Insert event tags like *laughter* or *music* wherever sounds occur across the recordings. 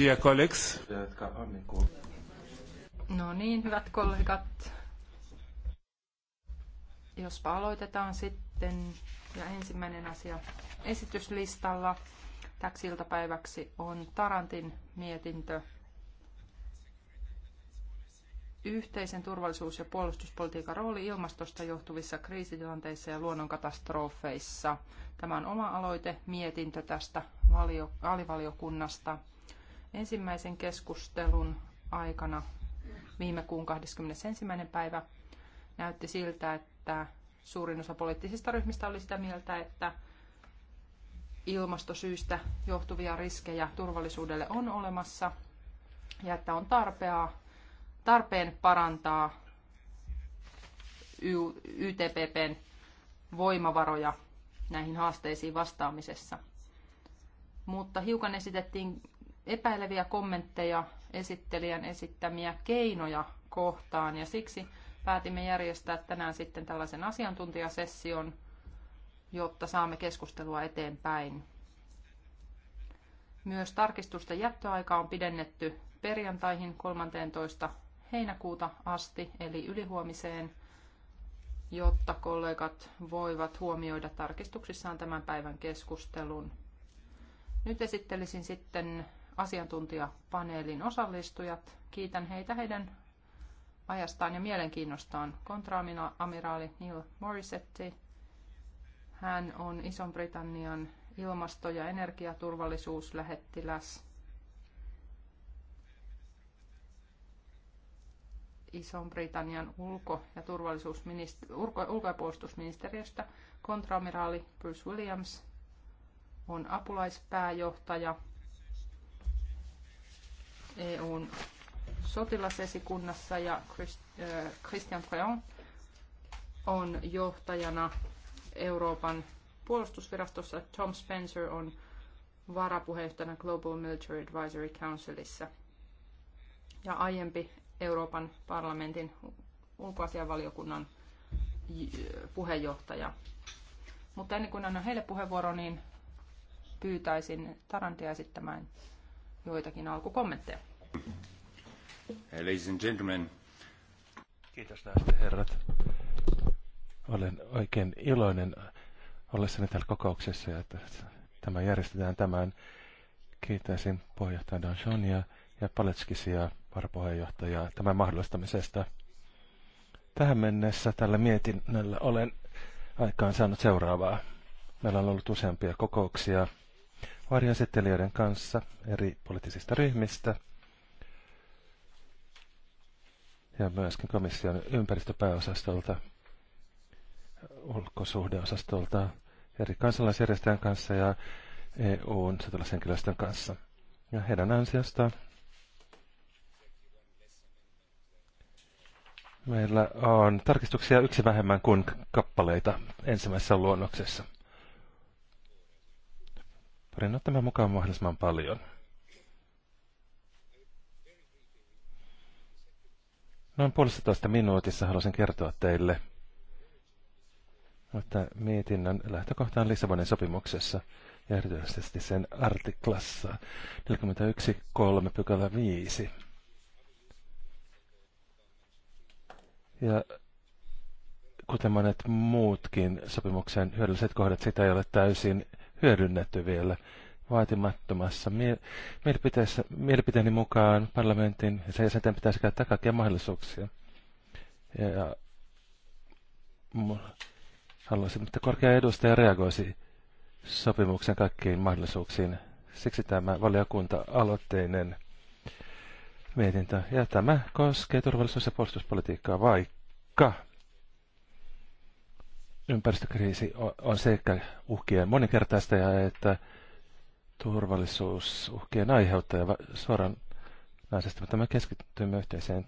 Dear colleagues. No niin, hyvät kollegat. Jospa aloitetaan sitten. Ja ensimmäinen asia esityslistalla täksi iltapäiväksi on Tarantin mietintö yhteisen turvallisuus- ja puolustuspolitiikan rooli ilmastosta johtuvissa kriisitilanteissa ja luonnonkatastrofeissa. Tämä on oma aloite, mietintö tästä valio, alivaliokunnasta ensimmäisen keskustelun aikana viime kuun 21. päivä näytti siltä, että suurin osa poliittisista ryhmistä oli sitä mieltä, että ilmastosyistä johtuvia riskejä turvallisuudelle on olemassa ja että on tarpea, tarpeen parantaa YTPPn voimavaroja näihin haasteisiin vastaamisessa. Mutta hiukan esitettiin epäileviä kommentteja esittelijän esittämiä keinoja kohtaan ja siksi päätimme järjestää tänään sitten tällaisen asiantuntijasession, jotta saamme keskustelua eteenpäin. Myös tarkistusten jättöaika on pidennetty perjantaihin 13. heinäkuuta asti, eli ylihuomiseen, jotta kollegat voivat huomioida tarkistuksissaan tämän päivän keskustelun. Nyt esittelisin sitten asiantuntijapaneelin osallistujat. Kiitän heitä heidän ajastaan ja mielenkiinnostaan. Kontraamiraali Neil Morissetti. Hän on Ison-Britannian ilmasto- ja energiaturvallisuuslähettiläs. Ison-Britannian ulko- ja, turvallisuusministeri- ulko- ja puolustusministeriöstä kontraamiraali Bruce Williams on apulaispääjohtaja – EUn sotilasesikunnassa ja Christian Freon on johtajana Euroopan puolustusvirastossa. Tom Spencer on varapuheenjohtajana Global Military Advisory Councilissa ja aiempi Euroopan parlamentin ulkoasianvaliokunnan puheenjohtaja. Mutta ennen kuin annan heille puheenvuoro, niin pyytäisin Tarantia esittämään joitakin alkukommentteja. Ladies and gentlemen. Kiitos näistä herrat. Olen oikein iloinen ollessani täällä kokouksessa, että tämä järjestetään tämän. Kiitäisin puheenjohtaja Danjonia ja Paletskisia varapuheenjohtajaa tämän mahdollistamisesta. Tähän mennessä tällä mietinnällä olen aikaan saanut seuraavaa. Meillä on ollut useampia kokouksia varjoesittelijöiden kanssa eri poliittisista ryhmistä ja myöskin komission ympäristöpääosastolta, ulkosuhdeosastolta, eri kansalaisjärjestöjen kanssa ja EUn sotilashenkilöstön kanssa. Ja heidän ansiostaan meillä on tarkistuksia yksi vähemmän kuin kappaleita ensimmäisessä luonnoksessa. Pyrin ottamaan mukaan mahdollisimman paljon. Noin puolestatoista minuutissa haluaisin kertoa teille, että mietinnön lähtökohta on Lissabonin sopimuksessa ja erityisesti sen artiklassa 41.3 pykälä 5. Ja kuten monet muutkin sopimuksen hyödylliset kohdat, sitä ei ole täysin hyödynnetty vielä vaatimattomassa mielipiteeni mukaan parlamentin ja sen jäsenten pitäisi käyttää kaikkia mahdollisuuksia. Ja haluaisin, että korkea edustaja reagoisi sopimuksen kaikkiin mahdollisuuksiin. Siksi tämä valiokunta-aloitteinen mietintö. Ja tämä koskee turvallisuus- ja puolustuspolitiikkaa, vaikka ympäristökriisi on sekä uhkien ja että turvallisuusuhkien aiheuttaja suoraan naisesta, mutta me keskitymme yhteiseen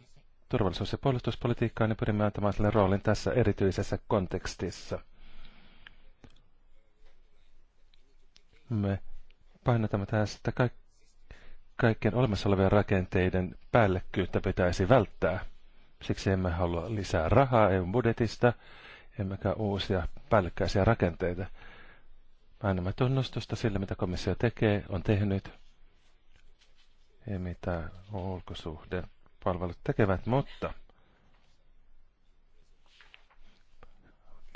turvallisuus- ja puolustuspolitiikkaan ja pyrimme antamaan sille roolin tässä erityisessä kontekstissa. Me painotamme että kaik- kaikkien olemassa olevien rakenteiden päällekkyyttä pitäisi välttää. Siksi emme halua lisää rahaa EU-budjetista, emmekä uusia päällekkäisiä rakenteita. Mä annamme tunnustusta sille, mitä komissio tekee, on tehnyt ja mitä ulkosuhde palvelut tekevät, mutta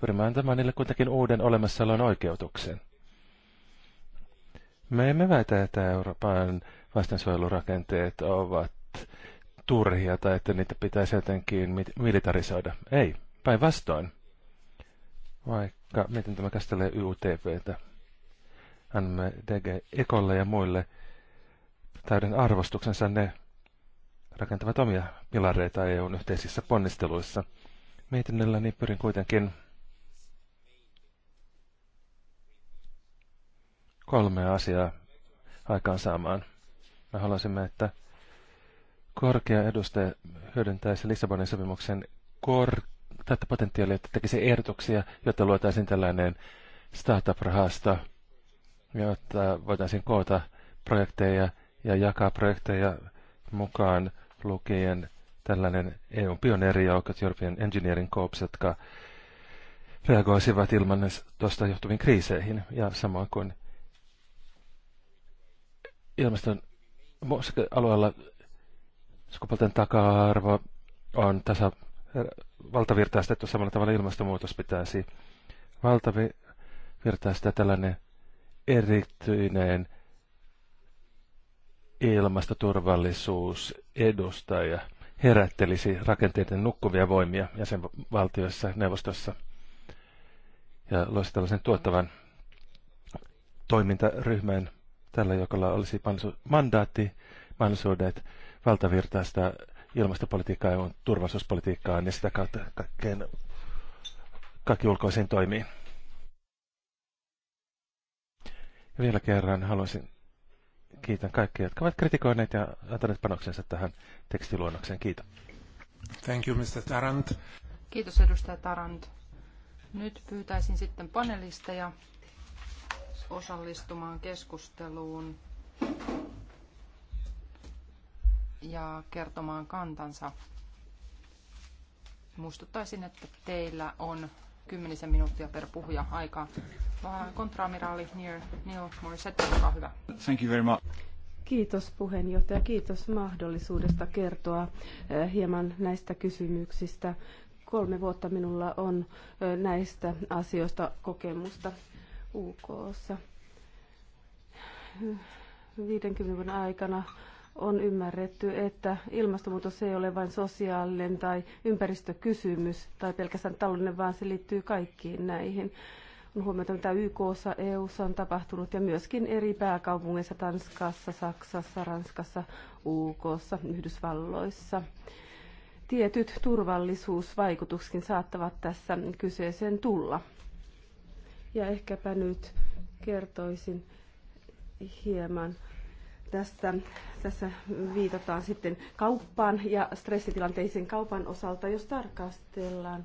pyrimme antamaan niille kuitenkin uuden olemassaolon oikeutuksen. Me emme väitä, että Euroopan vastensuojelurakenteet ovat turhia tai että niitä pitäisi jotenkin militarisoida. Ei, päinvastoin vaikka miten tämä käsittelee YUTVtä. Annamme DG Ekolle ja muille täyden arvostuksensa ne rakentavat omia pilareita EUn yhteisissä ponnisteluissa. niin pyrin kuitenkin kolme asiaa aikaansaamaan. Me haluaisimme, että korkea edustaja hyödyntäisi Lissabonin sopimuksen korkeaa Tätä potentiaalia, että tekisi ehdotuksia, jotta luotaisiin tällainen startup-rahasto, jotta voitaisiin koota projekteja ja jakaa projekteja mukaan lukien tällainen eu pioneerijoukot, European Engineering Corps, jotka reagoisivat ilman tuosta johtuviin kriiseihin ja samoin kuin ilmaston alueella sukupuolten taka-arvo on tasa valtavirtaistettu samalla tavalla ilmastonmuutos pitäisi valtavirtaistaa tällainen erityinen edustaja herättelisi rakenteiden nukkuvia voimia jäsenvaltioissa neuvostossa ja loisi tällaisen tuottavan toimintaryhmän tällä, jolla olisi mandaatti, mahdollisuudet valtavirtaista ilmastopolitiikkaa ja turvallisuuspolitiikkaa, niin sitä kautta kaikkein, kaikki ulkoisiin toimii. Ja vielä kerran haluaisin kiitän kaikkia, jotka ovat kritikoineet ja antaneet panoksensa tähän tekstiluonnokseen. Kiitos. Thank you, Mr. Tarant. Kiitos, edustaja Tarant. Nyt pyytäisin sitten panelisteja osallistumaan keskusteluun ja kertomaan kantansa. Muistuttaisin, että teillä on kymmenisen minuuttia per puhuja aikaa. Kontraamiraali Neil, Neil Morissette, olkaa hyvä. Thank you very much. Kiitos puheenjohtaja, kiitos mahdollisuudesta kertoa eh, hieman näistä kysymyksistä. Kolme vuotta minulla on eh, näistä asioista kokemusta UKssa. 50 eh, vuoden aikana on ymmärretty, että ilmastonmuutos ei ole vain sosiaalinen tai ympäristökysymys tai pelkästään taloudellinen, vaan se liittyy kaikkiin näihin. On huomioitu, mitä YKssa, EUssa on tapahtunut ja myöskin eri pääkaupungeissa, Tanskassa, Saksassa, Ranskassa, UKssa, Yhdysvalloissa. Tietyt turvallisuusvaikutuksetkin saattavat tässä kyseeseen tulla. Ja ehkäpä nyt kertoisin hieman Tästä, tässä viitataan sitten kauppaan ja stressitilanteisiin kaupan osalta, jos tarkastellaan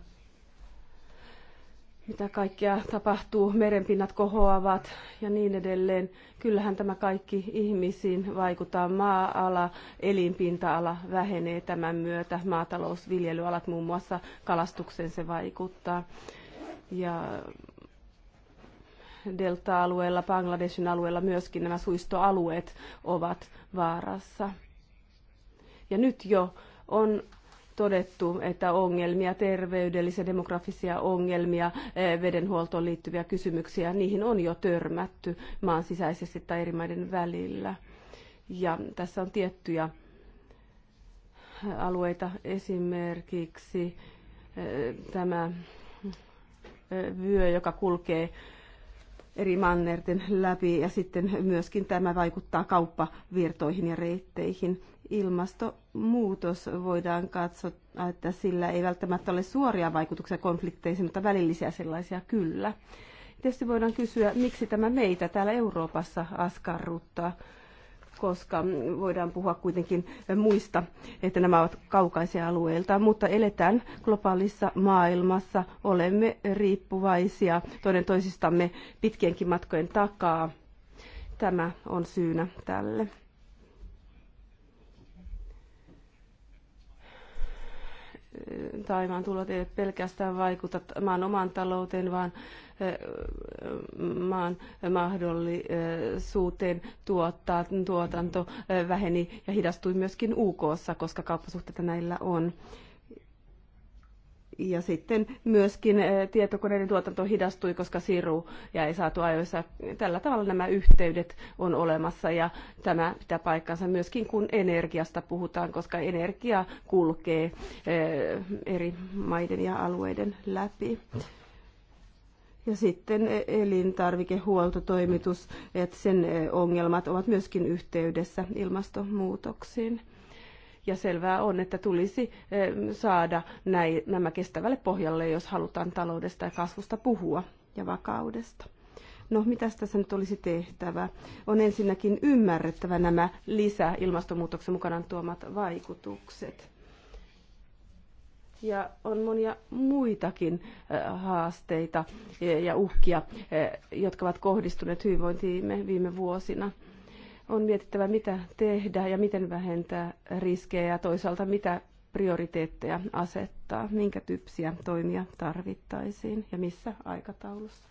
mitä kaikkea tapahtuu, merenpinnat kohoavat ja niin edelleen. Kyllähän tämä kaikki ihmisiin vaikuttaa. Maa-ala, elinpinta-ala vähenee tämän myötä. Maatalous, viljelyalat muun muassa kalastuksen se vaikuttaa. Ja delta-alueella, Bangladesin alueella myöskin nämä suistoalueet ovat vaarassa. Ja nyt jo on todettu, että ongelmia, terveydellisiä, demografisia ongelmia, eh, vedenhuoltoon liittyviä kysymyksiä, niihin on jo törmätty maan sisäisesti tai eri maiden välillä. Ja tässä on tiettyjä eh, alueita, esimerkiksi eh, tämä vyö, joka kulkee eri mannerten läpi ja sitten myöskin tämä vaikuttaa kauppavirtoihin ja reitteihin. Ilmastonmuutos voidaan katsoa, että sillä ei välttämättä ole suoria vaikutuksia konflikteisiin, mutta välillisiä sellaisia kyllä. Tietysti voidaan kysyä, miksi tämä meitä täällä Euroopassa askarruttaa koska voidaan puhua kuitenkin muista, että nämä ovat kaukaisia alueilta, mutta eletään globaalissa maailmassa, olemme riippuvaisia toinen toisistamme pitkienkin matkojen takaa. Tämä on syynä tälle. Taimaan tulot eivät pelkästään vaikuta maan omaan talouteen, vaan maan mahdollisuuteen tuottaa tuotanto väheni ja hidastui myöskin UKssa, koska kauppasuhteita näillä on ja sitten myöskin tietokoneiden tuotanto hidastui, koska siru ja ei saatu ajoissa. Tällä tavalla nämä yhteydet on olemassa ja tämä pitää paikkansa myöskin kun energiasta puhutaan, koska energia kulkee eri maiden ja alueiden läpi. No. Ja sitten e- elintarvikehuoltotoimitus, että sen e, ongelmat ovat myöskin yhteydessä ilmastonmuutoksiin. Ja selvää on, että tulisi e, saada näin, nämä kestävälle pohjalle, jos halutaan taloudesta ja kasvusta puhua ja vakaudesta. No, mitä tässä nyt olisi tehtävä? On ensinnäkin ymmärrettävä nämä lisäilmastonmuutoksen mukanaan tuomat vaikutukset ja on monia muitakin haasteita e, ja uhkia, e, jotka ovat kohdistuneet hyvinvointiimme viime vuosina. On mietittävä, mitä tehdä ja miten vähentää riskejä ja toisaalta mitä prioriteetteja asettaa, minkä tyyppisiä toimia tarvittaisiin ja missä aikataulussa.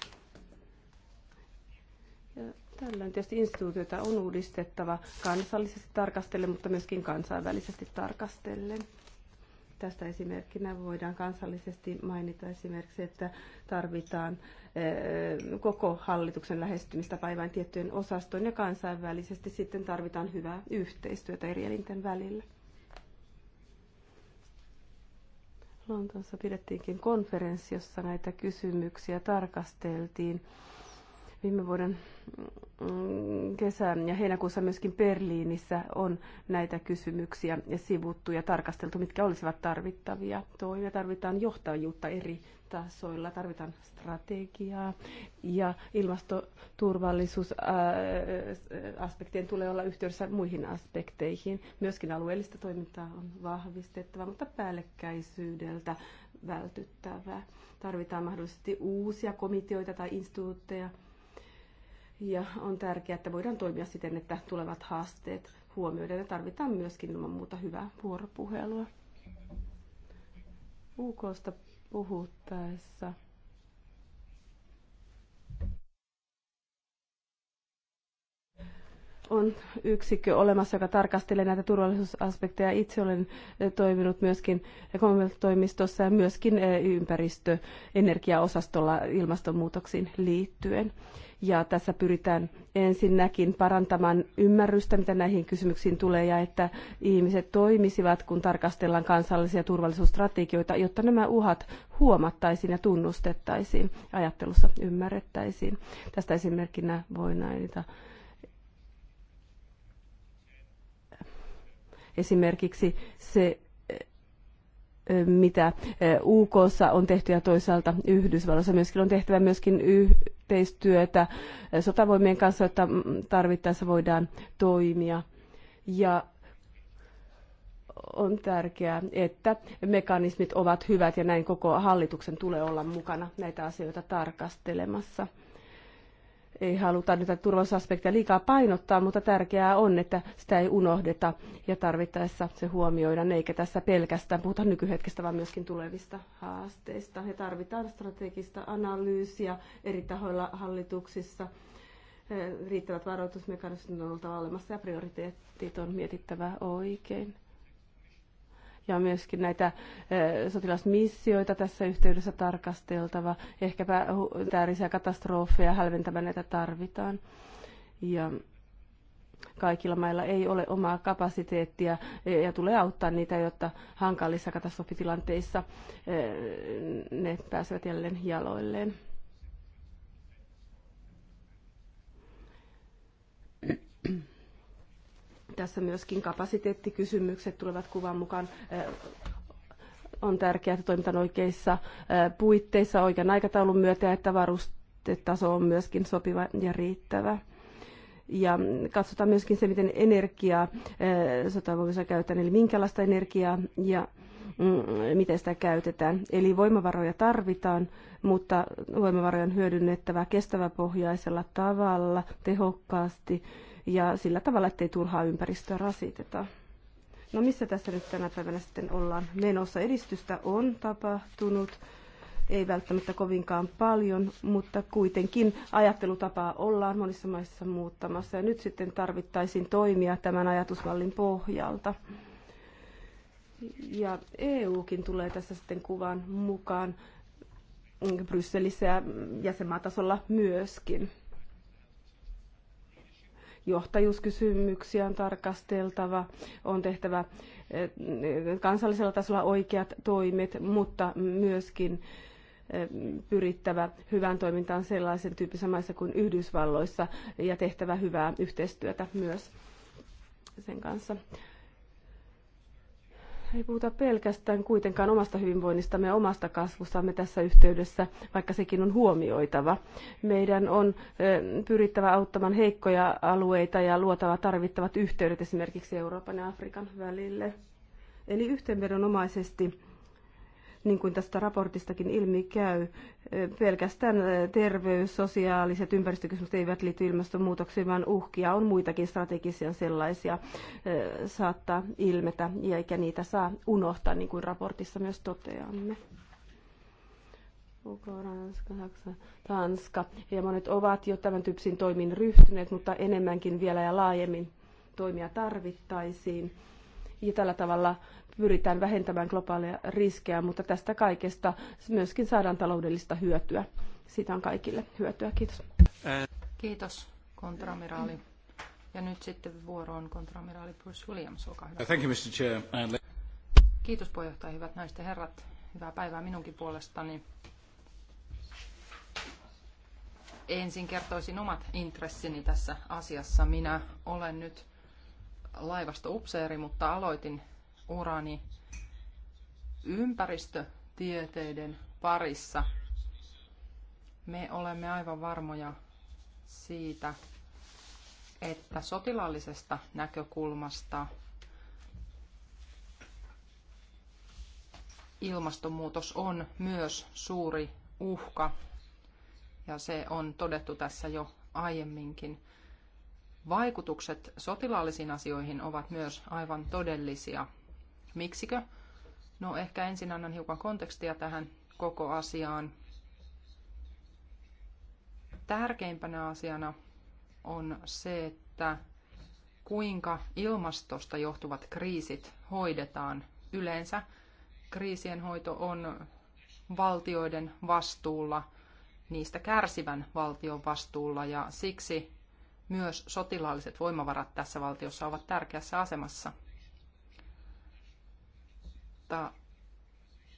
Ja tällöin tietysti instituutioita on uudistettava kansallisesti tarkastellen, mutta myöskin kansainvälisesti tarkastellen. Tästä esimerkkinä voidaan kansallisesti mainita esimerkiksi, että tarvitaan eh, koko hallituksen lähestymistä päivän tiettyjen osastojen ja kansainvälisesti sitten tarvitaan hyvää yhteistyötä eri elinten välillä. Lontoossa pidettiinkin konferenssi, jossa näitä kysymyksiä tarkasteltiin Viime vuoden mm, kesän ja heinäkuussa myöskin Berliinissä on näitä kysymyksiä ja sivuttu ja tarkasteltu, mitkä olisivat tarvittavia toimia. Tarvitaan johtajuutta eri tasoilla, tarvitaan strategiaa ja ilmastoturvallisuusaspektien tulee olla yhteydessä muihin aspekteihin. Myöskin alueellista toimintaa on vahvistettava, mutta päällekkäisyydeltä vältyttävää. Tarvitaan mahdollisesti uusia komiteoita tai instituutteja, ja on tärkeää, että voidaan toimia siten, että tulevat haasteet huomioidaan ja tarvitaan myöskin ilman muuta hyvää vuoropuhelua. UKsta puhuttaessa on yksikkö olemassa, joka tarkastelee näitä turvallisuusaspekteja. Itse olen toiminut myöskin toimistossa ja myöskin ympäristö- energiaosastolla ilmastonmuutoksiin liittyen. Ja tässä pyritään ensinnäkin parantamaan ymmärrystä, mitä näihin kysymyksiin tulee, ja että ihmiset toimisivat, kun tarkastellaan kansallisia turvallisuusstrategioita, jotta nämä uhat huomattaisiin ja tunnustettaisiin, ajattelussa ymmärrettäisiin. Tästä esimerkkinä voi näitä esimerkiksi se, eh, eh, mitä eh, UK on tehty ja toisaalta Yhdysvalloissa myöskin on tehtävä myöskin yhteistyötä sotavoimien kanssa, jotta tarvittaessa voidaan toimia. Ja on tärkeää, että mekanismit ovat hyvät ja näin koko hallituksen tulee olla mukana näitä asioita tarkastelemassa ei haluta nyt turvallisuusaspekteja liikaa painottaa, mutta tärkeää on, että sitä ei unohdeta ja tarvittaessa se huomioidaan, eikä tässä pelkästään puhuta nykyhetkestä, vaan myöskin tulevista haasteista. He tarvitaan strategista analyysiä eri tahoilla hallituksissa. Riittävät varoitusmekanismit on oltava olemassa ja prioriteetit on mietittävä oikein ja myöskin näitä sotilasmissioita tässä yhteydessä tarkasteltava. Ehkäpä humanitaarisia katastrofeja hälventämään näitä tarvitaan. Ja kaikilla mailla ei ole omaa kapasiteettia e, ja tulee auttaa niitä, jotta hankalissa katastrofitilanteissa e, ne pääsevät jälleen jaloilleen tässä myöskin kapasiteettikysymykset tulevat kuvan mukaan. On tärkeää, että toimitaan oikeissa puitteissa oikean aikataulun myötä ja että varustetaso on myöskin sopiva ja riittävä. Ja katsotaan myöskin se, miten energiaa sotavoimissa käytetään, eli minkälaista energiaa ja mm, miten sitä käytetään. Eli voimavaroja tarvitaan, mutta voimavaroja on hyödynnettävä kestäväpohjaisella tavalla, tehokkaasti ja sillä tavalla, ettei turhaa ympäristöä rasiteta. No missä tässä nyt tänä päivänä sitten ollaan menossa? Edistystä on tapahtunut, ei välttämättä kovinkaan paljon, mutta kuitenkin ajattelutapaa ollaan monissa maissa muuttamassa. Ja nyt sitten tarvittaisiin toimia tämän ajatusmallin pohjalta. Ja EUkin tulee tässä sitten kuvan mukaan Brysselissä ja jäsenmaatasolla myöskin johtajuuskysymyksiä on tarkasteltava, on tehtävä eh, kansallisella tasolla oikeat toimet, mutta myöskin eh, pyrittävä hyvään toimintaan sellaisen tyyppisissä maissa kuin Yhdysvalloissa ja tehtävä hyvää yhteistyötä myös sen kanssa ei puhuta pelkästään kuitenkaan omasta hyvinvoinnistamme ja omasta kasvustamme tässä yhteydessä, vaikka sekin on huomioitava. Meidän on pyrittävä auttamaan heikkoja alueita ja luotava tarvittavat yhteydet esimerkiksi Euroopan ja Afrikan välille. Eli yhteenvedonomaisesti niin kuin tästä raportistakin ilmi käy, eh, pelkästään eh, terveys, sosiaaliset, ympäristökysymykset eivät liity ilmastonmuutokseen, vaan uhkia on muitakin strategisia sellaisia eh, saattaa ilmetä, ja eikä niitä saa unohtaa, niin kuin raportissa myös toteamme. UK, Ranska, Saksa, Tanska ja monet ovat jo tämän tyyppisiin toimiin ryhtyneet, mutta enemmänkin vielä ja laajemmin toimia tarvittaisiin ja tällä tavalla pyritään vähentämään globaaleja riskejä, mutta tästä kaikesta myöskin saadaan taloudellista hyötyä. Siitä on kaikille hyötyä. Kiitos. Kiitos, kontramiraali. Ja nyt sitten on kontramiraali Bruce Williams, olkaa hyvä. Thank you, Mr. Chair. Uh, Kiitos puheenjohtaja, hyvät naiset ja herrat. Hyvää päivää minunkin puolestani. Ensin kertoisin omat intressini tässä asiassa. Minä olen nyt laivastoupseeri, mutta aloitin urani ympäristötieteiden parissa. Me olemme aivan varmoja siitä, että sotilaallisesta näkökulmasta ilmastonmuutos on myös suuri uhka, ja se on todettu tässä jo aiemminkin vaikutukset sotilaallisiin asioihin ovat myös aivan todellisia. Miksikö? No ehkä ensin annan hiukan kontekstia tähän koko asiaan. Tärkeimpänä asiana on se, että kuinka ilmastosta johtuvat kriisit hoidetaan. Yleensä kriisien hoito on valtioiden vastuulla, niistä kärsivän valtion vastuulla ja siksi myös sotilaalliset voimavarat tässä valtiossa ovat tärkeässä asemassa. Mutta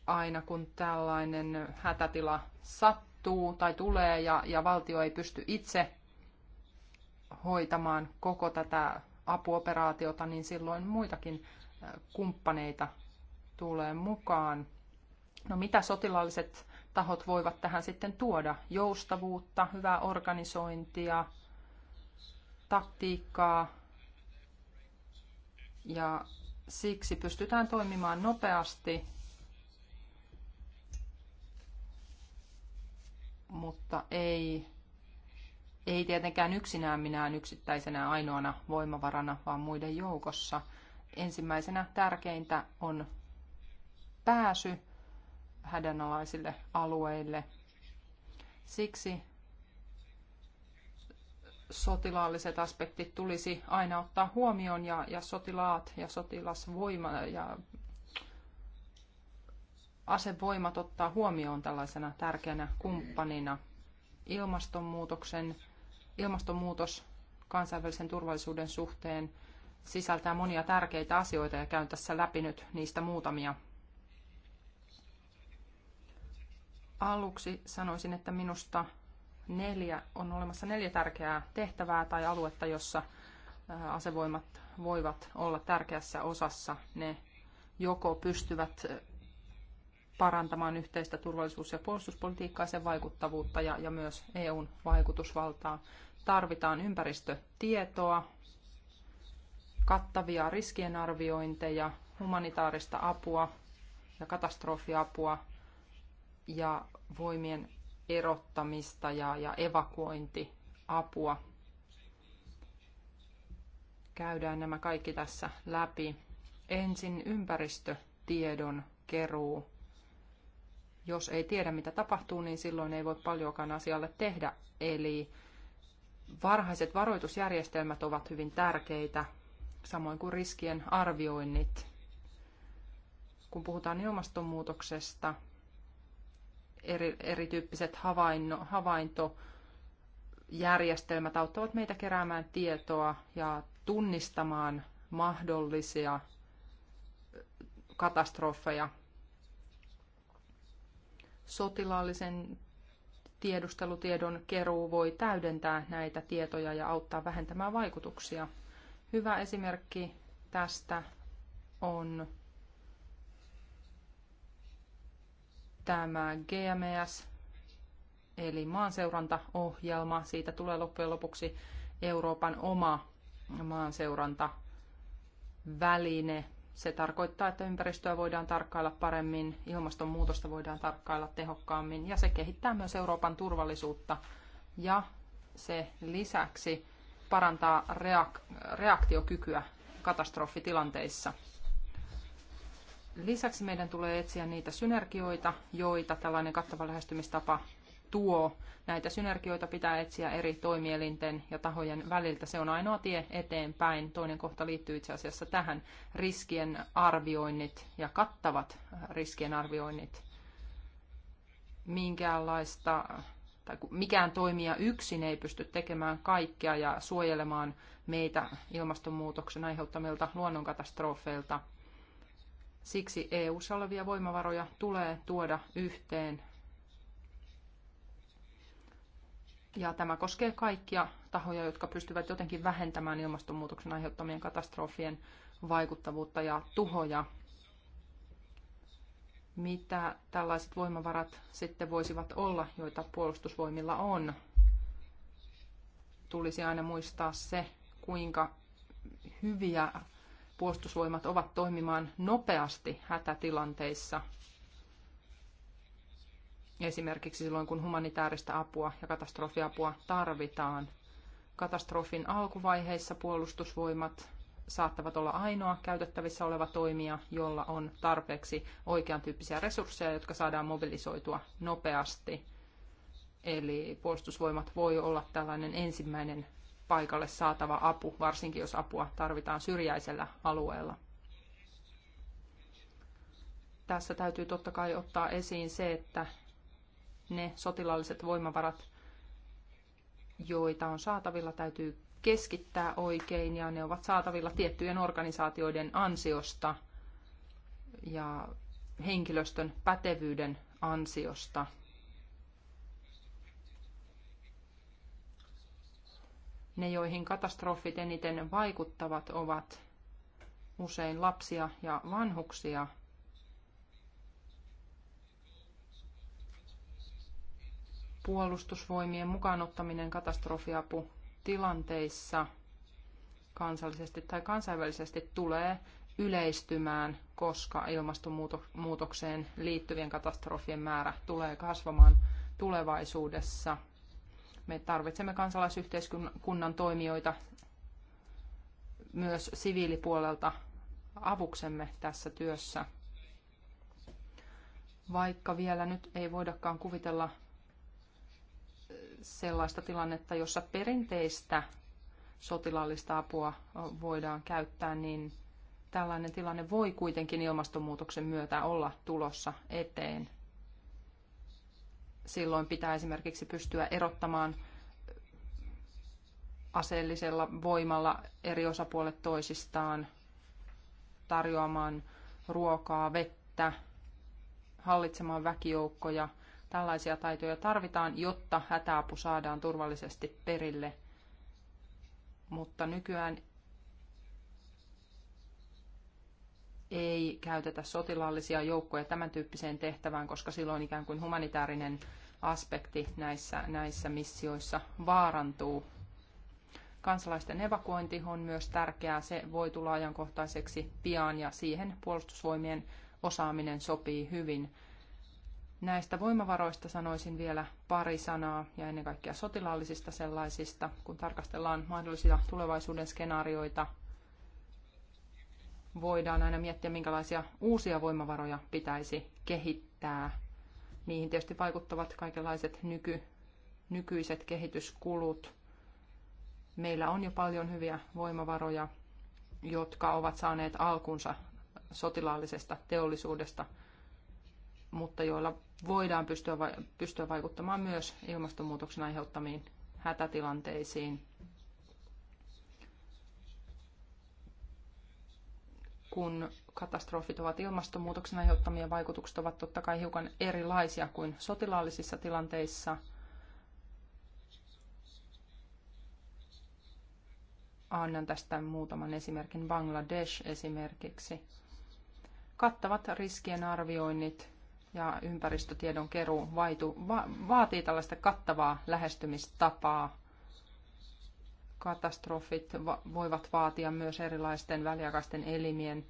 aina kun tällainen hätätila sattuu tai tulee ja, ja valtio ei pysty itse hoitamaan koko tätä apuoperaatiota, niin silloin muitakin kumppaneita tulee mukaan. No mitä sotilaalliset tahot voivat tähän sitten tuoda? Joustavuutta, hyvää organisointia, taktiikkaa ja siksi pystytään toimimaan nopeasti, mutta ei, ei tietenkään yksinään minään yksittäisenä ainoana voimavarana, vaan muiden joukossa. Ensimmäisenä tärkeintä on pääsy hädänalaisille alueille. Siksi sotilaalliset aspektit tulisi aina ottaa huomioon ja, ja sotilaat ja sotilasvoima ja asevoimat ottaa huomioon tällaisena tärkeänä kumppanina. Ilmastonmuutoksen, ilmastonmuutos kansainvälisen turvallisuuden suhteen sisältää monia tärkeitä asioita ja käyn tässä läpi nyt niistä muutamia. Aluksi sanoisin, että minusta neljä, on olemassa neljä tärkeää tehtävää tai aluetta, jossa asevoimat voivat olla tärkeässä osassa. Ne joko pystyvät parantamaan yhteistä turvallisuus- ja puolustuspolitiikkaa, sen vaikuttavuutta ja, ja myös EUn vaikutusvaltaa. Tarvitaan ympäristötietoa, kattavia riskienarviointeja, humanitaarista apua ja katastrofiapua ja voimien erottamista ja, ja evakuointiapua. Käydään nämä kaikki tässä läpi. Ensin ympäristötiedon keruu. Jos ei tiedä, mitä tapahtuu, niin silloin ei voi paljonkaan asialle tehdä. Eli varhaiset varoitusjärjestelmät ovat hyvin tärkeitä, samoin kuin riskien arvioinnit. Kun puhutaan ilmastonmuutoksesta, eri, erityyppiset havainno, havaintojärjestelmät auttavat meitä keräämään tietoa ja tunnistamaan mahdollisia katastrofeja. Sotilaallisen tiedustelutiedon keruu voi täydentää näitä tietoja ja auttaa vähentämään vaikutuksia. Hyvä esimerkki tästä on tämä GMS, eli maanseurantaohjelma, siitä tulee loppujen lopuksi Euroopan oma maanseurantaväline. Se tarkoittaa, että ympäristöä voidaan tarkkailla paremmin, ilmastonmuutosta voidaan tarkkailla tehokkaammin ja se kehittää myös Euroopan turvallisuutta ja se lisäksi parantaa reak- reaktiokykyä katastrofitilanteissa. Lisäksi meidän tulee etsiä niitä synergioita, joita tällainen kattava lähestymistapa tuo. Näitä synergioita pitää etsiä eri toimielinten ja tahojen väliltä. Se on ainoa tie eteenpäin. Toinen kohta liittyy itse asiassa tähän riskien arvioinnit ja kattavat riskien arvioinnit. Minkäänlaista tai mikään toimija yksin ei pysty tekemään kaikkea ja suojelemaan meitä ilmastonmuutoksen aiheuttamilta luonnonkatastrofeilta – Siksi EU-ssa olevia voimavaroja tulee tuoda yhteen. Ja tämä koskee kaikkia tahoja, jotka pystyvät jotenkin vähentämään ilmastonmuutoksen aiheuttamien katastrofien vaikuttavuutta ja tuhoja. Mitä tällaiset voimavarat sitten voisivat olla, joita puolustusvoimilla on? Tulisi aina muistaa se, kuinka hyviä puolustusvoimat ovat toimimaan nopeasti hätätilanteissa. Esimerkiksi silloin, kun humanitaarista apua ja katastrofiapua tarvitaan. Katastrofin alkuvaiheissa puolustusvoimat saattavat olla ainoa käytettävissä oleva toimija, jolla on tarpeeksi oikean tyyppisiä resursseja, jotka saadaan mobilisoitua nopeasti. Eli puolustusvoimat voi olla tällainen ensimmäinen paikalle saatava apu, varsinkin jos apua tarvitaan syrjäisellä alueella. Tässä täytyy totta kai ottaa esiin se, että ne sotilaalliset voimavarat, joita on saatavilla, täytyy keskittää oikein ja ne ovat saatavilla tiettyjen organisaatioiden ansiosta ja henkilöstön pätevyyden ansiosta – Ne, joihin katastrofit eniten vaikuttavat, ovat usein lapsia ja vanhuksia. Puolustusvoimien mukaanottaminen katastrofiapu tilanteissa kansallisesti tai kansainvälisesti tulee yleistymään, koska ilmastonmuutokseen liittyvien katastrofien määrä tulee kasvamaan tulevaisuudessa – me tarvitsemme kansalaisyhteiskunnan toimijoita myös siviilipuolelta avuksemme tässä työssä. Vaikka vielä nyt ei voidakaan kuvitella sellaista tilannetta, jossa perinteistä sotilaallista apua voidaan käyttää, niin tällainen tilanne voi kuitenkin ilmastonmuutoksen myötä olla tulossa eteen silloin pitää esimerkiksi pystyä erottamaan aseellisella voimalla eri osapuolet toisistaan, tarjoamaan ruokaa, vettä, hallitsemaan väkijoukkoja. Tällaisia taitoja tarvitaan, jotta hätäapu saadaan turvallisesti perille. Mutta nykyään ei käytetä sotilaallisia joukkoja tämän tyyppiseen tehtävään, koska silloin ikään kuin humanitaarinen aspekti näissä, näissä missioissa vaarantuu. Kansalaisten evakuointi on myös tärkeää. Se voi tulla ajankohtaiseksi pian ja siihen puolustusvoimien osaaminen sopii hyvin. Näistä voimavaroista sanoisin vielä pari sanaa ja ennen kaikkea sotilaallisista sellaisista. Kun tarkastellaan mahdollisia tulevaisuuden skenaarioita, voidaan aina miettiä, minkälaisia uusia voimavaroja pitäisi kehittää. Niihin tietysti vaikuttavat kaikenlaiset nyky, nykyiset kehityskulut. Meillä on jo paljon hyviä voimavaroja, jotka ovat saaneet alkunsa sotilaallisesta teollisuudesta, mutta joilla voidaan pystyä, pystyä vaikuttamaan myös ilmastonmuutoksen aiheuttamiin hätätilanteisiin kun katastrofit ovat ilmastonmuutoksen aiheuttamia vaikutukset ovat totta kai hiukan erilaisia kuin sotilaallisissa tilanteissa. Annan tästä muutaman esimerkin Bangladesh esimerkiksi. Kattavat riskien arvioinnit ja ympäristötiedon keruu vaatii tällaista kattavaa lähestymistapaa katastrofit voivat vaatia myös erilaisten väliaikaisten elimien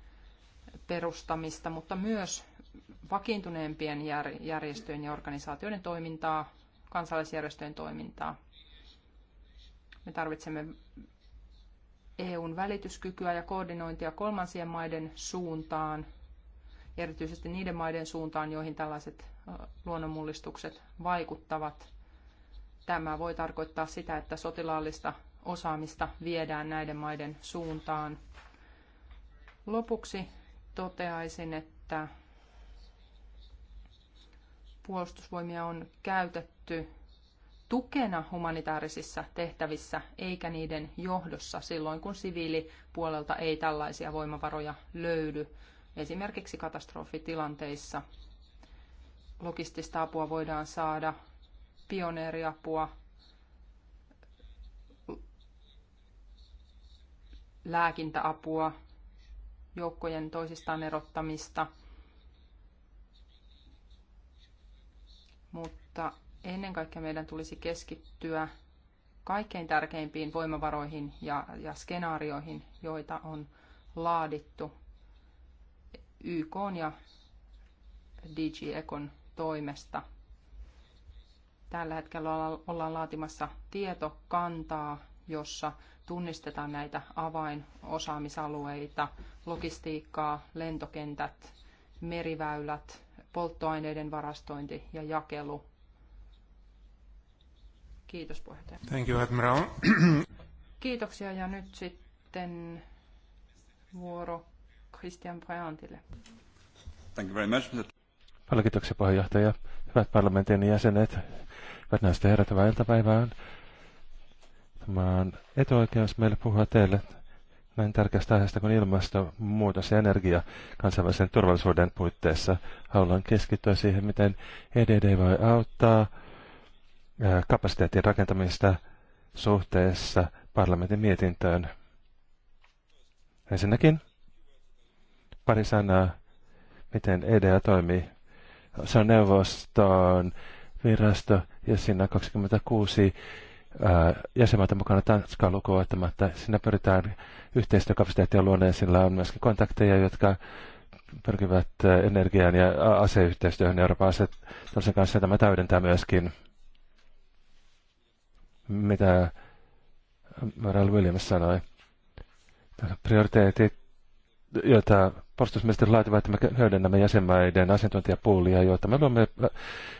perustamista, mutta myös vakiintuneempien järjestöjen ja organisaatioiden toimintaa, kansalaisjärjestöjen toimintaa. Me tarvitsemme EUn välityskykyä ja koordinointia kolmansien maiden suuntaan, erityisesti niiden maiden suuntaan, joihin tällaiset luonnonmullistukset vaikuttavat. Tämä voi tarkoittaa sitä, että sotilaallista osaamista viedään näiden maiden suuntaan. Lopuksi toteaisin, että puolustusvoimia on käytetty tukena humanitaarisissa tehtävissä eikä niiden johdossa silloin, kun siviilipuolelta ei tällaisia voimavaroja löydy, esimerkiksi katastrofitilanteissa. Logistista apua voidaan saada, pioneeriapua, lääkintäapua, joukkojen toisistaan erottamista. Mutta ennen kaikkea meidän tulisi keskittyä kaikkein tärkeimpiin voimavaroihin ja, ja skenaarioihin, joita on laadittu YK ja DG Econ toimesta. Tällä hetkellä ollaan laatimassa tietokantaa, jossa tunnistetaan näitä avainosaamisalueita, logistiikkaa, lentokentät, meriväylät, polttoaineiden varastointi ja jakelu. Kiitos puheenjohtaja. Thank you, Admiral. Kiitoksia ja nyt sitten vuoro Christian Brandille. Thank you very much. Paljon kiitoksia puheenjohtaja. Hyvät parlamentin jäsenet, hyvät näistä ja herrat, hyvää iltapäivää. Tämä etuoikeus meille puhua teille näin tärkeästä aiheesta kuin ilmastonmuutos ja energia kansainvälisen turvallisuuden puitteissa. Haluan keskittyä siihen, miten EDD voi auttaa kapasiteetin rakentamista suhteessa parlamentin mietintöön. Ensinnäkin pari sanaa, miten EDA toimii. Se on neuvoston virasto ja siinä 26 jäsenmaita mukana Tanskaa lukuun ottamatta. Siinä pyritään yhteistyökapasiteettia luoneen. Sillä on myöskin kontakteja, jotka pyrkivät energian ja aseyhteistyöhön Euroopan asetuksen kanssa. Tämä täydentää myöskin, mitä Meryl Williams sanoi. Prioriteetit, joita puolustusministeri laativat, että me hyödynnämme jäsenmaiden asiantuntijapuulia, joita me luomme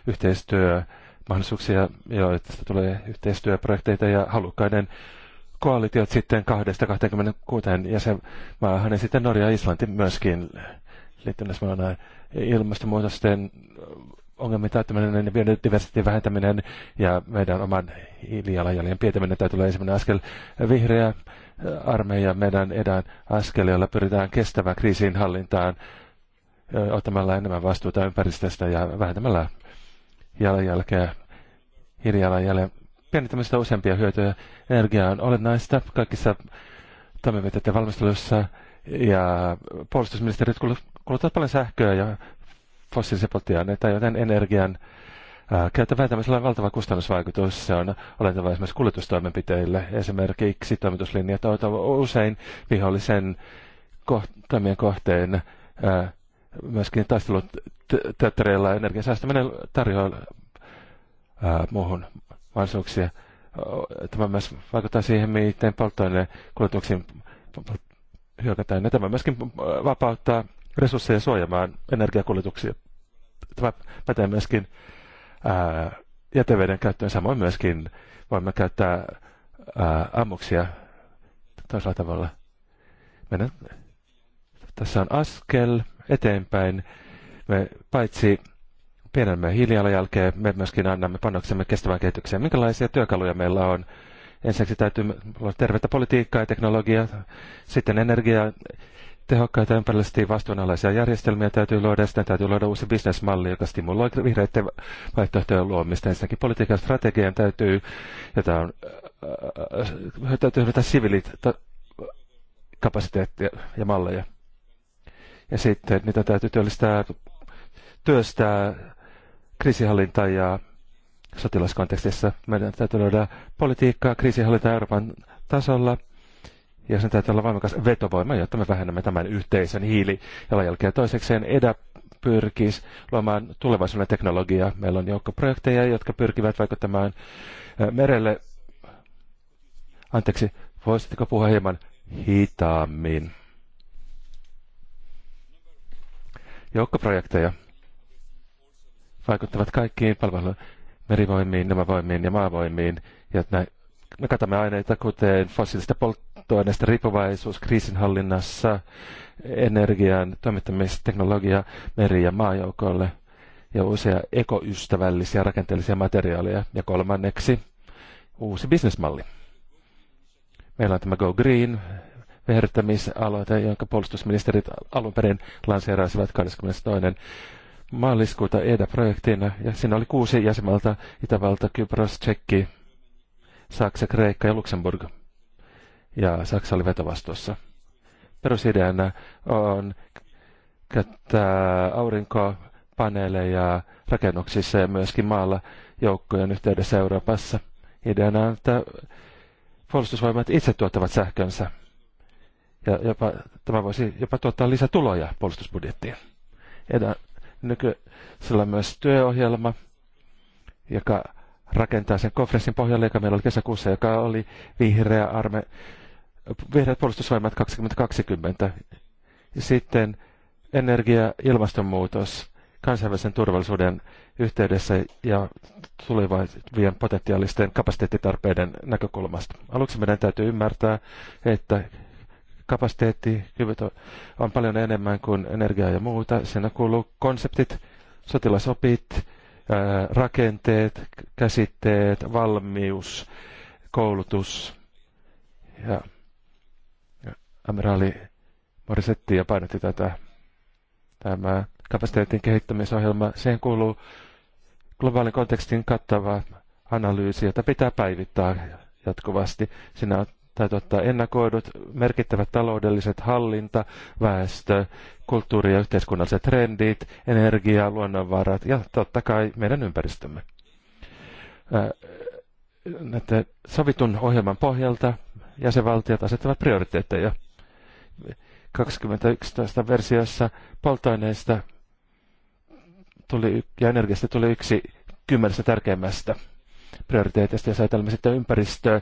yhteistyö mahdollisuuksia, että tulee yhteistyöprojekteita ja halukkaiden koalitiot sitten 2-26 jäsenmaahan ja sitten Norja ja Islanti myöskin liittymismaana ilmastonmuutosten ongelmien täyttäminen ja biodiversiteetin vähentäminen ja meidän oman hiilijalanjäljen pietäminen. Tämä tulee ensimmäinen askel. Vihreä armeija meidän edän askel, jolla pyritään kestävään kriisin hallintaan ottamalla enemmän vastuuta ympäristöstä ja vähentämällä jalanjälkeä, hiilijalanjälkeä. tämmöistä useampia hyötyjä. Energia on olennaista kaikissa toimenpiteiden valmistelussa ja puolustusministeriöt kuluttavat paljon sähköä ja fossiilisia polttoaineita, joten energian käytön vähentämisellä on valtava kustannusvaikutus. Se on olentava esimerkiksi kuljetustoimenpiteille. Esimerkiksi toimituslinjat ovat usein vihollisen kohtamien kohteen ää, myöskin taistelut teattereilla energian säästäminen tarjoaa ää, muuhun mahdollisuuksia. Tämä myös vaikuttaa siihen, miten polttoaineen kuljetuksiin hyökätään. tämä myöskin vapauttaa resursseja suojamaan energiakuljetuksia. Tämä pätee myöskin ää, jäteveden käyttöön, samoin myöskin voimme käyttää ää, ammuksia toisella tavalla. Mennään tässä on askel eteenpäin. Me paitsi pienennämme hiilijalanjälkeen, me myöskin annamme panoksemme kestävään kehitykseen. Minkälaisia työkaluja meillä on? Ensinnäkin täytyy olla tervettä politiikkaa ja teknologiaa, sitten energiaa, tehokkaita ympäristöllisesti vastuunalaisia järjestelmiä täytyy luoda, sitten täytyy luoda uusi bisnesmalli, joka stimuloi vihreiden vaihtoehtojen luomista. Ensinnäkin politiikan strategian täytyy, jota on, äh, äh, äh täytyy hyödyntää siviilit kapasiteettia ja malleja. Ja sitten niitä täytyy työllistää, työstää kriisihallinta ja sotilaskontekstissa. Meidän täytyy löydä politiikkaa, kriisihallinta Euroopan tasolla ja sen täytyy olla voimakas vetovoima, jotta me vähennämme tämän yhteisen ja hiilijalanjälkeä. Toisekseen edä pyrkisi luomaan tulevaisuuden teknologiaa. Meillä on joukko projekteja, jotka pyrkivät vaikuttamaan merelle. Anteeksi, voisitteko puhua hieman hitaammin? joukkoprojekteja vaikuttavat kaikkiin palveluihin, merivoimiin, nämä voimiin ja maavoimiin. Ja näin, me katamme aineita, kuten fossiilista polttoaineista riippuvaisuus kriisinhallinnassa, energian toimittamisteknologia meri- ja maajoukolle, ja uusia ekoystävällisiä rakenteellisia materiaaleja. Ja kolmanneksi uusi bisnesmalli. Meillä on tämä Go Green, viherryttämisaloite, jonka puolustusministerit alun perin lanseeraisivat 22. maaliskuuta EDA-projektina. Ja siinä oli kuusi jäsenmaalta, Itävalta, Kypros, Tsekki, Saksa, Kreikka ja Luxemburg. Ja Saksa oli vetovastuussa. Perusideana on käyttää aurinkopaneeleja rakennuksissa ja myöskin maalla joukkojen yhteydessä Euroopassa. Ideana on, että puolustusvoimat itse tuottavat sähkönsä. Ja jopa, tämä voisi jopa tuottaa lisätuloja puolustusbudjettiin. Edä, nykyisellä myös työohjelma, joka rakentaa sen konferenssin pohjalle, joka meillä oli kesäkuussa, joka oli vihreä arme, vihreät puolustusvoimat 2020. Ja sitten energia, ilmastonmuutos kansainvälisen turvallisuuden yhteydessä ja tulevien potentiaalisten kapasiteettitarpeiden näkökulmasta. Aluksi meidän täytyy ymmärtää, että kapasiteetti, kyvyt on, on paljon enemmän kuin energiaa ja muuta. Siinä kuuluu konseptit, sotilasopit, ää, rakenteet, käsitteet, valmius, koulutus ja, ja amiraali Morisetti ja painotti tätä. Tämä kapasiteetin kehittämisohjelma, siihen kuuluu globaalin kontekstin kattava analyysi, jota pitää päivittää jatkuvasti. Siinä on tai ottaa ennakoidut, merkittävät taloudelliset hallinta, väestö, kulttuuri- ja yhteiskunnalliset trendit, energia, luonnonvarat ja totta kai meidän ympäristömme. Näiden sovitun ohjelman pohjalta jäsenvaltiot asettavat prioriteetteja. 2011 versiossa polttoaineista tuli, ja energiasta tuli yksi kymmenestä tärkeimmästä prioriteetista, jos ajatellaan sitten ympäristöä,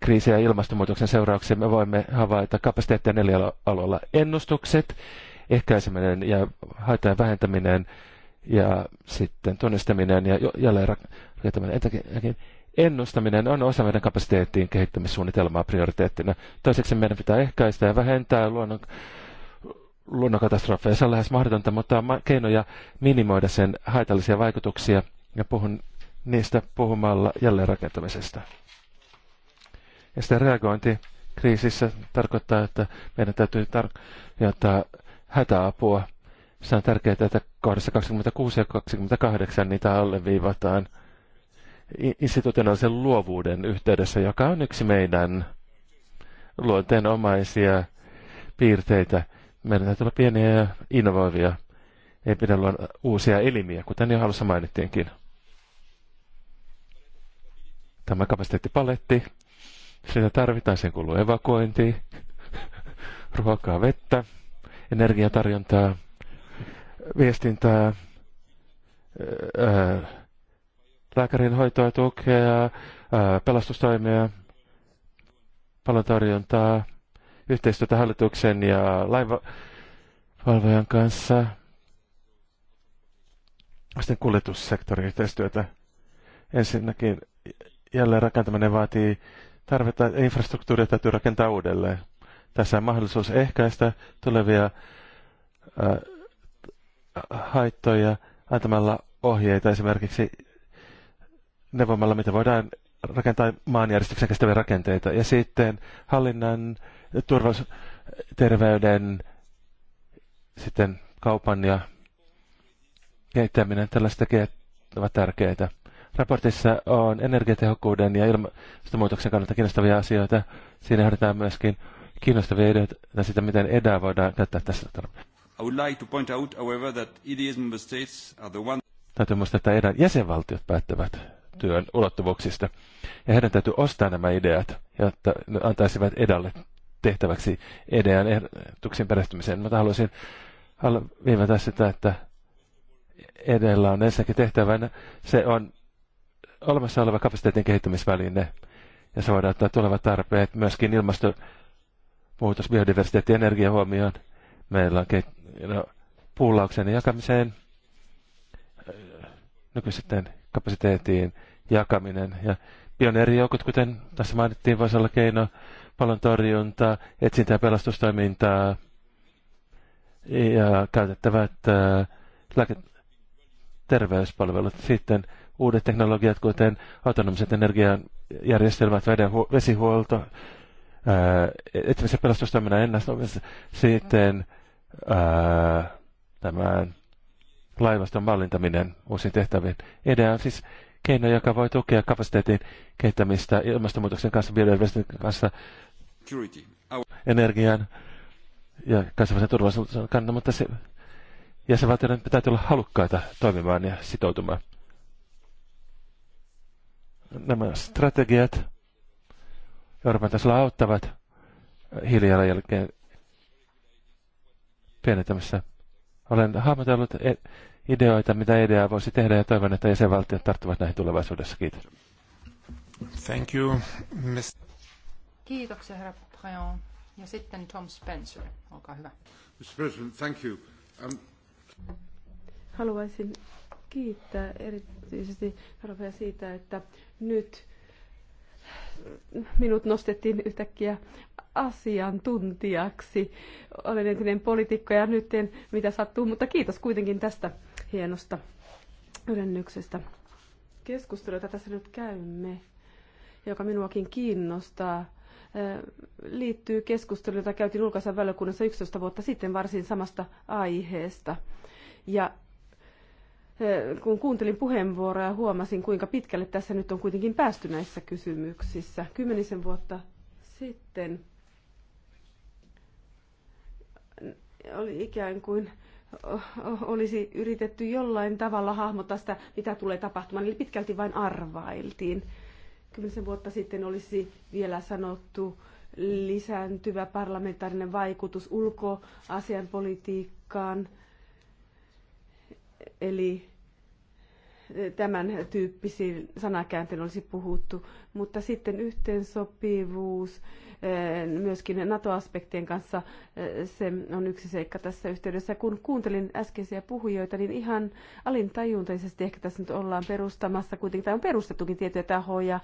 kriisiä ja ilmastonmuutoksen seurauksia me voimme havaita kapasiteettia neljällä alueella. Ennustukset, ehkäiseminen ja haittojen vähentäminen ja sitten tunnistaminen ja jälleen Entäkin Ennustaminen on osa meidän kapasiteettiin kehittämissuunnitelmaa prioriteettina. Toiseksi meidän pitää ehkäistä ja vähentää luonnon, luonnonkatastrofeja. Se on lähes mahdotonta, mutta on keinoja minimoida sen haitallisia vaikutuksia ja puhun niistä puhumalla jälleenrakentamisesta. Ja sitten reagointi kriisissä tarkoittaa, että meidän täytyy jättää hätäapua. Se on tärkeää, että kohdassa 26 ja 28 niitä alleviivataan institutionaalisen luovuuden yhteydessä, joka on yksi meidän luonteenomaisia piirteitä. Meidän täytyy olla pieniä ja innovoivia. Ei pidä luoda uusia elimiä, kuten jo alussa mainittiinkin. Tämä kapasiteettipaletti sitä tarvitaan, sen kuuluu evakuointi, ruokaa, vettä, energiatarjontaa, viestintää, lääkärin hoitoa, tukea, pelastustoimia, paljon yhteistyötä hallituksen ja laivavalvojan kanssa, sitten kuljetussektorin yhteistyötä. Ensinnäkin jälleen rakentaminen vaatii tarvetta infrastruktuuria täytyy rakentaa uudelleen. Tässä on mahdollisuus ehkäistä tulevia haittoja antamalla ohjeita esimerkiksi neuvomalla, mitä voidaan rakentaa maanjärjestyksen kestäviä rakenteita. Ja sitten hallinnan, turvallisuuden sitten kaupan ja kehittäminen, tällaiset tekijät ovat tärkeitä. Raportissa on energiatehokkuuden ja ilmastonmuutoksen kannalta kiinnostavia asioita. Siinä harjoitetaan myöskin kiinnostavia ideoita siitä, miten EDA voidaan käyttää tässä tarpeessa. Täytyy muistaa, että EDAn jäsenvaltiot päättävät työn ulottuvuuksista. Ja heidän täytyy ostaa nämä ideat, jotta ne antaisivat EDAlle tehtäväksi EDAn ehdotuksen perehtymiseen. Mutta haluaisin viimeistää sitä, että edellä on ensinnäkin tehtävänä. Se on olemassa oleva kapasiteetin kehittämisväline, ja se voidaan ottaa tulevat tarpeet myöskin ilmastonmuutos, biodiversiteetti ja energia huomioon. Meillä on ke- no, puulauksen jakamiseen, äh, nykyisten kapasiteetin jakaminen ja pioneerijoukot, kuten tässä mainittiin, voisi olla keino palon torjuntaa, etsintä ja pelastustoimintaa ja käytettävät ää, äh, lääke- terveyspalvelut. Sitten uudet teknologiat, kuten autonomiset energiajärjestelmät, vesihuolto, etsimisen pelastustoiminnan ennastomisen, sitten tämän laivaston mallintaminen uusiin tehtäviin. Idea on siis keino, joka voi tukea kapasiteetin kehittämistä ilmastonmuutoksen kanssa, biodiversiteetin kanssa, energian ja kansainvälisen turvallisuuden kannalta, mutta se, jäsenvaltioiden pitää olla halukkaita toimimaan ja sitoutumaan nämä strategiat Euroopan tasolla auttavat hiilijalanjälkeen pienentämässä. Olen hahmotellut e- ideoita, mitä EDA voisi tehdä ja toivon, että jäsenvaltiot tarttuvat näihin tulevaisuudessa. Kiitos. Thank you, Ms. Kiitoksia, herra Préon. Ja sitten Tom Spencer, olkaa hyvä. Mr. President, thank you. Um... Haluaisin kiittää erityisesti Rovea siitä, että nyt minut nostettiin yhtäkkiä asiantuntijaksi. Olen entinen poliitikko ja nyt en mitä sattuu, mutta kiitos kuitenkin tästä hienosta ylennyksestä. Keskustelu, jota tässä nyt käymme, joka minuakin kiinnostaa, eh, liittyy keskusteluun, jota käytiin ulkoisen 11 vuotta sitten varsin samasta aiheesta. Ja kun kuuntelin ja huomasin, kuinka pitkälle tässä nyt on kuitenkin päästy näissä kysymyksissä. Kymmenisen vuotta sitten oli ikään kuin olisi yritetty jollain tavalla hahmottaa sitä, mitä tulee tapahtumaan, eli pitkälti vain arvailtiin. Kymmenisen vuotta sitten olisi vielä sanottu lisääntyvä parlamentaarinen vaikutus ulkoasianpolitiikkaan – Eli e, tämän tyyppisiin sanakääntöön olisi puhuttu. Mutta sitten yhteensopivuus e, myöskin NATO-aspektien kanssa, e, se on yksi seikka tässä yhteydessä. Kun kuuntelin äskeisiä puhujoita, niin ihan alintajuntaisesti ehkä tässä nyt ollaan perustamassa, kuitenkin tämä on perustettukin tiettyjä tahoja,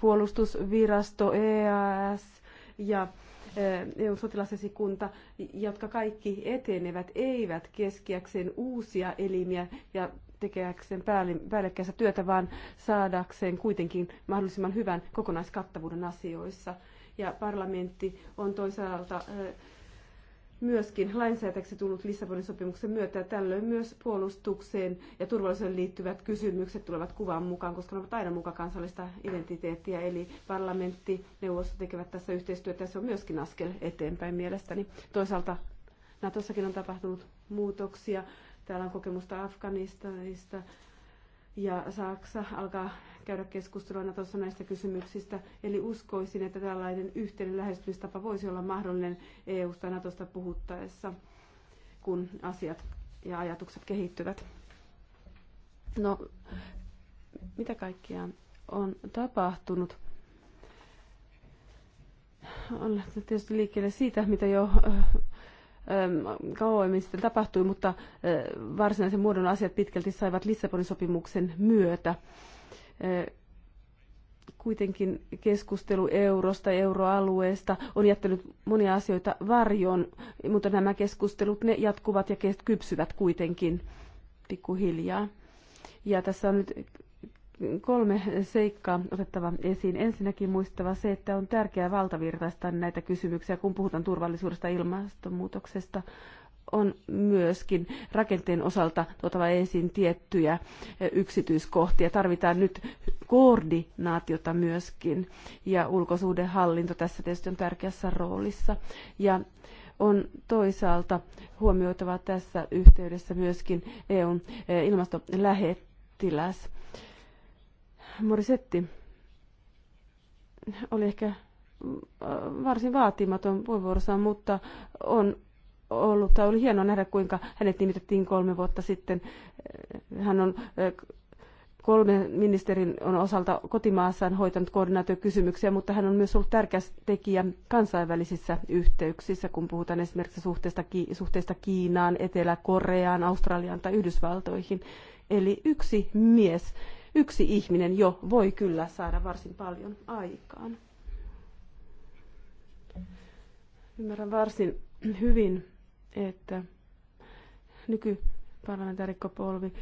puolustusvirasto, EAS ja Eh, EUn sotilasesikunta, jotka kaikki etenevät, eivät keskiäkseen uusia elimiä ja tekeäkseen päällekkäistä työtä, vaan saadakseen kuitenkin mahdollisimman hyvän kokonaiskattavuuden asioissa. Ja parlamentti on toisaalta eh, myöskin lainsäätäksi tullut Lissabonin sopimuksen myötä ja tällöin myös puolustukseen ja turvallisuuteen liittyvät kysymykset tulevat kuvan mukaan, koska ne ovat aina mukaan kansallista identiteettiä, eli parlamentti, neuvosto tekevät tässä yhteistyötä ja se on myöskin askel eteenpäin mielestäni. Toisaalta Natossakin on tapahtunut muutoksia. Täällä on kokemusta Afganistanista ja Saksa alkaa käydä keskustelua tuossa näistä kysymyksistä. Eli uskoisin, että tällainen yhteinen lähestymistapa voisi olla mahdollinen EU-sta Natosta puhuttaessa, kun asiat ja ajatukset kehittyvät. No, mitä kaikkea on tapahtunut? On tietysti liikkeelle siitä, mitä jo kauemmin sitten tapahtui, mutta varsinaisen muodon asiat pitkälti saivat Lissabonin sopimuksen myötä kuitenkin keskustelu eurosta, euroalueesta on jättänyt monia asioita varjoon, mutta nämä keskustelut ne jatkuvat ja kypsyvät kuitenkin pikkuhiljaa. Ja tässä on nyt kolme seikkaa otettava esiin. Ensinnäkin muistava se, että on tärkeää valtavirtaistaa näitä kysymyksiä, kun puhutaan turvallisuudesta ja ilmastonmuutoksesta on myöskin rakenteen osalta tuotava ensin tiettyjä e, yksityiskohtia. Tarvitaan nyt koordinaatiota myöskin ja ulkosuhdehallinto tässä tietysti on tärkeässä roolissa. Ja on toisaalta huomioitava tässä yhteydessä myöskin EUn e, ilmastolähettiläs. Morisetti oli ehkä mm, varsin vaatimaton puheenvuorossaan, mutta on ollut, tai oli hienoa nähdä, kuinka hänet nimitettiin kolme vuotta sitten. Hän on eh, kolmen ministerin on osalta kotimaassaan hoitanut koordinaatiokysymyksiä, mutta hän on myös ollut tärkeä tekijä kansainvälisissä yhteyksissä, kun puhutaan esimerkiksi suhteesta, suhteesta Kiinaan, Etelä-Koreaan, Australiaan tai Yhdysvaltoihin. Eli yksi mies, yksi ihminen jo voi kyllä saada varsin paljon aikaan. Ymmärrän varsin hyvin että nyky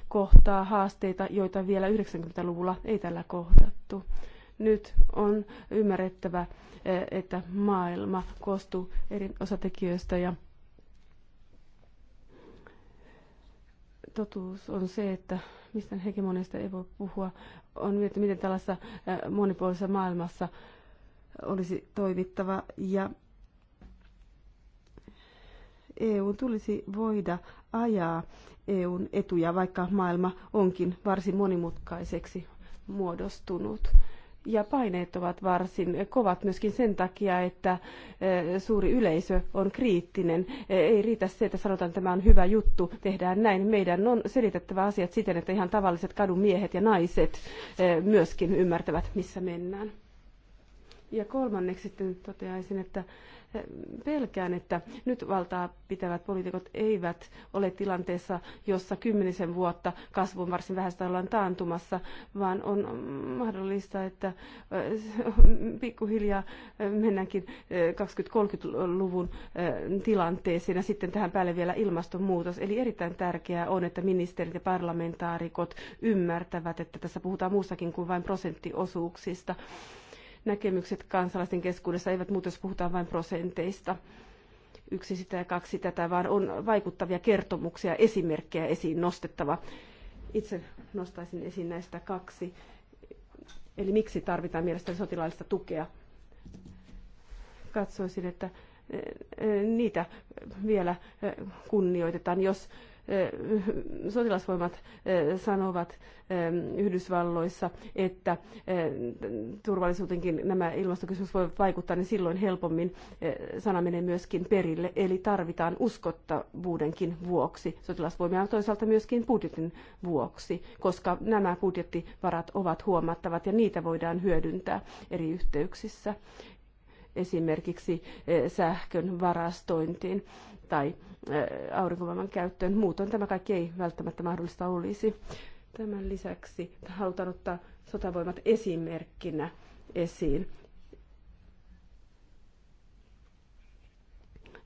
kohtaa haasteita, joita vielä 90-luvulla ei tällä kohdattu. Nyt on ymmärrettävä, e, että maailma koostuu eri osatekijöistä ja totuus on se, että mistä hegemonista ei voi puhua. On mietitty, miten tällaisessa e, monipuolisessa maailmassa olisi toimittava ja EU tulisi voida ajaa EUn etuja, vaikka maailma onkin varsin monimutkaiseksi muodostunut. Ja paineet ovat varsin kovat myöskin sen takia, että e, suuri yleisö on kriittinen. E, ei riitä se, että sanotaan, että tämä on hyvä juttu, tehdään näin. Meidän on selitettävä asiat siten, että ihan tavalliset kadun miehet ja naiset e, myöskin ymmärtävät, missä mennään. Ja kolmanneksi sitten toteaisin, että pelkään, että nyt valtaa pitävät poliitikot eivät ole tilanteessa, jossa kymmenisen vuotta kasvun varsin vähäistä ollaan taantumassa, vaan on mahdollista, että äh, pikkuhiljaa äh, mennäänkin 20-30-luvun äh, tilanteeseen ja sitten tähän päälle vielä ilmastonmuutos. Eli erittäin tärkeää on, että ministerit ja parlamentaarikot ymmärtävät, että tässä puhutaan muussakin kuin vain prosenttiosuuksista näkemykset kansalaisten keskuudessa eivät muutu, jos puhutaan vain prosenteista. Yksi sitä ja kaksi tätä, vaan on vaikuttavia kertomuksia, esimerkkejä esiin nostettava. Itse nostaisin esiin näistä kaksi. Eli miksi tarvitaan mielestäni sotilaallista tukea? Katsoisin, että eh, eh, niitä vielä eh, kunnioitetaan, jos sotilasvoimat sanovat Yhdysvalloissa, että turvallisuutenkin nämä ilmastokysymykset voivat vaikuttaa, niin silloin helpommin sana menee myöskin perille. Eli tarvitaan uskottavuudenkin vuoksi sotilasvoimia ja toisaalta myöskin budjetin vuoksi, koska nämä budjettivarat ovat huomattavat ja niitä voidaan hyödyntää eri yhteyksissä esimerkiksi eh, sähkön varastointiin tai eh, aurinkovoiman käyttöön. Muutoin tämä kaikki ei välttämättä mahdollista olisi. Tämän lisäksi halutaan ottaa sotavoimat esimerkkinä esiin.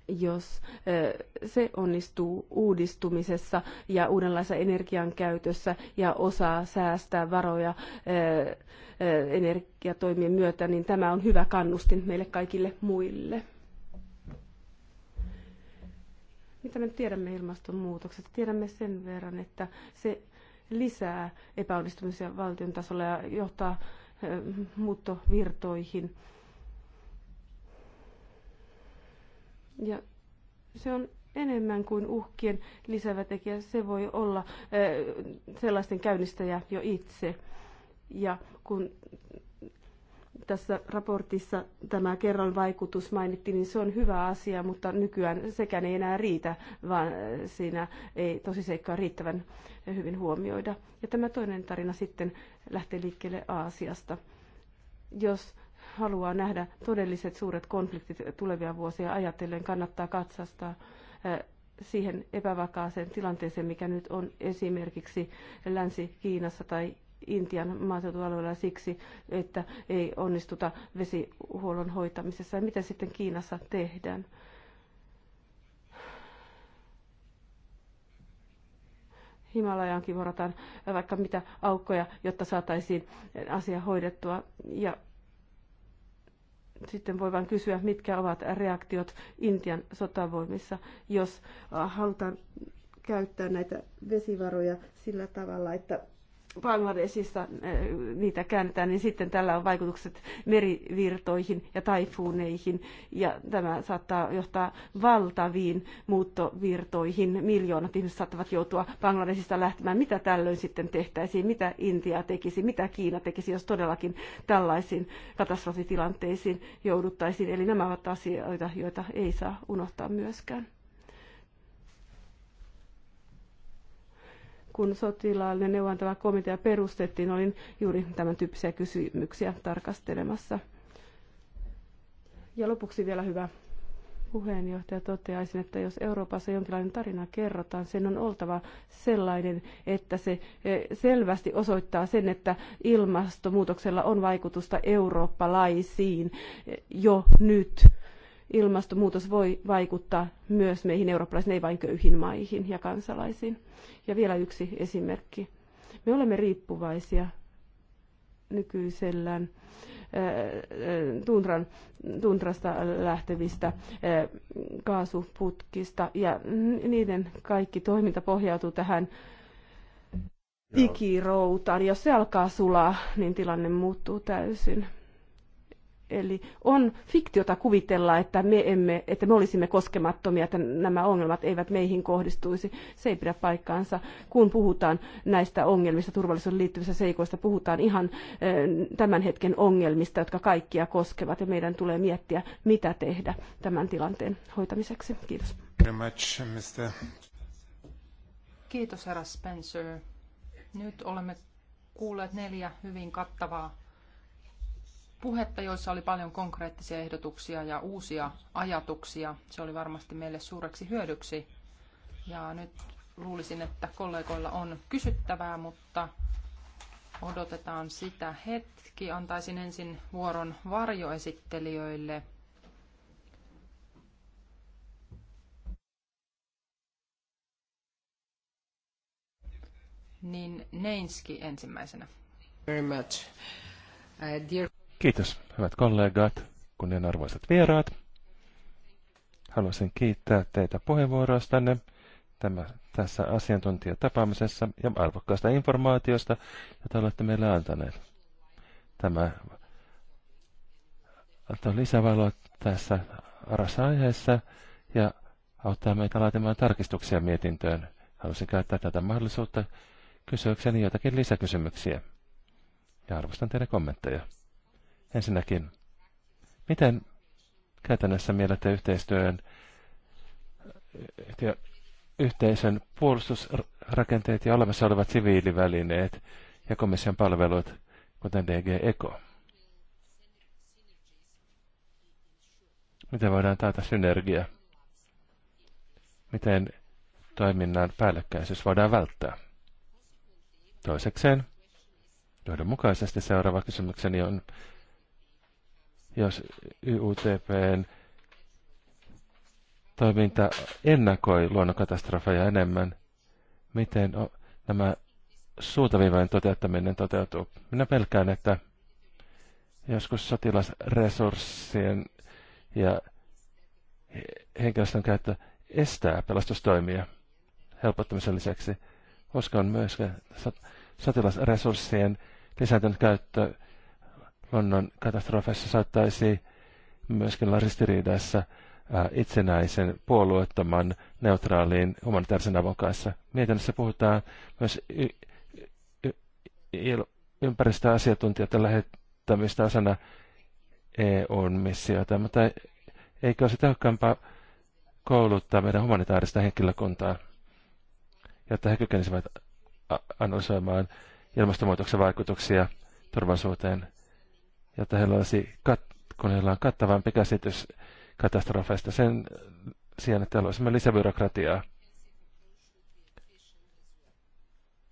jos eh, se onnistuu uudistumisessa ja uudenlaisessa energian käytössä ja osaa säästää varoja energiatoimien myötä, niin tämä on hyvä kannustin meille kaikille muille. Mitä me tiedämme ilmastonmuutoksesta? Tiedämme sen verran, että se lisää epäonnistumisia valtion tasolla ja johtaa muuttovirtoihin. Ja se on enemmän kuin uhkien lisävä tekijä. Se voi olla sellaisten käynnistäjä jo itse. Ja kun tässä raportissa tämä kerran vaikutus mainittiin, niin se on hyvä asia, mutta nykyään sekään ei enää riitä, vaan siinä ei tosi seikkaa riittävän hyvin huomioida. Ja tämä toinen tarina sitten lähtee liikkeelle Aasiasta. Jos haluaa nähdä todelliset suuret konfliktit tulevia vuosia ajatellen, kannattaa katsastaa siihen epävakaaseen tilanteeseen, mikä nyt on esimerkiksi Länsi-Kiinassa tai Intian maaseutualueella siksi, että ei onnistuta vesihuollon hoitamisessa. Ja mitä sitten Kiinassa tehdään? Himalajankin varataan vaikka mitä aukkoja, jotta saataisiin asia hoidettua. Ja sitten voi vain kysyä, mitkä ovat reaktiot Intian sotavoimissa, jos halutaan käyttää näitä vesivaroja sillä tavalla, että Bangladesissa eh, niitä käännetään, niin sitten tällä on vaikutukset merivirtoihin ja taifuuneihin, ja tämä saattaa johtaa valtaviin muuttovirtoihin. Miljoonat ihmiset saattavat joutua Bangladesista lähtemään. Mitä tällöin sitten tehtäisiin? Mitä Intia tekisi? Mitä Kiina tekisi, jos todellakin tällaisiin katastrofitilanteisiin jouduttaisiin? Eli nämä ovat asioita, joita ei saa unohtaa myöskään. kun sotilaallinen neuvontava komitea perustettiin, olin juuri tämän tyyppisiä kysymyksiä tarkastelemassa. Ja lopuksi vielä hyvä puheenjohtaja toteaisin, että jos Euroopassa jonkinlainen tarina kerrotaan, sen on oltava sellainen, että se e, selvästi osoittaa sen, että ilmastonmuutoksella on vaikutusta eurooppalaisiin e, jo nyt ilmastonmuutos voi vaikuttaa myös meihin eurooppalaisiin, ei vain köyhiin maihin ja kansalaisiin. Ja vielä yksi esimerkki. Me olemme riippuvaisia nykyisellään äh, tundran, tundrasta lähtevistä äh, kaasuputkista ja niiden kaikki toiminta pohjautuu tähän ikiroutaan. Jos se alkaa sulaa, niin tilanne muuttuu täysin. Eli on fiktiota kuvitella, että me, emme, että me olisimme koskemattomia, että nämä ongelmat eivät meihin kohdistuisi. Se ei pidä paikkaansa. Kun puhutaan näistä ongelmista, turvallisuuden liittyvistä seikoista, puhutaan ihan eh, tämän hetken ongelmista, jotka kaikkia koskevat. Ja meidän tulee miettiä, mitä tehdä tämän tilanteen hoitamiseksi. Kiitos. Kiitos, herra Spencer. Nyt olemme kuulleet neljä hyvin kattavaa puhetta, joissa oli paljon konkreettisia ehdotuksia ja uusia ajatuksia. Se oli varmasti meille suureksi hyödyksi. Ja nyt luulisin, että kollegoilla on kysyttävää, mutta odotetaan sitä hetki. Antaisin ensin vuoron varjoesittelijöille. Niin Neinski ensimmäisenä. Very much. Uh, dear... Kiitos, hyvät kollegat, kunnianarvoisat vieraat. Haluaisin kiittää teitä puheenvuoroistanne tämä, tässä asiantuntijatapaamisessa ja arvokkaasta informaatiosta, jota olette meille antaneet. Tämä antaa lisävaloa tässä arassa aiheessa ja auttaa meitä laatimaan tarkistuksia mietintöön. Haluaisin käyttää tätä mahdollisuutta kysyäkseni jotakin lisäkysymyksiä. Ja arvostan teidän kommentteja. Ensinnäkin, miten käytännössä mielette yhteistyön ja yhteisön puolustusrakenteet ja olemassa olevat siviilivälineet ja komission palvelut, kuten DG Eco? Miten voidaan taata synergia? Miten toiminnan päällekkäisyys voidaan välttää? Toisekseen, johdonmukaisesti seuraava kysymykseni on, jos YUTPn toiminta ennakoi luonnonkatastrofeja enemmän, miten nämä suuntaviivojen toteuttaminen toteutuu. Minä pelkään, että joskus sotilasresurssien ja henkilöstön käyttö estää pelastustoimia helpottamisen lisäksi. Uskon myös, että sotilasresurssien lisääntynyt käyttö Lonnon katastrofeissa saattaisi myöskin olla ristiriidassa äh, itsenäisen, puolueettoman, neutraaliin humanitaarisen avun kanssa. Mietinnössä puhutaan myös y- y- y- ympäristöasiantuntijoiden lähettämistä osana EUn missiota, mutta eikö olisi tehokkaampaa kouluttaa meidän humanitaarista henkilökuntaa, jotta he kykenisivät analysoimaan ilmastonmuutoksen vaikutuksia turvallisuuteen jotta heillä olisi, kat- kun heillä on kattavampi käsitys katastrofeista sen sijaan, että olisi lisäbyrokratiaa.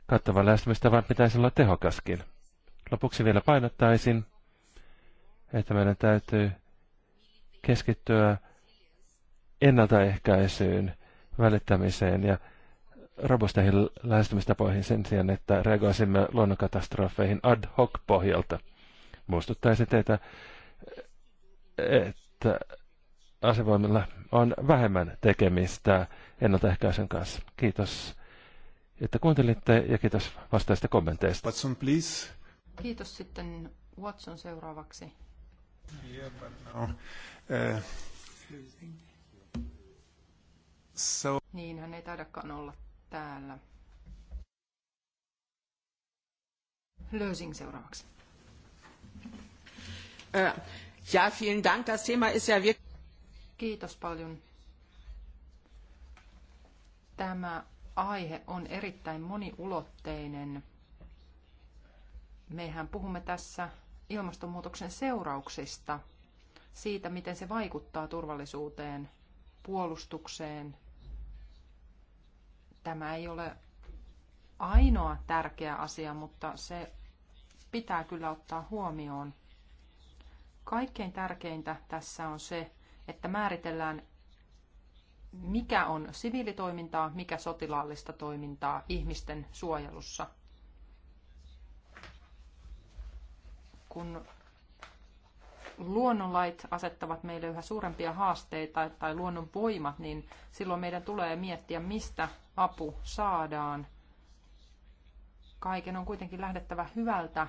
Kattava vaan pitäisi olla tehokaskin. Lopuksi vielä painottaisin, että meidän täytyy keskittyä ennaltaehkäisyyn, välittämiseen ja robusteihin lähestymistapoihin sen sijaan, että reagoisimme luonnonkatastrofeihin ad hoc pohjalta. Muistuttaisin teitä, että asevoimilla on vähemmän tekemistä ennaltaehkäisyn kanssa. Kiitos, että kuuntelitte ja kiitos vastaista kommenteista. Watson, please. Kiitos sitten Watson seuraavaksi. Yeah, but no. uh, so. Niin, hän ei taidakaan olla täällä. Löysin seuraavaksi. Äh, ja, vielen Dank. Das Thema ist ja wirklich... Kiitos paljon. Tämä aihe on erittäin moniulotteinen. Mehän puhumme tässä ilmastonmuutoksen seurauksista, siitä miten se vaikuttaa turvallisuuteen, puolustukseen. Tämä ei ole ainoa tärkeä asia, mutta se pitää kyllä ottaa huomioon. Kaikkein tärkeintä tässä on se, että määritellään, mikä on siviilitoimintaa, mikä sotilaallista toimintaa ihmisten suojelussa. Kun luonnonlait asettavat meille yhä suurempia haasteita tai luonnonvoimat, niin silloin meidän tulee miettiä, mistä apu saadaan. Kaiken on kuitenkin lähdettävä hyvältä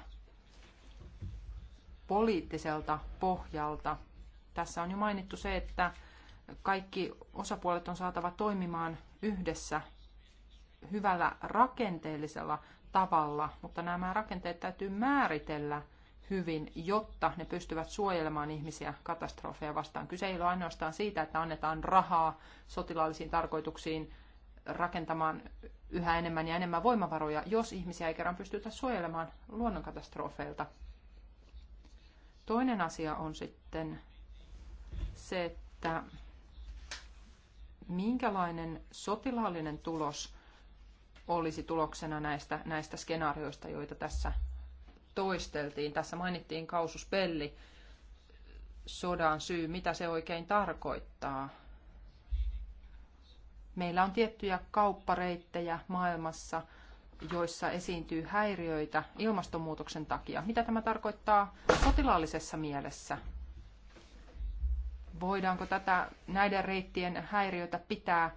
poliittiselta pohjalta. Tässä on jo mainittu se, että kaikki osapuolet on saatava toimimaan yhdessä hyvällä rakenteellisella tavalla, mutta nämä rakenteet täytyy määritellä hyvin, jotta ne pystyvät suojelemaan ihmisiä katastrofeja vastaan. Kyse ei ole ainoastaan siitä, että annetaan rahaa sotilaallisiin tarkoituksiin rakentamaan yhä enemmän ja enemmän voimavaroja, jos ihmisiä ei kerran pystytä suojelemaan luonnonkatastrofeilta. Toinen asia on sitten se, että minkälainen sotilaallinen tulos olisi tuloksena näistä, näistä skenaarioista, joita tässä toisteltiin. Tässä mainittiin kaususpelli, sodan syy, mitä se oikein tarkoittaa. Meillä on tiettyjä kauppareittejä maailmassa – joissa esiintyy häiriöitä ilmastonmuutoksen takia. Mitä tämä tarkoittaa sotilaallisessa mielessä? Voidaanko tätä näiden reittien häiriötä pitää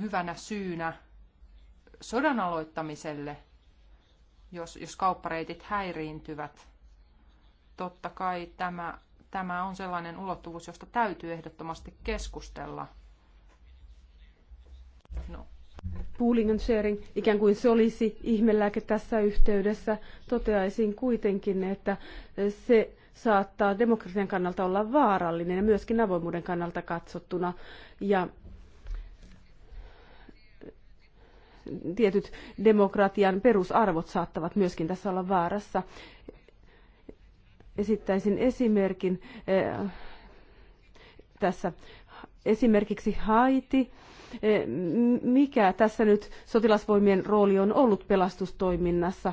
hyvänä syynä sodan aloittamiselle, jos, jos kauppareitit häiriintyvät? Totta kai tämä, tämä on sellainen ulottuvuus, josta täytyy ehdottomasti keskustella. No, Pooling and sharing, ikään kuin se olisi ihmelääke tässä yhteydessä, toteaisin kuitenkin, että se saattaa demokratian kannalta olla vaarallinen ja myöskin avoimuuden kannalta katsottuna. Ja tietyt demokratian perusarvot saattavat myöskin tässä olla vaarassa. Esittäisin esimerkin eh, tässä. Esimerkiksi Haiti Eh, mikä tässä nyt sotilasvoimien rooli on ollut pelastustoiminnassa.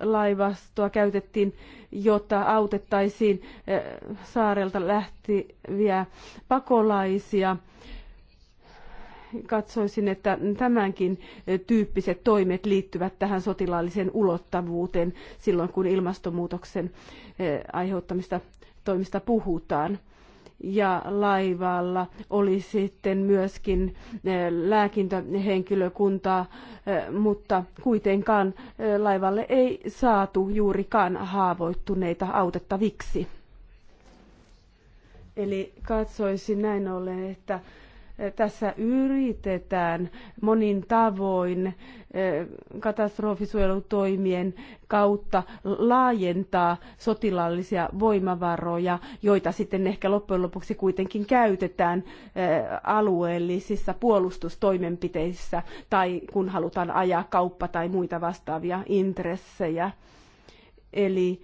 Laivastoa käytettiin, jotta autettaisiin eh, saarelta lähtiviä pakolaisia katsoisin, että tämänkin eh, tyyppiset toimet liittyvät tähän sotilaalliseen ulottavuuteen silloin, kun ilmastonmuutoksen aiheuttamista toimista puhutaan ja laivalla oli sitten myöskin eh, lääkintähenkilökuntaa, eh, mutta kuitenkaan eh, laivalle ei saatu juurikaan haavoittuneita autettaviksi. Eli katsoisin näin ollen, että tässä yritetään monin tavoin eh, katastrofisuojelutoimien kautta laajentaa sotilaallisia voimavaroja, joita sitten ehkä loppujen lopuksi kuitenkin käytetään eh, alueellisissa puolustustoimenpiteissä tai kun halutaan ajaa kauppa- tai muita vastaavia intressejä. Eli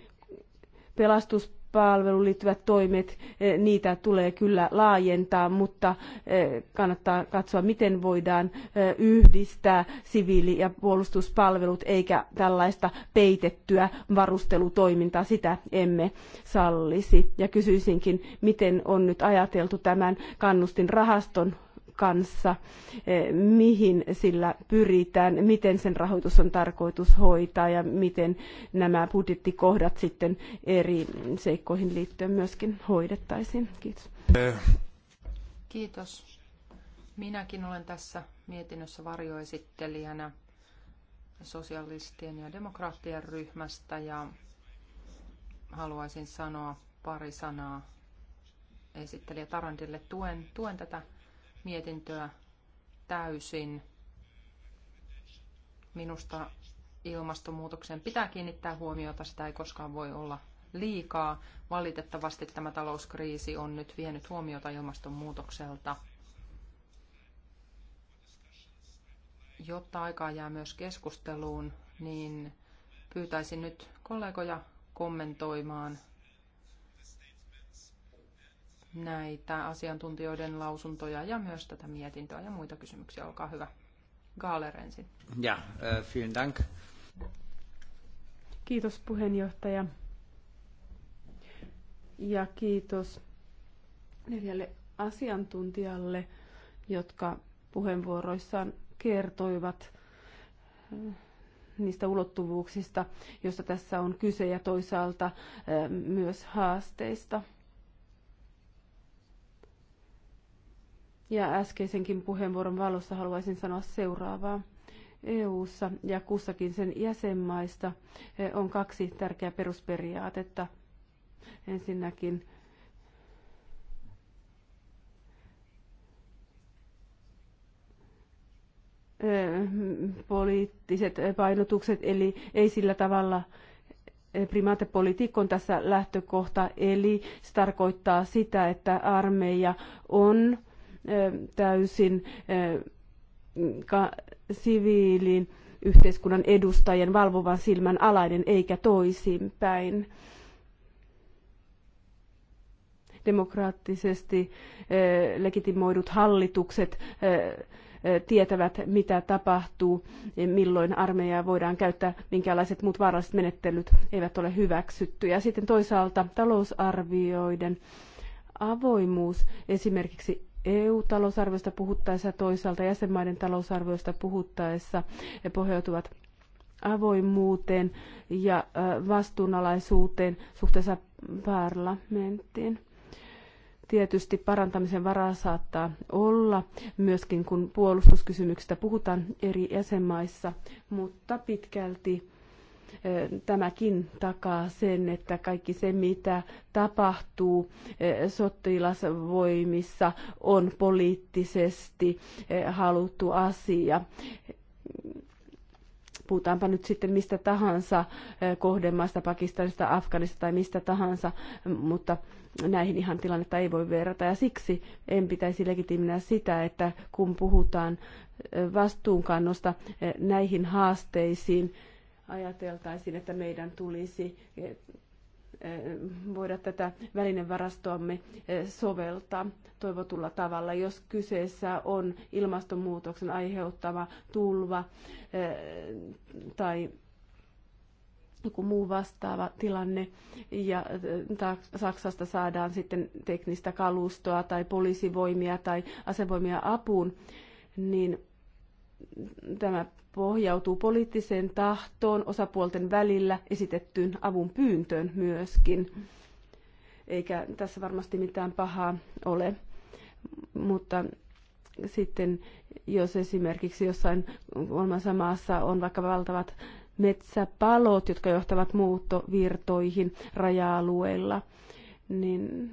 pelastus palveluun liittyvät toimet, eh, niitä tulee kyllä laajentaa, mutta eh, kannattaa katsoa, miten voidaan eh, yhdistää siviili- ja puolustuspalvelut, eikä tällaista peitettyä varustelutoimintaa, sitä emme sallisi. Ja kysyisinkin, miten on nyt ajateltu tämän kannustinrahaston kanssa, eh, mihin sillä pyritään, miten sen rahoitus on tarkoitus hoitaa ja miten nämä budjettikohdat sitten eri seikkoihin liittyen myöskin hoidettaisiin. Kiitos. Kiitos. Minäkin olen tässä mietinnössä varjoesittelijänä sosialistien ja demokraattien ryhmästä ja haluaisin sanoa pari sanaa esittelijä Tarandille. Tuen, tuen tätä mietintöä täysin. Minusta ilmastonmuutokseen pitää kiinnittää huomiota, sitä ei koskaan voi olla liikaa. Valitettavasti tämä talouskriisi on nyt vienyt huomiota ilmastonmuutokselta. Jotta aikaa jää myös keskusteluun, niin pyytäisin nyt kollegoja kommentoimaan näitä asiantuntijoiden lausuntoja ja myös tätä mietintöä ja muita kysymyksiä. Olkaa hyvä. Gaaler ensin. Ja, äh, vielen dank. Kiitos puheenjohtaja. Ja kiitos neljälle asiantuntijalle, jotka puheenvuoroissaan kertoivat äh, niistä ulottuvuuksista, joista tässä on kyse ja toisaalta äh, myös haasteista – Ja äskeisenkin puheenvuoron valossa haluaisin sanoa seuraavaa. EU:ssa ja kussakin sen jäsenmaista e, on kaksi tärkeää perusperiaatetta. Ensinnäkin e, poliittiset painotukset, eli ei sillä tavalla e, primaatepolitiikka on tässä lähtökohta, eli se tarkoittaa sitä, että armeija on täysin siviilin yhteiskunnan edustajien valvovan silmän alainen eikä toisinpäin. Demokraattisesti legitimoidut hallitukset tietävät, mitä tapahtuu, milloin armeijaa voidaan käyttää, minkälaiset muut vaaralliset menettelyt eivät ole Ja Sitten toisaalta talousarvioiden avoimuus esimerkiksi EU-talousarviosta puhuttaessa ja toisaalta jäsenmaiden talousarviosta puhuttaessa ja pohjautuvat avoimuuteen ja vastuunalaisuuteen suhteessa parlamenttiin. Tietysti parantamisen varaa saattaa olla myöskin, kun puolustuskysymyksistä puhutaan eri jäsenmaissa, mutta pitkälti Tämäkin takaa sen, että kaikki se, mitä tapahtuu sotilasvoimissa, on poliittisesti haluttu asia puhutaanpa nyt sitten mistä tahansa kohdemaasta, Pakistanista, Afganista tai mistä tahansa, mutta näihin ihan tilannetta ei voi verrata. Ja siksi en pitäisi legitiiminä sitä, että kun puhutaan vastuunkannosta näihin haasteisiin, ajateltaisiin, että meidän tulisi eh, eh, voida tätä välinevarastoamme eh, soveltaa toivotulla tavalla, jos kyseessä on ilmastonmuutoksen aiheuttama tulva tai joku muu vastaava tilanne ja Saksasta saadaan sitten teknistä kalustoa tai poliisivoimia tai asevoimia apuun, niin tämä pohjautuu poliittiseen tahtoon osapuolten välillä esitettyyn avun pyyntöön myöskin. Eikä tässä varmasti mitään pahaa ole. Mutta sitten jos esimerkiksi jossain kolmansa maassa on vaikka valtavat metsäpalot, jotka johtavat muuttovirtoihin raja-alueilla, niin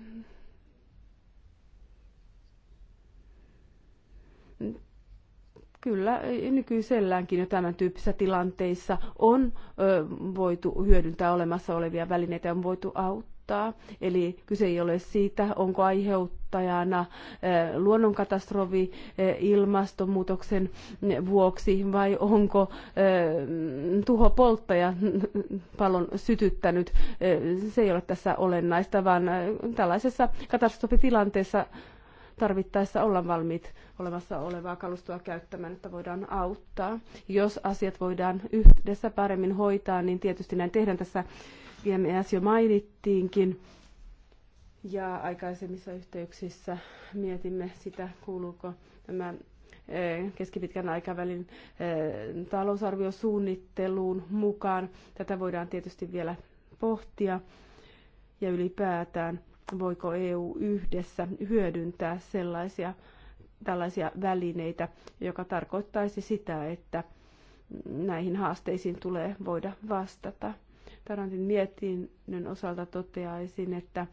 kyllä e, nykyiselläänkin jo tämän tyyppisissä tilanteissa on ö, voitu hyödyntää olemassa olevia välineitä ja on voitu auttaa. Eli kyse ei ole siitä, onko aiheuttajana ö, e, luonnonkatastrofi ö, e, ilmastonmuutoksen vuoksi vai onko ö, tuho polttaja palon sytyttänyt. Ö, se ei ole tässä olennaista, vaan ö, tällaisessa katastrofitilanteessa tarvittaessa olla valmiit olemassa olevaa kalustoa käyttämään, että voidaan auttaa. Jos asiat voidaan yhdessä paremmin hoitaa, niin tietysti näin tehdään. Tässä GMS jo mainittiinkin. Ja aikaisemmissa yhteyksissä mietimme sitä, kuuluuko tämä eh, keskipitkän aikavälin eh, talousarviosuunnitteluun mukaan. Tätä voidaan tietysti vielä pohtia ja ylipäätään voiko EU yhdessä hyödyntää sellaisia tällaisia välineitä, joka tarkoittaisi sitä, että näihin haasteisiin tulee voida vastata. Tarantin mietinnön osalta toteaisin, että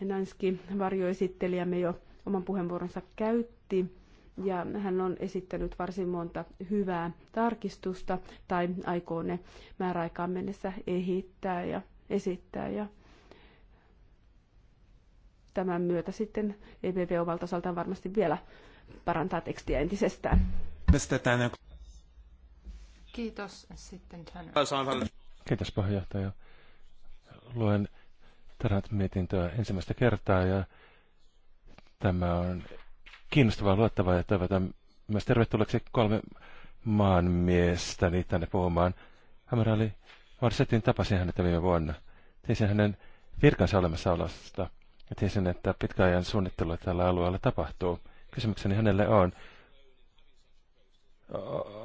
Nanski varjoesittelijämme jo oman puheenvuoronsa käytti ja hän on esittänyt varsin monta hyvää tarkistusta tai aikoo ne määräaikaan mennessä ehittää ja esittää ja tämän myötä sitten EBV omalta varmasti vielä parantaa tekstiä entisestään. Kiitos. Sitten Kiitos puheenjohtaja. Luen tätä mietintöä ensimmäistä kertaa ja tämä on kiinnostavaa luettavaa ja toivotan myös tervetulleeksi kolme maanmiestäni tänne puhumaan. Amiraali Varsetin tapasin hänet viime vuonna. Tiesin hänen virkansa olemassaolosta ja tiesin, että pitkäajan suunnittelu tällä alueella tapahtuu. Kysymykseni hänelle on,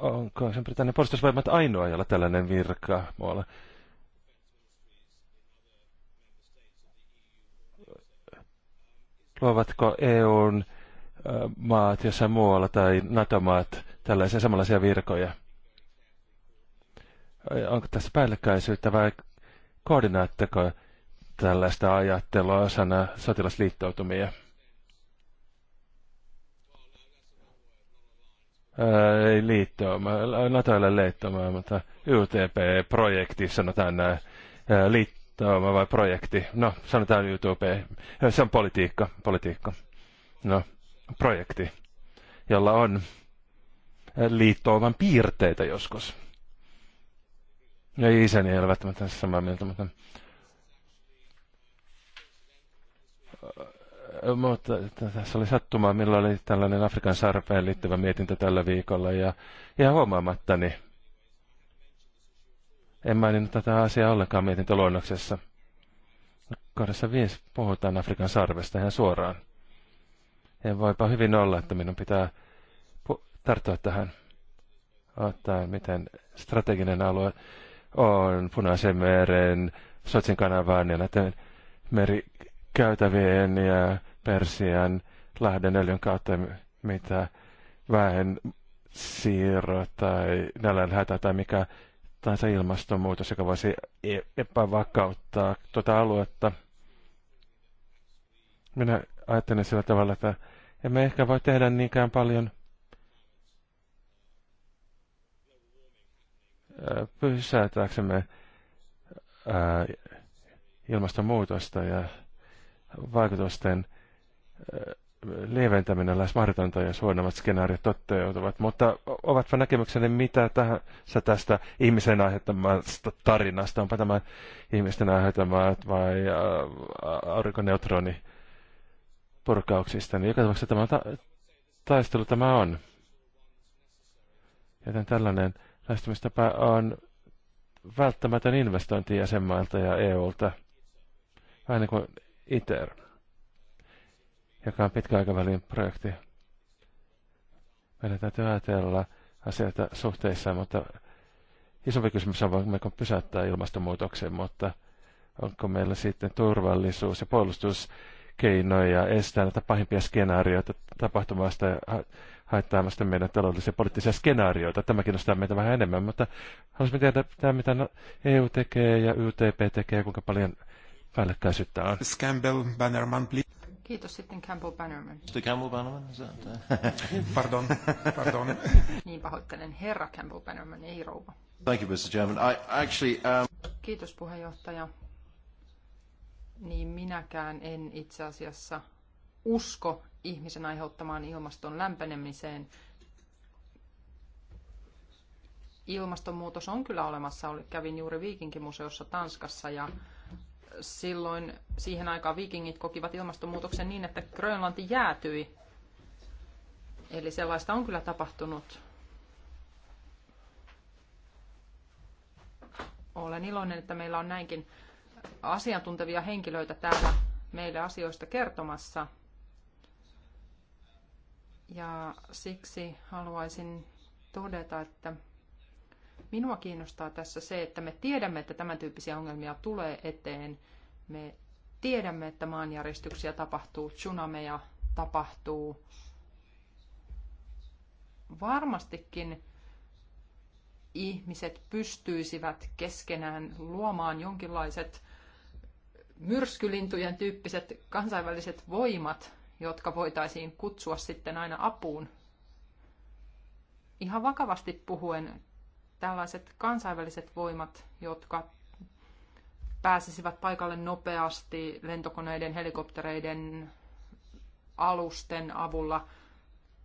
onko sen Britannian puolustusvoimat ainoa, jolla tällainen virka muualla? Luovatko EUn maat jossain muualla tai NATO-maat tällaisia samanlaisia virkoja? Onko tässä päällekkäisyyttä vai koordinaatteko tällaista ajattelua sana sotilasliittoutumia. ei liittoumaa, NATO ei ole liittoumaa, mutta UTP-projekti sanotaan näin. Ää, liittouma vai projekti? No, sanotaan UTP. Se on politiikka, politiikka. No, projekti, jolla on liittouman piirteitä joskus. Ja isäni ei ole välttämättä samaa mieltä, mutta mutta tässä oli sattumaa, millä oli tällainen Afrikan sarpeen liittyvä mietintä tällä viikolla ja ihan huomaamattani en maininnut tätä asiaa ollenkaan mietintöluonnoksessa. Kohdassa 5 puhutaan Afrikan sarvesta ihan suoraan. Ja voipa hyvin olla, että minun pitää tarttua tähän, ottaen miten strateginen alue on Punaisen meren, Sotsin kanavaan ja näiden meri käytävien ja Persian lähden öljyn kautta, mitä vähän siirro tai nälänhätä tai mikä tahansa ilmastonmuutos, joka voisi e- epävakauttaa tuota aluetta. Minä ajattelen sillä tavalla, että emme ehkä voi tehdä niinkään paljon pysäytääksemme ilmastonmuutosta ja vaikutusten äh, lieventäminen lähes mahdotonta, ja huonommat skenaariot toteutuvat. Mutta ovatpa näkemykseni mitä tahansa tästä ihmisen aiheuttamasta tarinasta, onpa tämä ihmisten aiheuttamat vai äh, aurinkoneutroni purkauksista, niin joka tapauksessa tämä ta- taistelu tämä on. Joten tällainen lähestymistapa on välttämätön investointi jäsenmailta ja EUlta. Vähän niin kuin ITER, joka on pitkäaikavälin projekti. Meidän täytyy ajatella asioita suhteissa, mutta isompi kysymys on, me pysäyttää ilmastonmuutoksen, mutta onko meillä sitten turvallisuus ja puolustuskeinoja estää näitä pahimpia skenaarioita tapahtumasta ja haittaamasta meidän taloudellisia poliittisia skenaarioita. Tämä kiinnostaa meitä vähän enemmän, mutta haluaisimme tiedä, mitä no-, EU tekee ja YTP tekee, kuinka paljon päällekkäisyyttä on. Campbell Bannerman, please. Kiitos sitten Campbell Bannerman. Mr. Campbell Bannerman? se on. Uh, *laughs* pardon, pardon. *laughs* niin pahoittelen, herra Campbell Bannerman, ei rouva. Thank you, Mr. Chairman. I actually, um... Kiitos puheenjohtaja. Niin minäkään en itse asiassa usko ihmisen aiheuttamaan ilmaston lämpenemiseen. Ilmastonmuutos on kyllä olemassa. Kävin juuri Viikinkimuseossa Tanskassa ja silloin siihen aikaan Vikingit kokivat ilmastonmuutoksen niin, että Grönlanti jäätyi. Eli sellaista on kyllä tapahtunut. Olen iloinen, että meillä on näinkin asiantuntevia henkilöitä täällä meille asioista kertomassa. Ja siksi haluaisin todeta, että Minua kiinnostaa tässä se, että me tiedämme, että tämän tyyppisiä ongelmia tulee eteen. Me tiedämme, että maanjäristyksiä tapahtuu, tsunameja tapahtuu. Varmastikin ihmiset pystyisivät keskenään luomaan jonkinlaiset myrskylintujen tyyppiset kansainväliset voimat, jotka voitaisiin kutsua sitten aina apuun. Ihan vakavasti puhuen tällaiset kansainväliset voimat, jotka pääsisivät paikalle nopeasti lentokoneiden, helikoptereiden, alusten avulla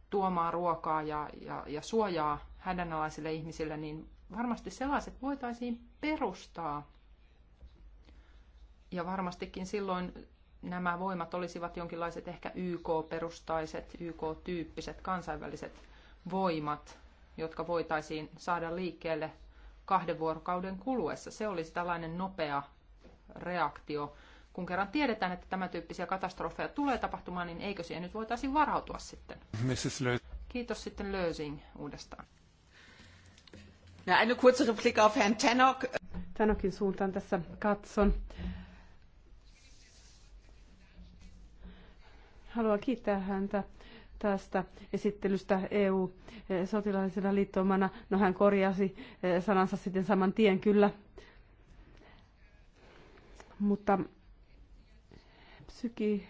tuomaan ruokaa ja, ja, ja suojaa hädänalaisille ihmisille, niin varmasti sellaiset voitaisiin perustaa. Ja varmastikin silloin nämä voimat olisivat jonkinlaiset ehkä YK-perustaiset, YK-tyyppiset kansainväliset voimat jotka voitaisiin saada liikkeelle kahden vuorokauden kuluessa. Se olisi tällainen nopea reaktio. Kun kerran tiedetään, että tämä tyyppisiä katastrofeja tulee tapahtumaan, niin eikö siihen nyt voitaisiin varautua sitten? Mrs. Kiitos sitten Lösing uudestaan. Ja eine kurze Replik auf Herrn Tenok. Tenokin suuntaan tässä katson. Haluan kiittää häntä tästä esittelystä EU-sotilaallisena e, liittoumana. No hän korjasi e, sanansa sitten saman tien kyllä. Mutta psyki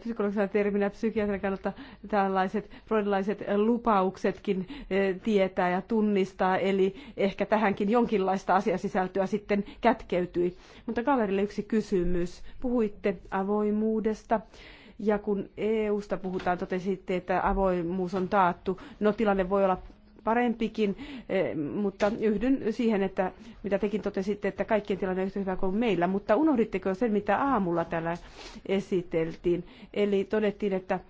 psykologisena terminä psykiatrin kannalta tällaiset freudilaiset lupauksetkin tietää ja tunnistaa, eli ehkä tähänkin jonkinlaista asiasisältöä sitten kätkeytyi. Mutta kaverille yksi kysymys. Puhuitte avoimuudesta. Ja kun EUsta puhutaan, totesitte, että avoimuus on taattu. No tilanne voi olla parempikin, eh, mutta yhdyn siihen, että mitä tekin totesitte, että kaikkien tilanne on yhtä hyvä kuin meillä, mutta unohditteko sen, mitä aamulla täällä esiteltiin? Eli todettiin, että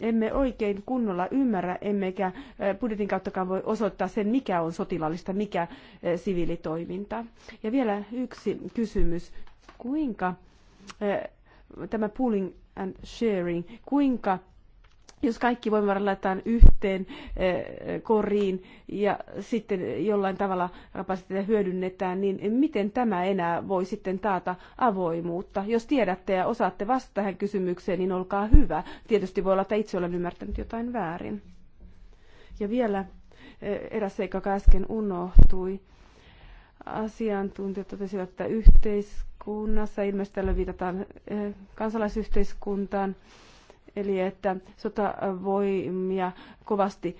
emme oikein kunnolla ymmärrä, emmekä eh, budjetin kauttakaan voi osoittaa sen, mikä on sotilaallista, mikä eh, siviilitoiminta. Ja vielä yksi kysymys. Kuinka tämä pooling and sharing, kuinka jos kaikki voimavarat laitetaan yhteen eh, koriin ja sitten jollain tavalla kapasiteettia hyödynnetään, niin miten tämä enää voi sitten taata avoimuutta? Jos tiedätte ja osaatte vastata tähän kysymykseen, niin olkaa hyvä. Tietysti voi olla, että itse olen ymmärtänyt jotain väärin. Ja vielä eh, eräs seikka, joka äsken unohtui. Asiantuntijat totesivat, että yhteiskunnassa, ilmeisesti tällä viitataan eh, kansalaisyhteiskuntaan, Eli että sotavoimia kovasti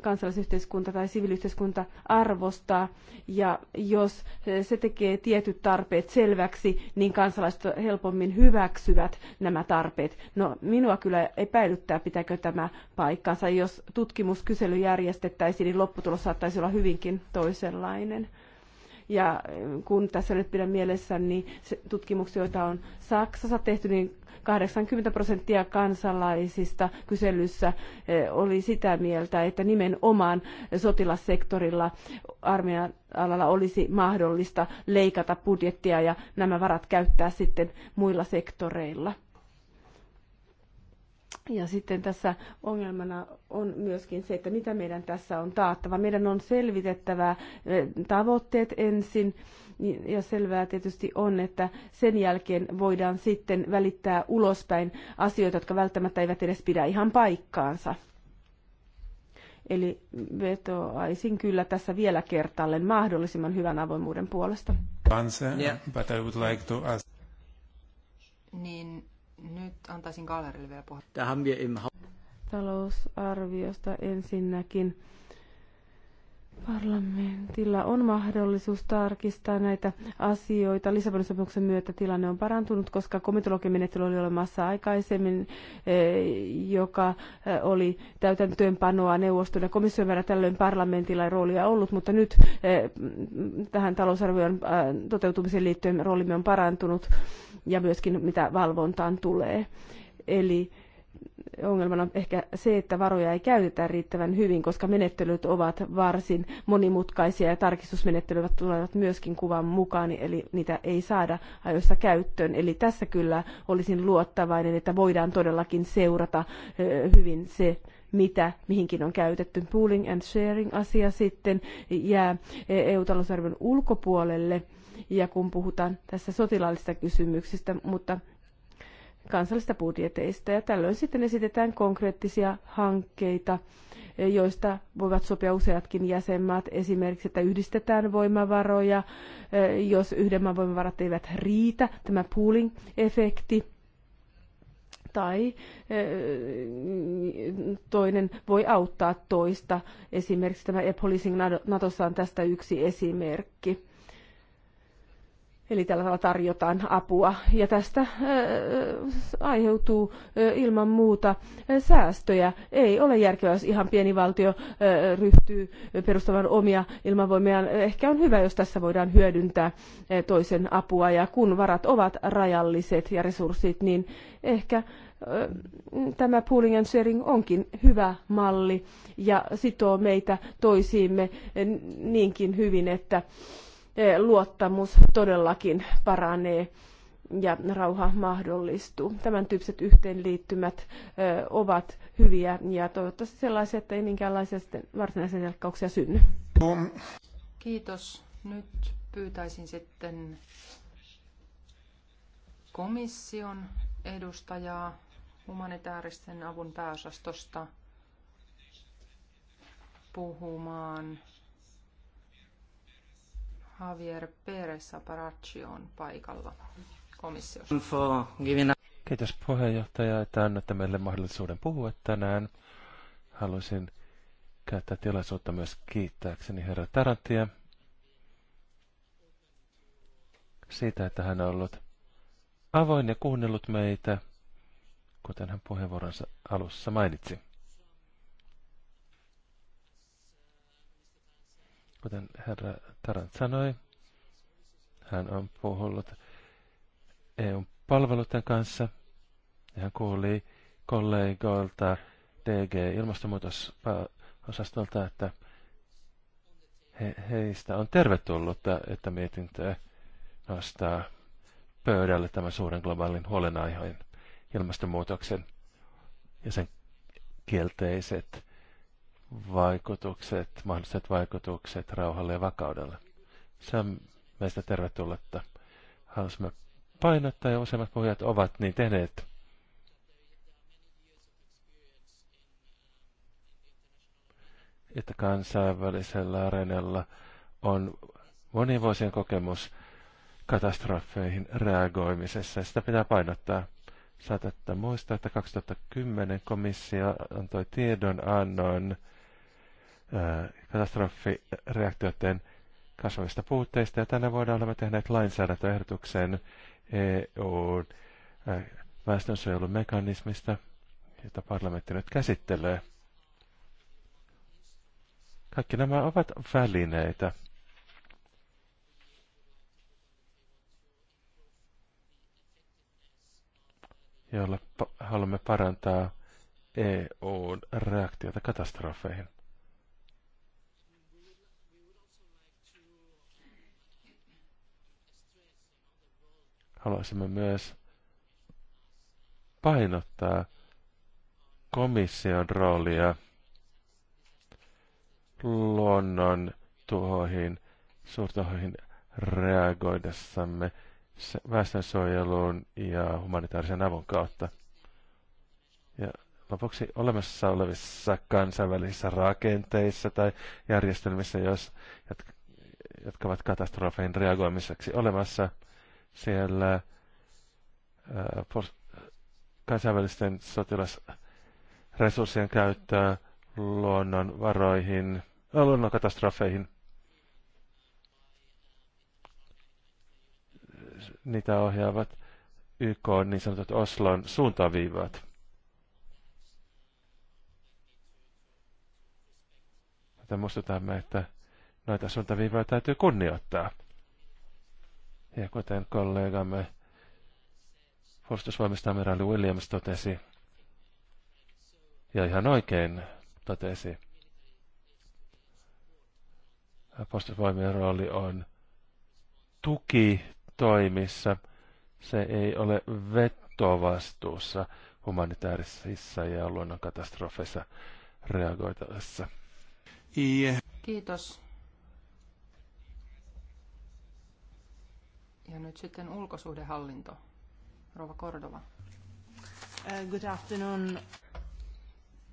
kansalaisyhteiskunta tai siviiliyhteiskunta arvostaa. Ja jos se tekee tietyt tarpeet selväksi, niin kansalaiset helpommin hyväksyvät nämä tarpeet. No minua kyllä epäilyttää, pitääkö tämä paikkansa. Jos tutkimuskysely järjestettäisiin, niin lopputulos saattaisi olla hyvinkin toisenlainen. Ja kun tässä nyt pidän mielessä, niin tutkimuksia, joita on Saksassa tehty, niin 80 prosenttia kansalaisista kyselyssä eh, oli sitä mieltä, että nimenomaan sotilassektorilla armeijan alalla olisi mahdollista leikata budjettia ja nämä varat käyttää sitten muilla sektoreilla. Ja sitten tässä ongelmana on myöskin se, että mitä meidän tässä on taattava. Meidän on selvitettävä eh, tavoitteet ensin niin, ja selvää tietysti on, että sen jälkeen voidaan sitten välittää ulospäin asioita, jotka välttämättä eivät edes pidä ihan paikkaansa. Eli vetoaisin kyllä tässä vielä kertaalleen mahdollisimman hyvän avoimuuden puolesta. Answer, yeah. but I would like to ask. Niin nyt antaisin Gallerille vielä puheen. Talousarviosta ensinnäkin Parlamentilla on mahdollisuus tarkistaa näitä asioita. Lisabonin sopimuksen myötä tilanne on parantunut, koska komitologimenettely oli olemassa aikaisemmin, eh, joka eh, oli täytäntöönpanoa neuvoston ja komission verran tällöin parlamentilla ei roolia ollut, mutta nyt eh, tähän talousarvion toteutumiseen liittyen roolimme on parantunut ja myöskin mitä valvontaan tulee. Eli ongelmana on ehkä se, että varoja ei käytetä riittävän hyvin, koska menettelyt ovat varsin monimutkaisia ja tarkistusmenettelyt tulevat myöskin kuvan mukaan, eli niitä ei saada ajoissa käyttöön. Eli tässä kyllä olisin luottavainen, että voidaan todellakin seurata hyvin se, mitä mihinkin on käytetty. Pooling and sharing asia sitten jää EU-talousarvion ulkopuolelle, ja kun puhutaan tässä sotilaallisista kysymyksistä, mutta kansallista budjeteista ja tällöin sitten esitetään konkreettisia hankkeita, eh, joista voivat sopia useatkin jäsenmaat. Esimerkiksi, että yhdistetään voimavaroja, eh, jos yhden maan voimavarat eivät riitä, tämä pooling-efekti. Tai eh, toinen voi auttaa toista. Esimerkiksi tämä e-policing Natossa on tästä yksi esimerkki Eli tällä tavalla tarjotaan apua ja tästä äh, aiheutuu äh, ilman muuta äh, säästöjä. Ei ole järkevää, jos ihan pieni valtio ryhtyy perustamaan omia ilmavoimia. Ehkä on hyvä, jos tässä voidaan hyödyntää toisen apua ja kun varat ovat rajalliset ja resurssit, niin ehkä tämä pooling and sharing onkin hyvä malli ja sitoo meitä toisiimme niinkin hyvin, että luottamus todellakin paranee ja rauha mahdollistuu. Tämän tyyppiset yhteenliittymät ovat hyviä ja toivottavasti sellaisia, että ei minkäänlaisia varsinaisia selkkauksia synny. Kiitos. Nyt pyytäisin sitten komission edustajaa humanitaaristen avun pääosastosta puhumaan Javier Pérez Aparacci on paikalla komissiossa. Kiitos puheenjohtaja, että annatte meille mahdollisuuden puhua tänään. Haluaisin käyttää tilaisuutta myös kiittääkseni herra Tarantia siitä, että hän on ollut avoin ja kuunnellut meitä, kuten hän puheenvuoronsa alussa mainitsi. Kuten herra Tarant sanoi, hän on puhunut EUn palveluiden kanssa ja hän kuuli kollegoilta DG ilmastonmuutososastolta, että he, heistä on tervetullut, että mietintö nostaa pöydälle tämän suuren globaalin huolenaiheen ilmastonmuutoksen ja sen kielteiset vaikutukset, mahdolliset vaikutukset rauhalle ja vakaudelle. Se on meistä tervetulletta. Halusimme painottaa ja useimmat puhujat ovat niin tehneet. että kansainvälisellä areenalla on monivuosien kokemus katastrofeihin reagoimisessa. Sitä pitää painottaa. Saatatte muistaa, että 2010 komissio antoi tiedonannon annon katastrofireaktioiden kasvavista puutteista. Ja tänne vuonna olemme tehneet lainsäädäntöehdotuksen EUn väestönsuojelumekanismista, jota parlamentti nyt käsittelee. Kaikki nämä ovat välineitä. jolla haluamme parantaa eu reaktiota katastrofeihin. Haluaisimme myös painottaa komission roolia luonnon tuhoihin, suurtuhoihin reagoidessamme väestönsuojeluun ja humanitaarisen avun kautta. Ja lopuksi olemassa olevissa kansainvälisissä rakenteissa tai järjestelmissä, jos, jotka ovat katastrofeihin reagoimiseksi olemassa – siellä kansainvälisten sotilasresurssien käyttöä luonnonvaroihin, luonnonkatastrofeihin. Niitä ohjaavat YK niin sanotut Oslon suuntaviivat. muistutamme, että noita suuntaviivoja täytyy kunnioittaa. Ja kuten kollegamme puolustusvoimista amiraali Williams totesi, ja ihan oikein totesi, puolustusvoimien rooli on tuki toimissa. Se ei ole vetovastuussa humanitaarisissa ja luonnonkatastrofeissa reagoitavassa. Kiitos. Ja nyt sitten ulkosuhdehallinto. Rova Kordova. Uh, good afternoon.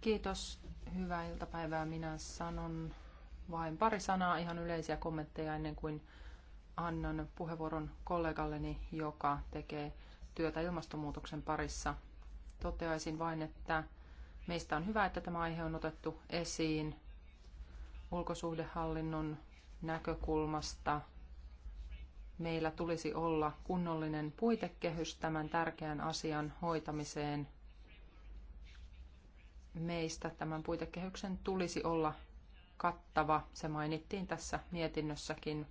Kiitos. Hyvää iltapäivää. Minä sanon vain pari sanaa, ihan yleisiä kommentteja ennen kuin annan puheenvuoron kollegalleni, joka tekee työtä ilmastonmuutoksen parissa. Toteaisin vain, että meistä on hyvä, että tämä aihe on otettu esiin ulkosuhdehallinnon näkökulmasta – meillä tulisi olla kunnollinen puitekehys tämän tärkeän asian hoitamiseen. Meistä tämän puitekehyksen tulisi olla kattava. Se mainittiin tässä mietinnössäkin.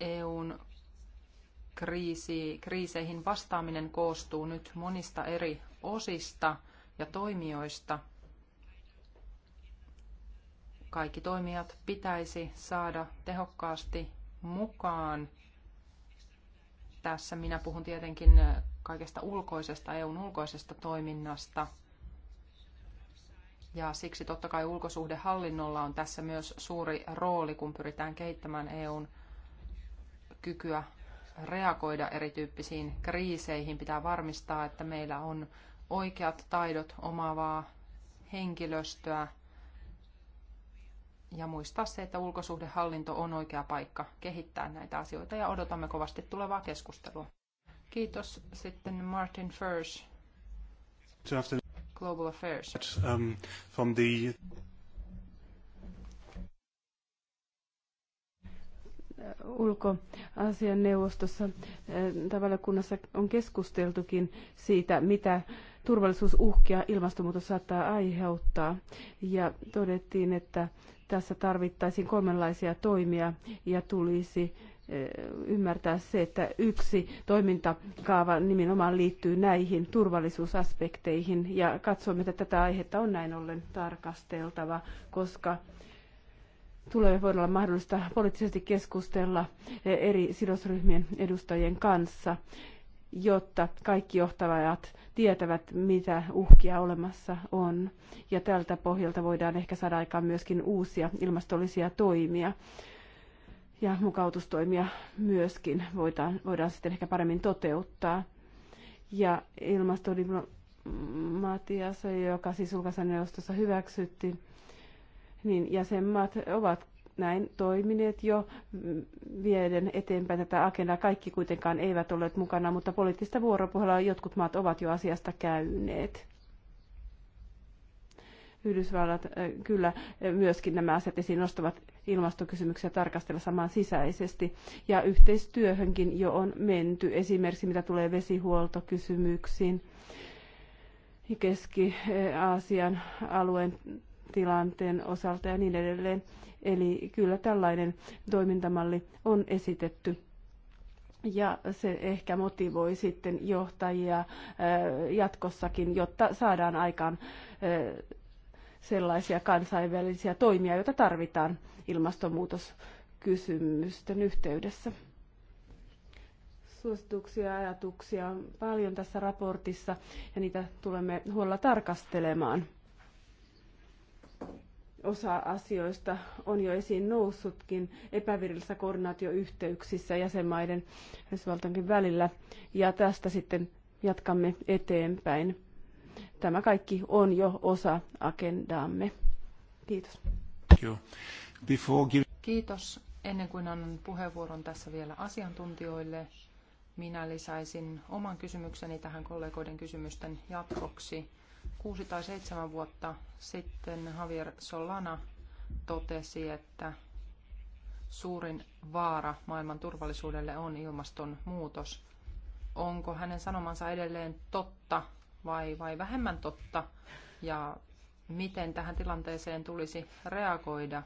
EUn kriisi, kriiseihin vastaaminen koostuu nyt monista eri osista ja toimijoista – kaikki toimijat pitäisi saada tehokkaasti mukaan. Tässä minä puhun tietenkin kaikesta ulkoisesta, EUn ulkoisesta toiminnasta. Ja siksi totta kai ulkosuhdehallinnolla on tässä myös suuri rooli, kun pyritään kehittämään EUn kykyä reagoida erityyppisiin kriiseihin. Pitää varmistaa, että meillä on oikeat taidot omaavaa henkilöstöä ja muistaa se, että ulkosuhdehallinto on oikea paikka kehittää näitä asioita ja odotamme kovasti tulevaa keskustelua. Kiitos. Sitten Martin Furs. Global Affairs. Um, from the... Ulkoasian neuvostossa eh, tavallakunnassa on keskusteltukin siitä, mitä turvallisuusuhkia ilmastonmuutos saattaa aiheuttaa. Ja todettiin, että tässä tarvittaisiin kolmenlaisia toimia ja tulisi eh, ymmärtää se, että yksi toimintakaava nimenomaan liittyy näihin turvallisuusaspekteihin ja katsomme, että tätä aihetta on näin ollen tarkasteltava, koska tulee voida olla mahdollista poliittisesti keskustella eh, eri sidosryhmien edustajien kanssa jotta kaikki johtajat tietävät, mitä uhkia olemassa on. Ja tältä pohjalta voidaan ehkä saada aikaan myöskin uusia ilmastollisia toimia. Ja mukautustoimia myöskin voidaan, voidaan sitten ehkä paremmin toteuttaa. Ja ilmastodiplomatiassa, joka siis ulkoasianneuvostossa hyväksyttiin, niin jäsenmaat ovat näin toimineet jo mm, vieden eteenpäin tätä agendaa. Kaikki kuitenkaan eivät olleet mukana, mutta poliittista vuoropuhelua jotkut maat ovat jo asiasta käyneet. Yhdysvallat äh, kyllä äh, myöskin nämä asiat esiin nostavat ilmastokysymyksiä tarkastella samaan sisäisesti. Ja yhteistyöhönkin jo on menty, esimerkiksi mitä tulee vesihuoltokysymyksiin. Keski-Aasian alueen tilanteen osalta ja niin edelleen. Eli kyllä tällainen toimintamalli on esitetty ja se ehkä motivoi sitten johtajia äh, jatkossakin, jotta saadaan aikaan äh, sellaisia kansainvälisiä toimia, joita tarvitaan ilmastonmuutoskysymysten yhteydessä. Suosituksia ja ajatuksia on paljon tässä raportissa ja niitä tulemme huolella tarkastelemaan osa asioista on jo esiin noussutkin epävirallisissa koordinaatioyhteyksissä jäsenmaiden Yhdysvaltojenkin välillä, ja tästä sitten jatkamme eteenpäin. Tämä kaikki on jo osa agendaamme. Kiitos. Kiitos. Ennen kuin annan puheenvuoron tässä vielä asiantuntijoille, minä lisäisin oman kysymykseni tähän kollegoiden kysymysten jatkoksi kuusi tai seitsemän vuotta sitten Javier Solana totesi, että suurin vaara maailman turvallisuudelle on ilmastonmuutos. Onko hänen sanomansa edelleen totta vai, vai vähemmän totta? Ja miten tähän tilanteeseen tulisi reagoida?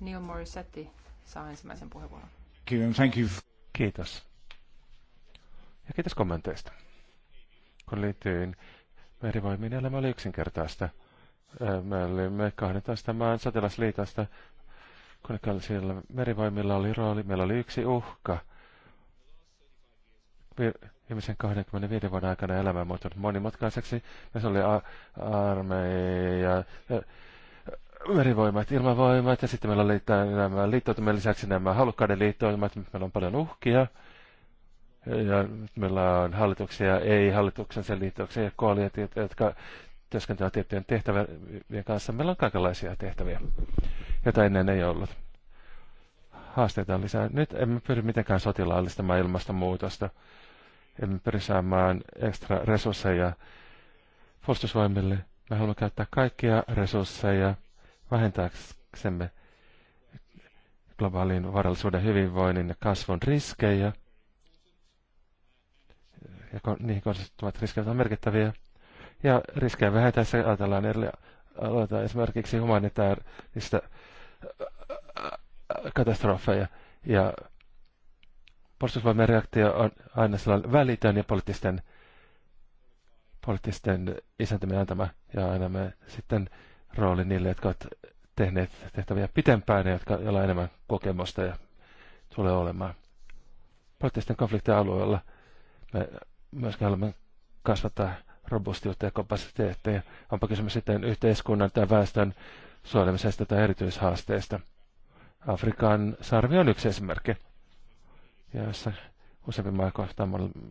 Neil Morissetti saa ensimmäisen puheenvuoron. Thank you. Kiitos. Ja kiitos kommenteista. Kun liittyy merivoimien elämä oli yksinkertaista. Me olimme 12 maan sotilasliitosta. Kuninkallisilla merivoimilla oli rooli, meillä oli yksi uhka. Ihmisen 25 vuoden aikana elämä on muuttunut monimutkaiseksi. Ja se oli armeija, merivoimat, ilmavoimat ja sitten meillä oli nämä liittoutumien lisäksi nämä halukkaiden liittoutumat. Meillä on paljon uhkia. Ja meillä on hallituksia, ei-hallituksen sen liitoksia ja koaliot, jotka työskentelevät tiettyjen tehtävien kanssa. Meillä on kaikenlaisia tehtäviä, joita ennen ei ollut. Haasteita on lisää. Nyt emme pyri mitenkään sotilaallistamaan ilmastonmuutosta. Emme pyri saamaan ekstra resursseja puolustusvoimille. Me haluamme käyttää kaikkia resursseja vähentääksemme globaalin varallisuuden hyvinvoinnin ja kasvun riskejä – ja niihin kohdistuvat riskit ovat merkittäviä. Ja riskejä vähentäessä ajatellaan eri aloita esimerkiksi humanitaarista äh, äh, katastrofeja. Ja puolustusvoimien reaktio on aina sellainen välitön ja poliittisten, poliittisten isäntymien antama. Ja aina me sitten rooli niille, jotka ovat tehneet tehtäviä pitempään ja jotka, ovat enemmän kokemusta ja tulee olemaan. Poliittisten konfliktien alueella me myöskin haluamme kasvattaa robustiutta ja kapasiteetteja. Onpa kysymys sitten yhteiskunnan tai väestön suojelemisesta tai erityishaasteesta. Afrikan sarvi on yksi esimerkki, jossa useampi maa kohtaa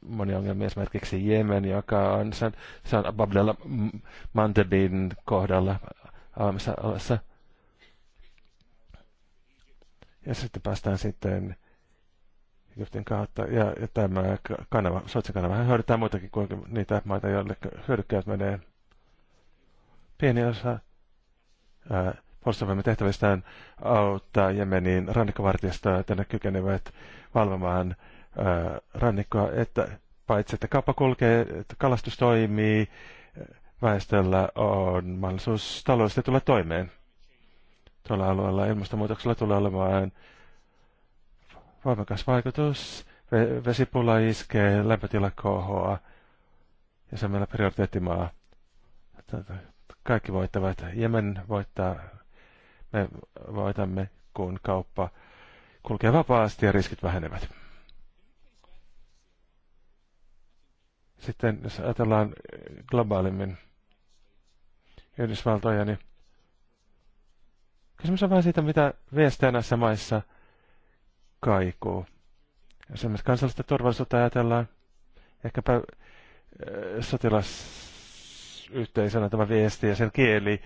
monia ongelmia, esimerkiksi Jemen, joka on, se on, se on Babdella Mantebin kohdalla aamassa alassa. Ja sitten päästään sitten Egyptin kautta. Ja, ja tämä kanava, Sotsin kanava hyödyttää muitakin kuin niitä maita, joille hyödykkäät menee. Pieni osa puolustusvoimien tehtävistään auttaa Jemenin rannikkovartiosta, että ne kykenevät valvomaan ää, rannikkoa, että paitsi että kauppa kulkee, että kalastus toimii, väestöllä on mahdollisuus taloudellisesti tulla toimeen. Tuolla alueella ilmastonmuutoksella tulee olemaan Voimakas vaikutus. Vesipula iskee, lämpötila kohoaa. Ja se on meillä prioriteettimaa. Kaikki voittavat. Jemen voittaa. Me voitamme, kun kauppa kulkee vapaasti ja riskit vähenevät. Sitten jos ajatellaan globaalimmin Yhdysvaltoja, niin kysymys on vähän siitä, mitä viestejä näissä maissa – kaikuu. Jos esimerkiksi kansallista turvallisuutta ajatellaan, ehkäpä äh, sotilasyhteisönä tämä viesti ja sen kieli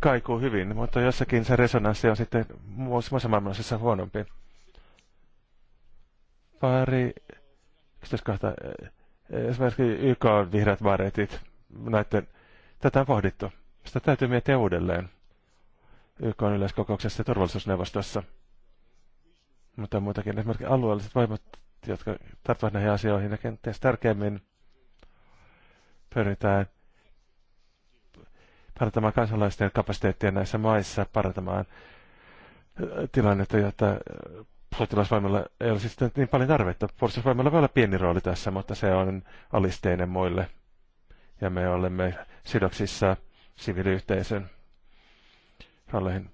kaikuu hyvin, mutta jossakin se resonanssi on sitten muussa maailmassa huonompi. Pari kohta, esimerkiksi YK on vihreät varetit, näiden, tätä on pohdittu. Sitä täytyy miettiä uudelleen YK on yleiskokouksessa ja turvallisuusneuvostossa. Mutta muitakin esimerkiksi alueelliset voimat, jotka tarttuvat näihin asioihin ja kenties tärkeämmin pyritään parantamaan kansalaisten kapasiteettia näissä maissa, parantamaan tilannetta, jotta sotilasvoimilla ei ole sitten niin paljon tarvetta. Puolustusvoimilla voi olla pieni rooli tässä, mutta se on alisteinen muille. Ja me olemme sidoksissa siviiliyhteisön rooleihin.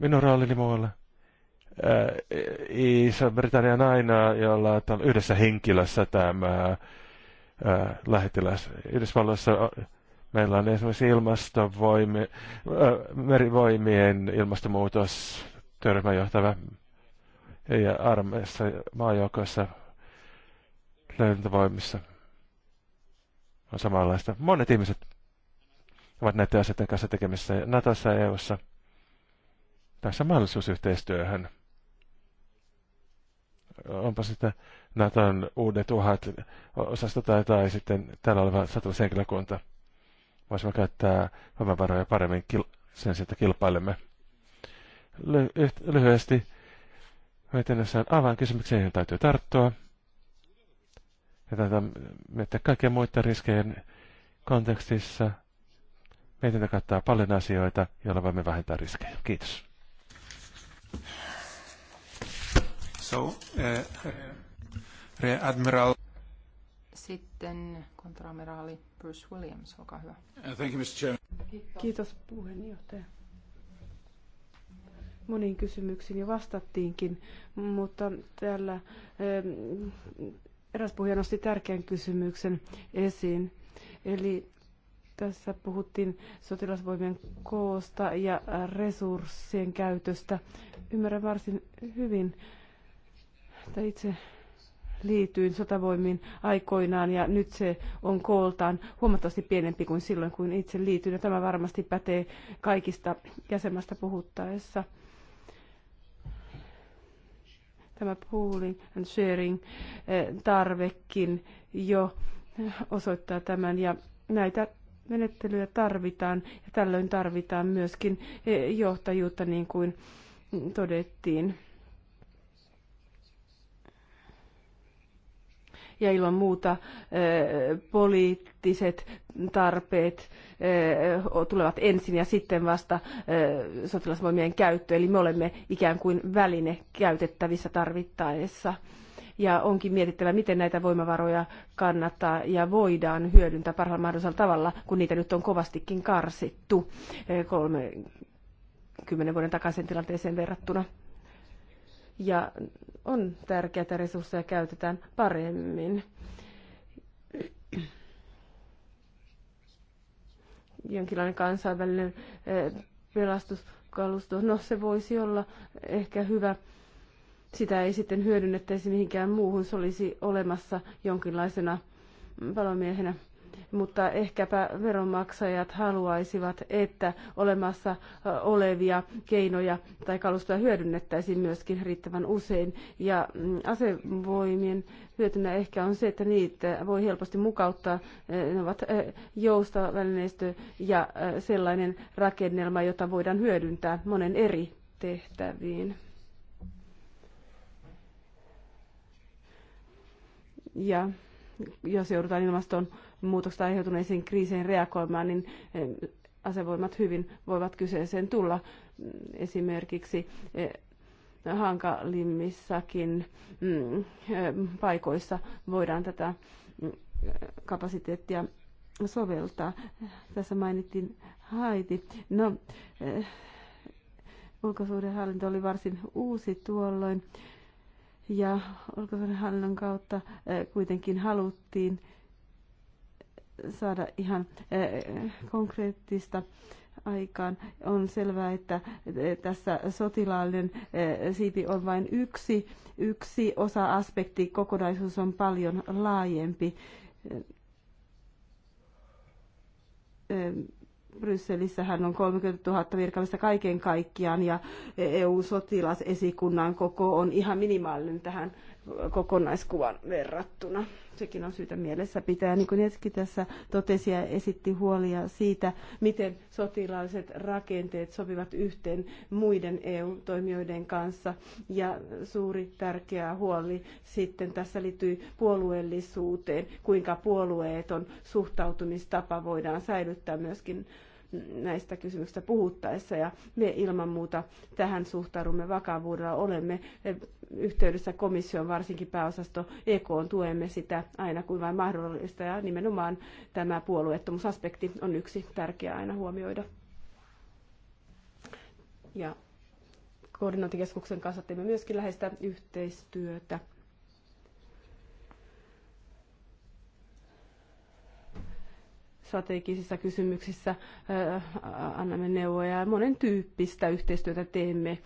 Minun roolini muualla iso britannian on aina, jolla on yhdessä henkilössä tämä lähettiläs. Yhdysvalloissa meillä on esimerkiksi ilmastovoimi, merivoimien ilmastonmuutos johtava ja armeissa, maajoukoissa, lentovoimissa on samanlaista. Monet ihmiset ovat näiden asioiden kanssa tekemisissä Natossa ja EUssa. Tässä on mahdollisuus yhteistyöhön onpa sitten Naton uudet uhat osastota tai tai sitten täällä oleva sotilashenkilökunta. Voisimme käyttää voimavaroja paremmin kil- sen sitten kilpailemme. Ly- lyhyesti mietinnössä on avainkysymyksiä, joihin täytyy tarttua. Ja tätä miettää kaikkien muiden riskejen kontekstissa. Mietintä kattaa paljon asioita, joilla voimme vähentää riskejä. Kiitos. Uh, Rear Admiral. Sitten kontraamiraali Bruce Williams, olkaa hyvä. Uh, thank you, Mr. Chairman. Kiitos puheenjohtaja. Moniin kysymyksiin jo vastattiinkin, mutta täällä eh, eräs puhuja nosti tärkeän kysymyksen esiin. Eli tässä puhuttiin sotilasvoimien koosta ja resurssien käytöstä. Ymmärrän varsin hyvin tai itse liityin sotavoimiin aikoinaan ja nyt se on kooltaan huomattavasti pienempi kuin silloin, kun itse liityin. Ja tämä varmasti pätee kaikista jäsenmästä puhuttaessa. Tämä pooling and sharing eh, tarvekin jo osoittaa tämän ja näitä menettelyjä tarvitaan ja tällöin tarvitaan myöskin eh, johtajuutta niin kuin todettiin ja ilman muuta eh, poliittiset tarpeet eh, tulevat ensin ja sitten vasta eh, sotilasvoimien käyttö. Eli me olemme ikään kuin väline käytettävissä tarvittaessa ja onkin mietittävä, miten näitä voimavaroja kannattaa ja voidaan hyödyntää parhaalla mahdollisella tavalla, kun niitä nyt on kovastikin karsittu 30 vuoden takaisin tilanteeseen verrattuna. Ja on tärkeää, että resursseja käytetään paremmin. Jonkinlainen kansainvälinen eh, pelastuskalusto, no se voisi olla ehkä hyvä. Sitä ei sitten hyödynnettäisi mihinkään muuhun, se olisi olemassa jonkinlaisena palomiehenä mutta ehkäpä veronmaksajat haluaisivat, että olemassa olevia keinoja tai kalustoja hyödynnettäisiin myöskin riittävän usein. Ja mm, asevoimien hyötynä ehkä on se, että niitä voi helposti mukauttaa. Ne ovat joustava välineistö ja sellainen rakennelma, jota voidaan hyödyntää monen eri tehtäviin. Ja jos joudutaan ilmaston muutosta aiheutuneisiin kriiseihin reagoimaan, niin eh, asevoimat hyvin voivat kyseeseen tulla mm, esimerkiksi eh, hankalimmissakin mm, eh, paikoissa voidaan tätä mm, kapasiteettia soveltaa. Tässä mainittiin Haiti. No, ulkosuhdehallinto oli varsin uusi tuolloin ja ulkosuhdehallinnon kautta kuitenkin haluttiin saada ihan eh, eh, konkreettista aikaan. On selvää, että eh, tässä sotilaallinen siipi on vain yksi, yksi osa-aspekti. Kokonaisuus on paljon laajempi. Brysselissähän on 30 000 virkallista kaiken kaikkiaan ja EU-sotilasesikunnan e koko on ihan minimaalinen tähän kokonaiskuvan verrattuna. Sekin on syytä mielessä pitää. Niin kuin Eski tässä totesi ja esitti huolia siitä, miten sotilaalliset rakenteet sopivat yhteen muiden EU-toimijoiden kanssa. Ja suuri tärkeä huoli sitten tässä liittyy puolueellisuuteen, kuinka puolueeton suhtautumistapa voidaan säilyttää myöskin näistä kysymyksistä puhuttaessa ja me ilman muuta tähän suhtaudumme vakavuudella. Olemme yhteydessä komission, varsinkin pääosasto EK on tuemme sitä aina kuin vain mahdollista ja nimenomaan tämä puolueettomuusaspekti on yksi tärkeä aina huomioida. Ja koordinointikeskuksen kanssa teemme myöskin läheistä yhteistyötä. strategisissa kysymyksissä annamme neuvoja ja monen tyyppistä yhteistyötä teemme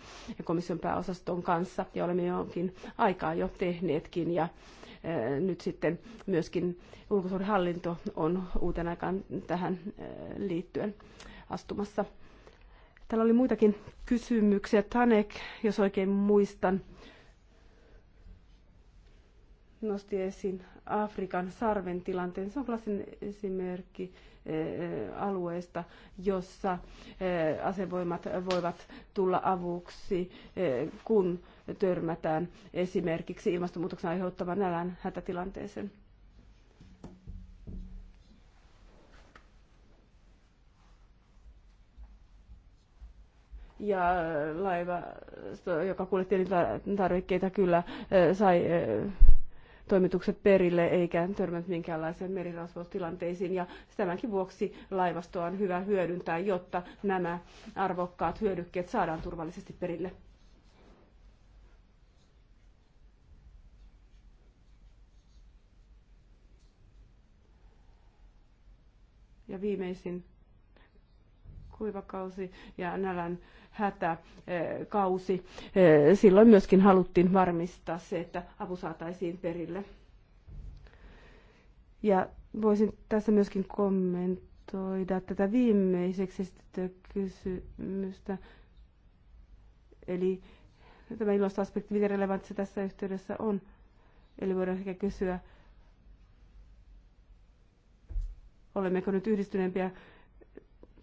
komission pääosaston kanssa ja olemme jonkin aikaa jo tehneetkin ja nyt sitten myöskin ulkosuudenhallinto on uuten aikaan tähän liittyen astumassa. Täällä oli muitakin kysymyksiä. Tanek, jos oikein muistan, nosti esiin Afrikan sarven tilanteen. Se on klassinen esimerkki eh, alueesta, jossa eh, asevoimat voivat tulla avuksi, eh, kun törmätään esimerkiksi ilmastonmuutoksen aiheuttavan nälän hätätilanteeseen. ja laiva, joka kuljetti niitä tarvikkeita, kyllä sai toimitukset perille eikä törmät minkäänlaiseen merirosvoustilanteisiin. Ja tämänkin vuoksi laivastoa on hyvä hyödyntää, jotta nämä arvokkaat hyödykkeet saadaan turvallisesti perille. Ja viimeisin kuivakausi ja nälän hätäkausi. Eh, eh, silloin myöskin haluttiin varmistaa se, että apu saataisiin perille. Ja voisin tässä myöskin kommentoida tätä viimeiseksi kysymystä. Eli tämä ilmastoaspekti, miten relevantti se tässä yhteydessä on. Eli voidaan ehkä kysyä, olemmeko nyt yhdistyneempiä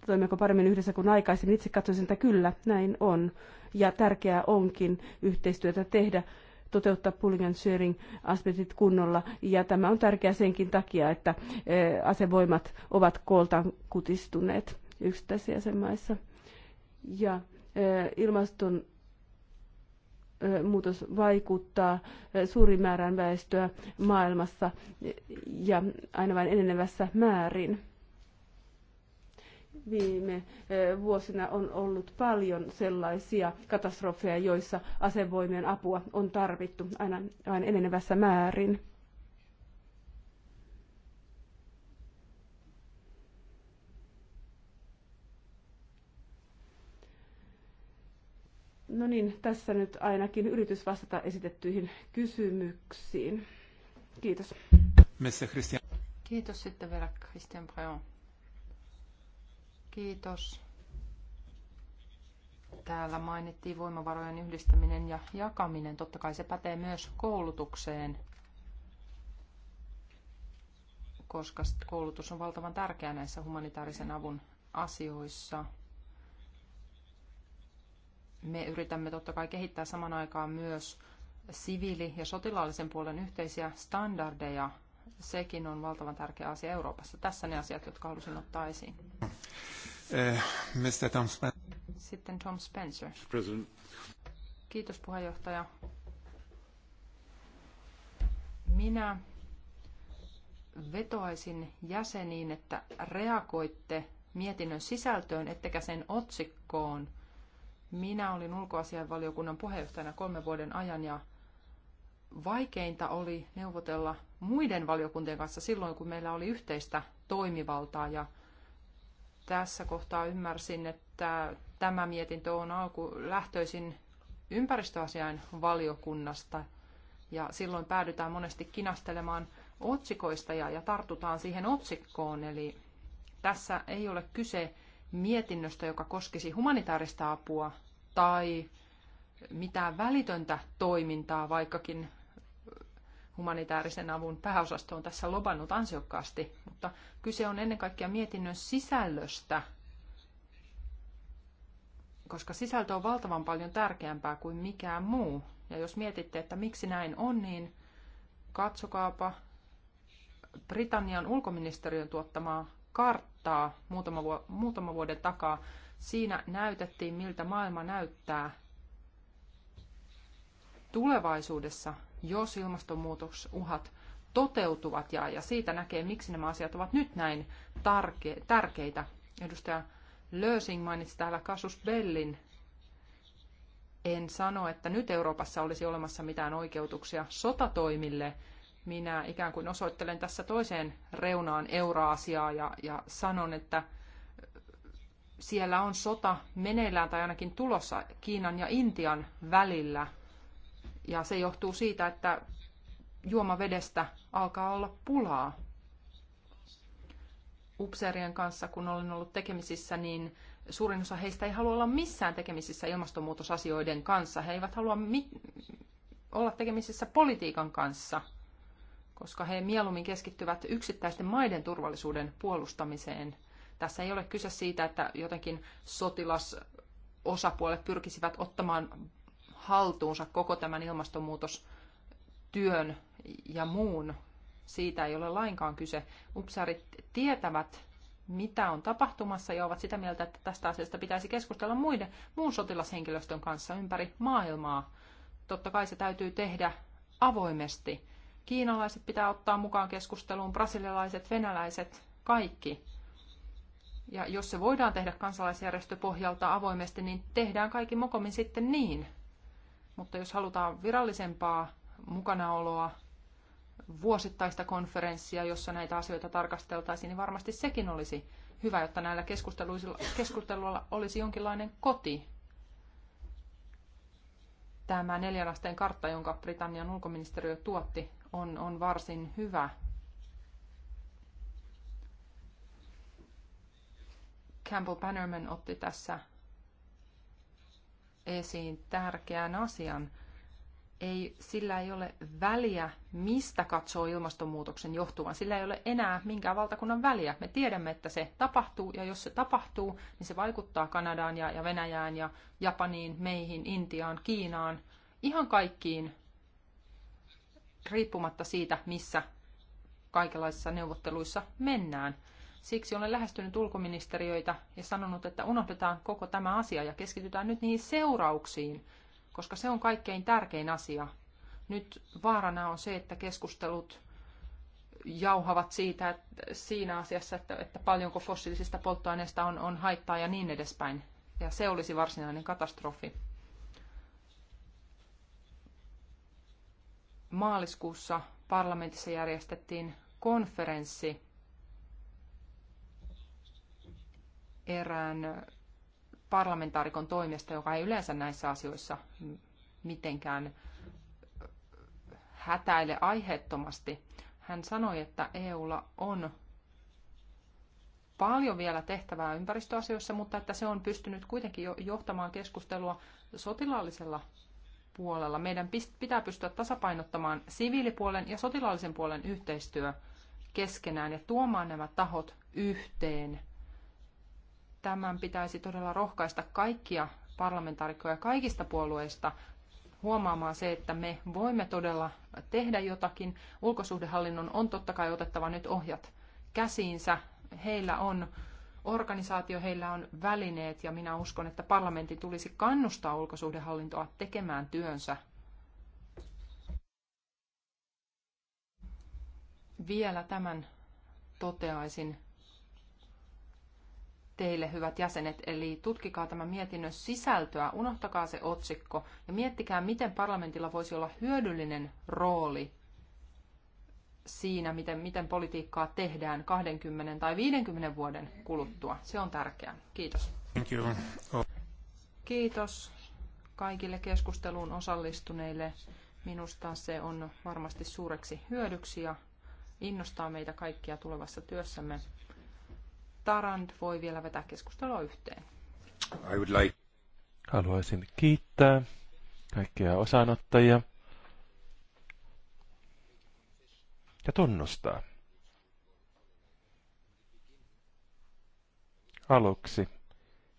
toimiako paremmin yhdessä kuin aikaisemmin. Itse katsoisin, että kyllä, näin on. Ja tärkeää onkin yhteistyötä tehdä, toteuttaa pulling and sharing aspektit kunnolla. Ja tämä on tärkeää senkin takia, että eh, asevoimat ovat kooltaan kutistuneet yksittäisissä jäsenmaissa. Ja eh, ilmaston eh, muutos vaikuttaa suurin määrään väestöä maailmassa ja aina vain enenevässä määrin. Viime eh, vuosina on ollut paljon sellaisia katastrofeja, joissa asevoimien apua on tarvittu aina, aina enenevässä määrin. No niin, tässä nyt ainakin yritys vastata esitettyihin kysymyksiin. Kiitos. Kiitos sitten vielä Christian Brion. Kiitos. Täällä mainittiin voimavarojen yhdistäminen ja jakaminen. Totta kai se pätee myös koulutukseen, koska koulutus on valtavan tärkeää näissä humanitaarisen avun asioissa. Me yritämme totta kai kehittää saman aikaan myös siviili- ja sotilaallisen puolen yhteisiä standardeja sekin on valtavan tärkeä asia Euroopassa. Tässä ne asiat, jotka halusin ottaa esiin. Eh, Mr. Tom Sitten Tom Spencer. President. Kiitos puheenjohtaja. Minä vetoaisin jäseniin, että reagoitte mietinnön sisältöön, ettekä sen otsikkoon. Minä olin ulkoasianvaliokunnan puheenjohtajana kolmen vuoden ajan ja vaikeinta oli neuvotella muiden valiokuntien kanssa silloin, kun meillä oli yhteistä toimivaltaa ja tässä kohtaa ymmärsin, että tämä mietintö on alku lähtöisin ympäristöasiain valiokunnasta ja silloin päädytään monesti kinastelemaan otsikoista ja, ja tartutaan siihen otsikkoon. Eli tässä ei ole kyse mietinnöstä, joka koskisi humanitaarista apua tai mitään välitöntä toimintaa, vaikkakin humanitaarisen avun pääosasto on tässä lobannut ansiokkaasti, mutta kyse on ennen kaikkea mietinnön sisällöstä, koska sisältö on valtavan paljon tärkeämpää kuin mikään muu. Ja jos mietitte, että miksi näin on, niin katsokaapa Britannian ulkoministeriön tuottamaa karttaa muutama, vu- muutama vuoden takaa. Siinä näytettiin, miltä maailma näyttää tulevaisuudessa jos ilmastonmuutosuhat toteutuvat ja, ja siitä näkee, miksi nämä asiat ovat nyt näin tarke, tärkeitä. Edustaja Lösing mainitsi täällä Kasus Bellin. En sano, että nyt Euroopassa olisi olemassa mitään oikeutuksia sotatoimille. Minä ikään kuin osoittelen tässä toiseen reunaan Euraasiaa ja, ja sanon, että siellä on sota meneillään tai ainakin tulossa Kiinan ja Intian välillä – ja se johtuu siitä, että juomavedestä alkaa olla pulaa. Upseerien kanssa, kun olen ollut tekemisissä, niin suurin osa heistä ei halua olla missään tekemisissä ilmastonmuutosasioiden kanssa. He eivät halua olla tekemisissä politiikan kanssa, koska he mieluummin keskittyvät yksittäisten maiden turvallisuuden puolustamiseen. Tässä ei ole kyse siitä, että jotenkin sotilas osapuolet pyrkisivät ottamaan haltuunsa koko tämän ilmastonmuutostyön ja muun. Siitä ei ole lainkaan kyse. Upsarit tietävät, mitä on tapahtumassa ja ovat sitä mieltä, että tästä asiasta pitäisi keskustella muiden, muun sotilashenkilöstön kanssa ympäri maailmaa. Totta kai se täytyy tehdä avoimesti. Kiinalaiset pitää ottaa mukaan keskusteluun, brasilialaiset, venäläiset, kaikki. Ja jos se voidaan tehdä kansalaisjärjestöpohjalta avoimesti, niin tehdään kaikki mokomin sitten niin. Mutta jos halutaan virallisempaa mukanaoloa, vuosittaista konferenssia, jossa näitä asioita tarkasteltaisiin, niin varmasti sekin olisi hyvä, jotta näillä keskusteluilla olisi jonkinlainen koti. Tämä neljän asteen kartta, jonka Britannian ulkoministeriö tuotti, on, on varsin hyvä. Campbell Bannerman otti tässä esiin tärkeän asian. Ei, sillä ei ole väliä, mistä katsoo ilmastonmuutoksen johtuvan. Sillä ei ole enää minkään valtakunnan väliä. Me tiedämme, että se tapahtuu, ja jos se tapahtuu, niin se vaikuttaa Kanadaan ja, ja Venäjään ja Japaniin, meihin, Intiaan, Kiinaan, ihan kaikkiin, riippumatta siitä, missä kaikenlaisissa neuvotteluissa mennään. Siksi olen lähestynyt ulkoministeriöitä ja sanonut, että unohdetaan koko tämä asia ja keskitytään nyt niihin seurauksiin, koska se on kaikkein tärkein asia. Nyt vaarana on se, että keskustelut jauhavat siitä että siinä asiassa, että, että paljonko fossiilisista polttoaineista on, on haittaa ja niin edespäin. Ja se olisi varsinainen katastrofi. Maaliskuussa parlamentissa järjestettiin konferenssi erään parlamentaarikon toimesta, joka ei yleensä näissä asioissa mitenkään hätäile aiheettomasti. Hän sanoi, että EUlla on paljon vielä tehtävää ympäristöasioissa, mutta että se on pystynyt kuitenkin johtamaan keskustelua sotilaallisella puolella. Meidän pitää pystyä tasapainottamaan siviilipuolen ja sotilaallisen puolen yhteistyö keskenään ja tuomaan nämä tahot yhteen – tämän pitäisi todella rohkaista kaikkia parlamentaarikkoja kaikista puolueista huomaamaan se, että me voimme todella tehdä jotakin. Ulkosuhdehallinnon on totta kai otettava nyt ohjat käsiinsä. Heillä on organisaatio, heillä on välineet ja minä uskon, että parlamentti tulisi kannustaa ulkosuhdehallintoa tekemään työnsä. Vielä tämän toteaisin teille, hyvät jäsenet, eli tutkikaa tämän mietinnön sisältöä, unohtakaa se otsikko ja miettikää, miten parlamentilla voisi olla hyödyllinen rooli siinä, miten, miten politiikkaa tehdään 20 tai 50 vuoden kuluttua. Se on tärkeää. Kiitos. Thank you. Oh. Kiitos kaikille keskusteluun osallistuneille. Minusta se on varmasti suureksi hyödyksi ja innostaa meitä kaikkia tulevassa työssämme. Tarand voi vielä vetää keskustelua yhteen. I would like... Haluaisin kiittää kaikkia osanottajia ja tunnustaa. Aluksi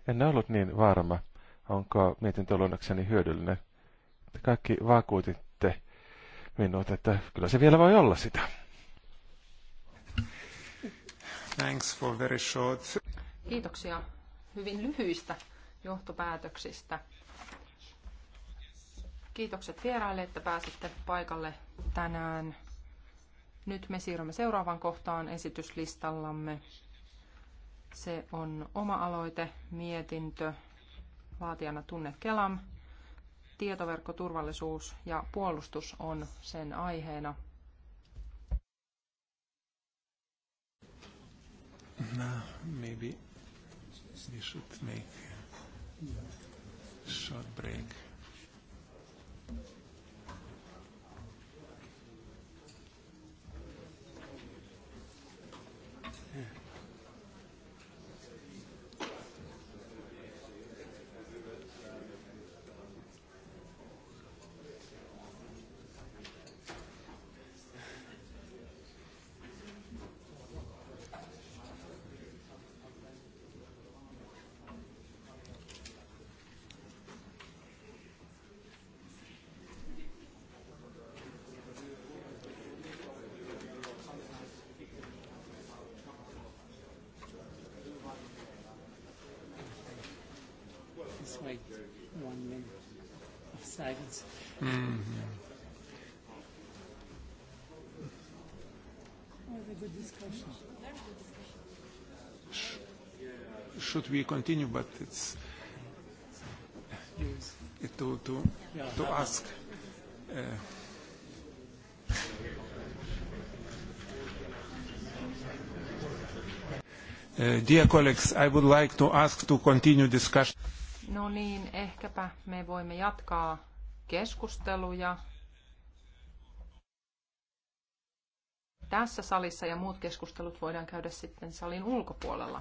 en ollut niin varma, onko mietintöluonnokseni hyödyllinen. kaikki vakuutitte minut, että kyllä se vielä voi olla sitä. Thanks for very short. Kiitoksia hyvin lyhyistä johtopäätöksistä. Kiitokset vieraille, että pääsitte paikalle tänään. Nyt me siirrymme seuraavaan kohtaan esityslistallamme. Se on oma aloite, mietintö, laatijana Tunne Kelam. Tietoverkkoturvallisuus ja puolustus on sen aiheena. now maybe we should make a short break. one minute of silence. Mm-hmm. a good discussion. should we continue? But it's yes. to to yeah, to ask. Uh, Uh, dear colleagues, I would like to ask to continue discussion. No niin, ehkäpä me voimme jatkaa keskusteluja. Tässä salissa ja muut keskustelut voidaan käydä sitten salin ulkopuolella.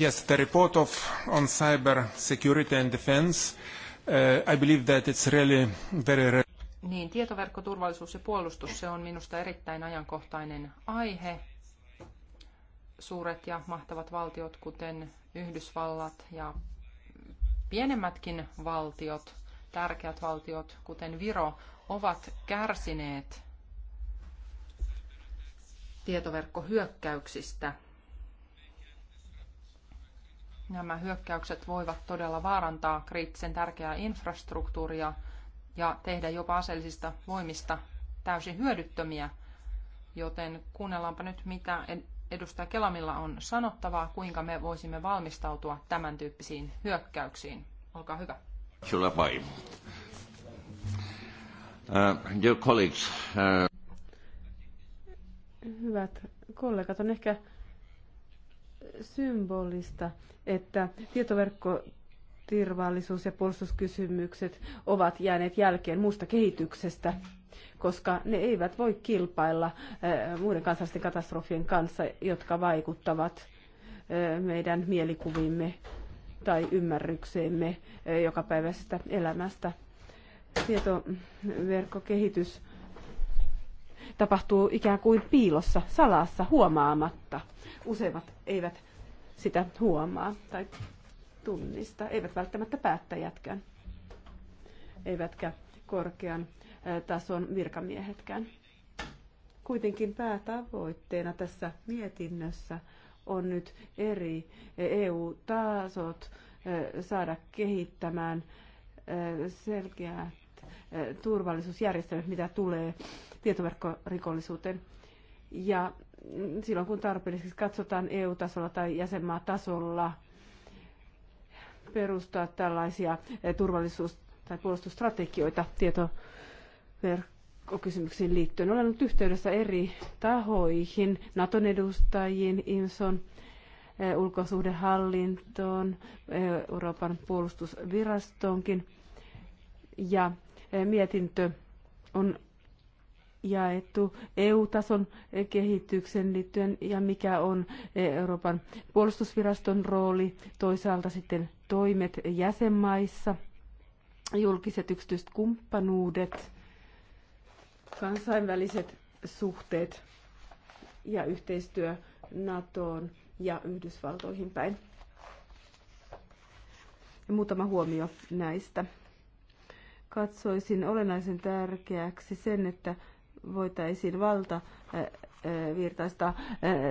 Yes, the report of on cyber security and defense. Uh, I believe that it's really very niin, tietoverkkoturvallisuus ja puolustus, se on minusta erittäin ajankohtainen aihe. Suuret ja mahtavat valtiot, kuten Yhdysvallat ja pienemmätkin valtiot, tärkeät valtiot, kuten Viro, ovat kärsineet tietoverkkohyökkäyksistä. Nämä hyökkäykset voivat todella vaarantaa kriittisen tärkeää infrastruktuuria ja tehdä jopa aseellisista voimista täysin hyödyttömiä, joten kuunnellaanpa nyt, mitä edustaja Kelamilla on sanottavaa, kuinka me voisimme valmistautua tämän tyyppisiin hyökkäyksiin. Olkaa hyvä. Kyllä vain. Uh, äh, dear colleagues, uh... Hyvät kollegat, on ehkä symbolista, että tietoverkko turvallisuus- ja puolustuskysymykset ovat jääneet jälkeen muusta kehityksestä, koska ne eivät voi kilpailla eh, muiden kansallisten katastrofien kanssa, jotka vaikuttavat eh, meidän mielikuvimme tai ymmärrykseemme eh, jokapäiväisestä elämästä. Tietoverkkokehitys tapahtuu ikään kuin piilossa, salassa, huomaamatta. Useimmat eivät sitä huomaa tai tunnista, eivät välttämättä päättäjätkään, eivätkä korkean tason virkamiehetkään. Kuitenkin päätavoitteena tässä mietinnössä on nyt eri EU-tasot saada kehittämään selkeät turvallisuusjärjestelmät, mitä tulee tietoverkkorikollisuuteen. Ja mm, silloin kun tarpeelliseksi katsotaan EU-tasolla tai jäsenmaatasolla tasolla perustaa tällaisia eh, turvallisuus- tai puolustusstrategioita tietoverkkokysymyksiin liittyen. Olen ollut yhteydessä eri tahoihin, Naton edustajiin, IMSON, eh, ulkosuhdehallintoon, eh, Euroopan puolustusvirastoonkin. Ja mietintö on jaettu EU-tason kehityksen liittyen ja mikä on Euroopan puolustusviraston rooli, toisaalta sitten toimet jäsenmaissa, julkiset yksityiset kumppanuudet, kansainväliset suhteet ja yhteistyö NATOon ja Yhdysvaltoihin päin. Ja muutama huomio näistä. Katsoisin olennaisen tärkeäksi sen, että voitaisiin valta virtaista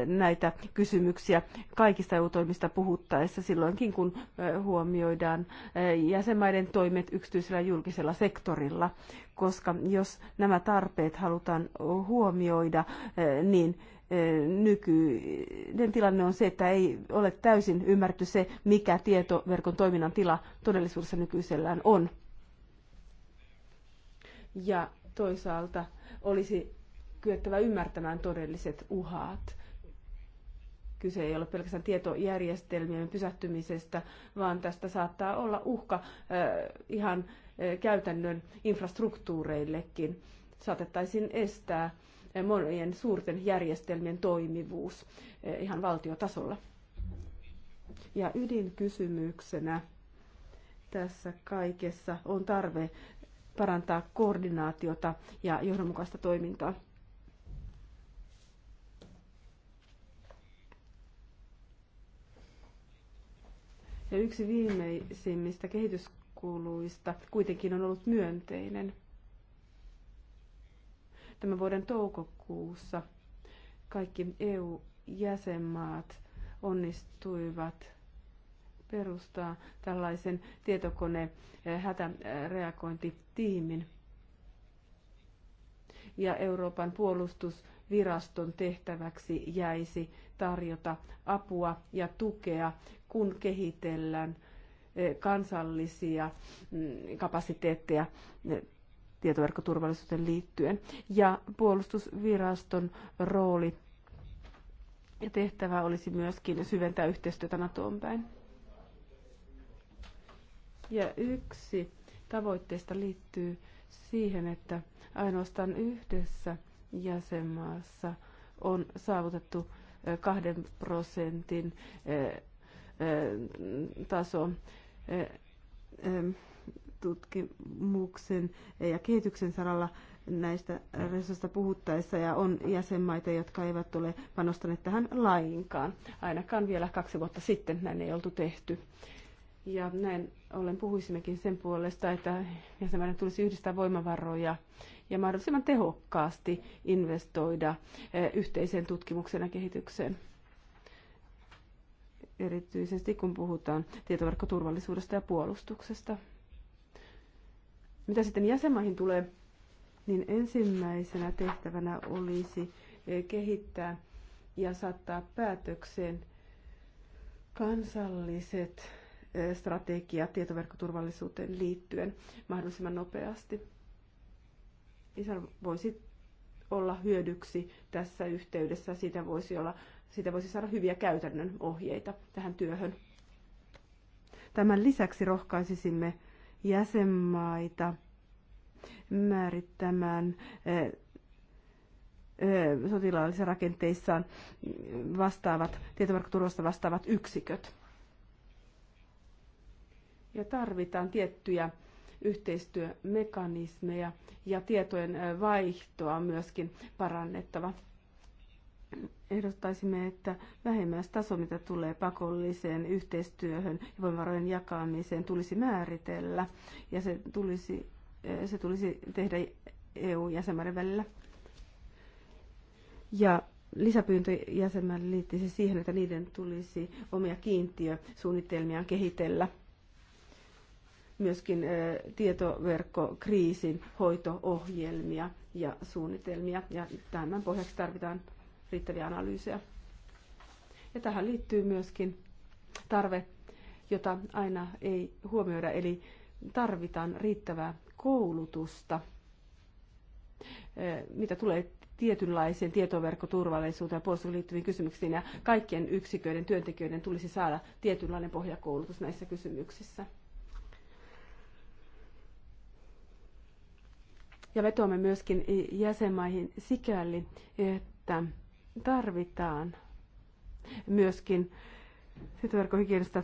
näitä kysymyksiä kaikista EU-toimista puhuttaessa silloinkin, kun huomioidaan jäsenmaiden toimet yksityisellä julkisella sektorilla, koska jos nämä tarpeet halutaan huomioida, niin nykyinen tilanne on se, että ei ole täysin ymmärretty se, mikä tietoverkon toiminnan tila todellisuudessa nykyisellään on. Ja toisaalta olisi kyettävä ymmärtämään todelliset uhat. Kyse ei ole pelkästään tietojärjestelmien pysähtymisestä, vaan tästä saattaa olla uhka äh, ihan äh, käytännön infrastruktuureillekin. Saatettaisiin estää äh, monien suurten järjestelmien toimivuus äh, ihan valtiotasolla. Ja ydinkysymyksenä tässä kaikessa on tarve parantaa koordinaatiota ja johdonmukaista toimintaa. Ja yksi viimeisimmistä kehityskuluista kuitenkin on ollut myönteinen. Tämän vuoden toukokuussa kaikki EU-jäsenmaat onnistuivat perustaa tällaisen tietokone eh, hätäreagointitiimin. Ja Euroopan puolustusviraston tehtäväksi jäisi tarjota apua ja tukea, kun kehitellään eh, kansallisia mm, kapasiteetteja eh, tietoverkkoturvallisuuteen liittyen. Ja puolustusviraston rooli ja tehtävä olisi myöskin syventää yhteistyötä NATOon päin. Ja yksi tavoitteista liittyy siihen, että ainoastaan yhdessä jäsenmaassa on saavutettu kahden prosentin taso tutkimuksen ja kehityksen saralla näistä resursseista puhuttaessa ja on jäsenmaita, jotka eivät ole panostaneet tähän lainkaan. Ainakaan vielä kaksi vuotta sitten näin ei oltu tehty. Ja näin ollen puhuisimmekin sen puolesta, että jäsenmaiden tulisi yhdistää voimavaroja ja mahdollisimman tehokkaasti investoida eh, yhteiseen tutkimukseen ja kehitykseen. Erityisesti kun puhutaan tietoverkkoturvallisuudesta ja puolustuksesta. Mitä sitten jäsenmaihin tulee, niin ensimmäisenä tehtävänä olisi eh, kehittää ja saattaa päätökseen kansalliset strategia tietoverkkoturvallisuuteen liittyen mahdollisimman nopeasti. Isar voisi olla hyödyksi tässä yhteydessä. Siitä voisi, olla, siitä voisi saada hyviä käytännön ohjeita tähän työhön. Tämän lisäksi rohkaisisimme jäsenmaita määrittämään eh, eh, sotilaallisissa rakenteissaan vastaavat, tietoverkkoturvasta vastaavat yksiköt ja tarvitaan tiettyjä yhteistyömekanismeja ja tietojen vaihtoa myöskin parannettava. Ehdottaisimme, että vähimmäistaso, mitä tulee pakolliseen yhteistyöhön ja voimavarojen jakamiseen, tulisi määritellä ja se tulisi, se tulisi tehdä EU-jäsenmaiden välillä. Ja lisäpyyntö jäsenmaille liittyisi siihen, että niiden tulisi omia kiintiösuunnitelmiaan kehitellä – myöskin tietoverkkokriisin hoitoohjelmia ja suunnitelmia. Ja tämän pohjaksi tarvitaan riittäviä analyysejä. Ja tähän liittyy myöskin tarve, jota aina ei huomioida, eli tarvitaan riittävää koulutusta, mitä tulee tietynlaiseen tietoverkkoturvallisuuteen ja puolustuksen liittyviin kysymyksiin, ja kaikkien yksiköiden työntekijöiden tulisi saada tietynlainen pohjakoulutus näissä kysymyksissä. Ja vetoamme myöskin jäsenmaihin sikäli, että tarvitaan myöskin verkkohygienistä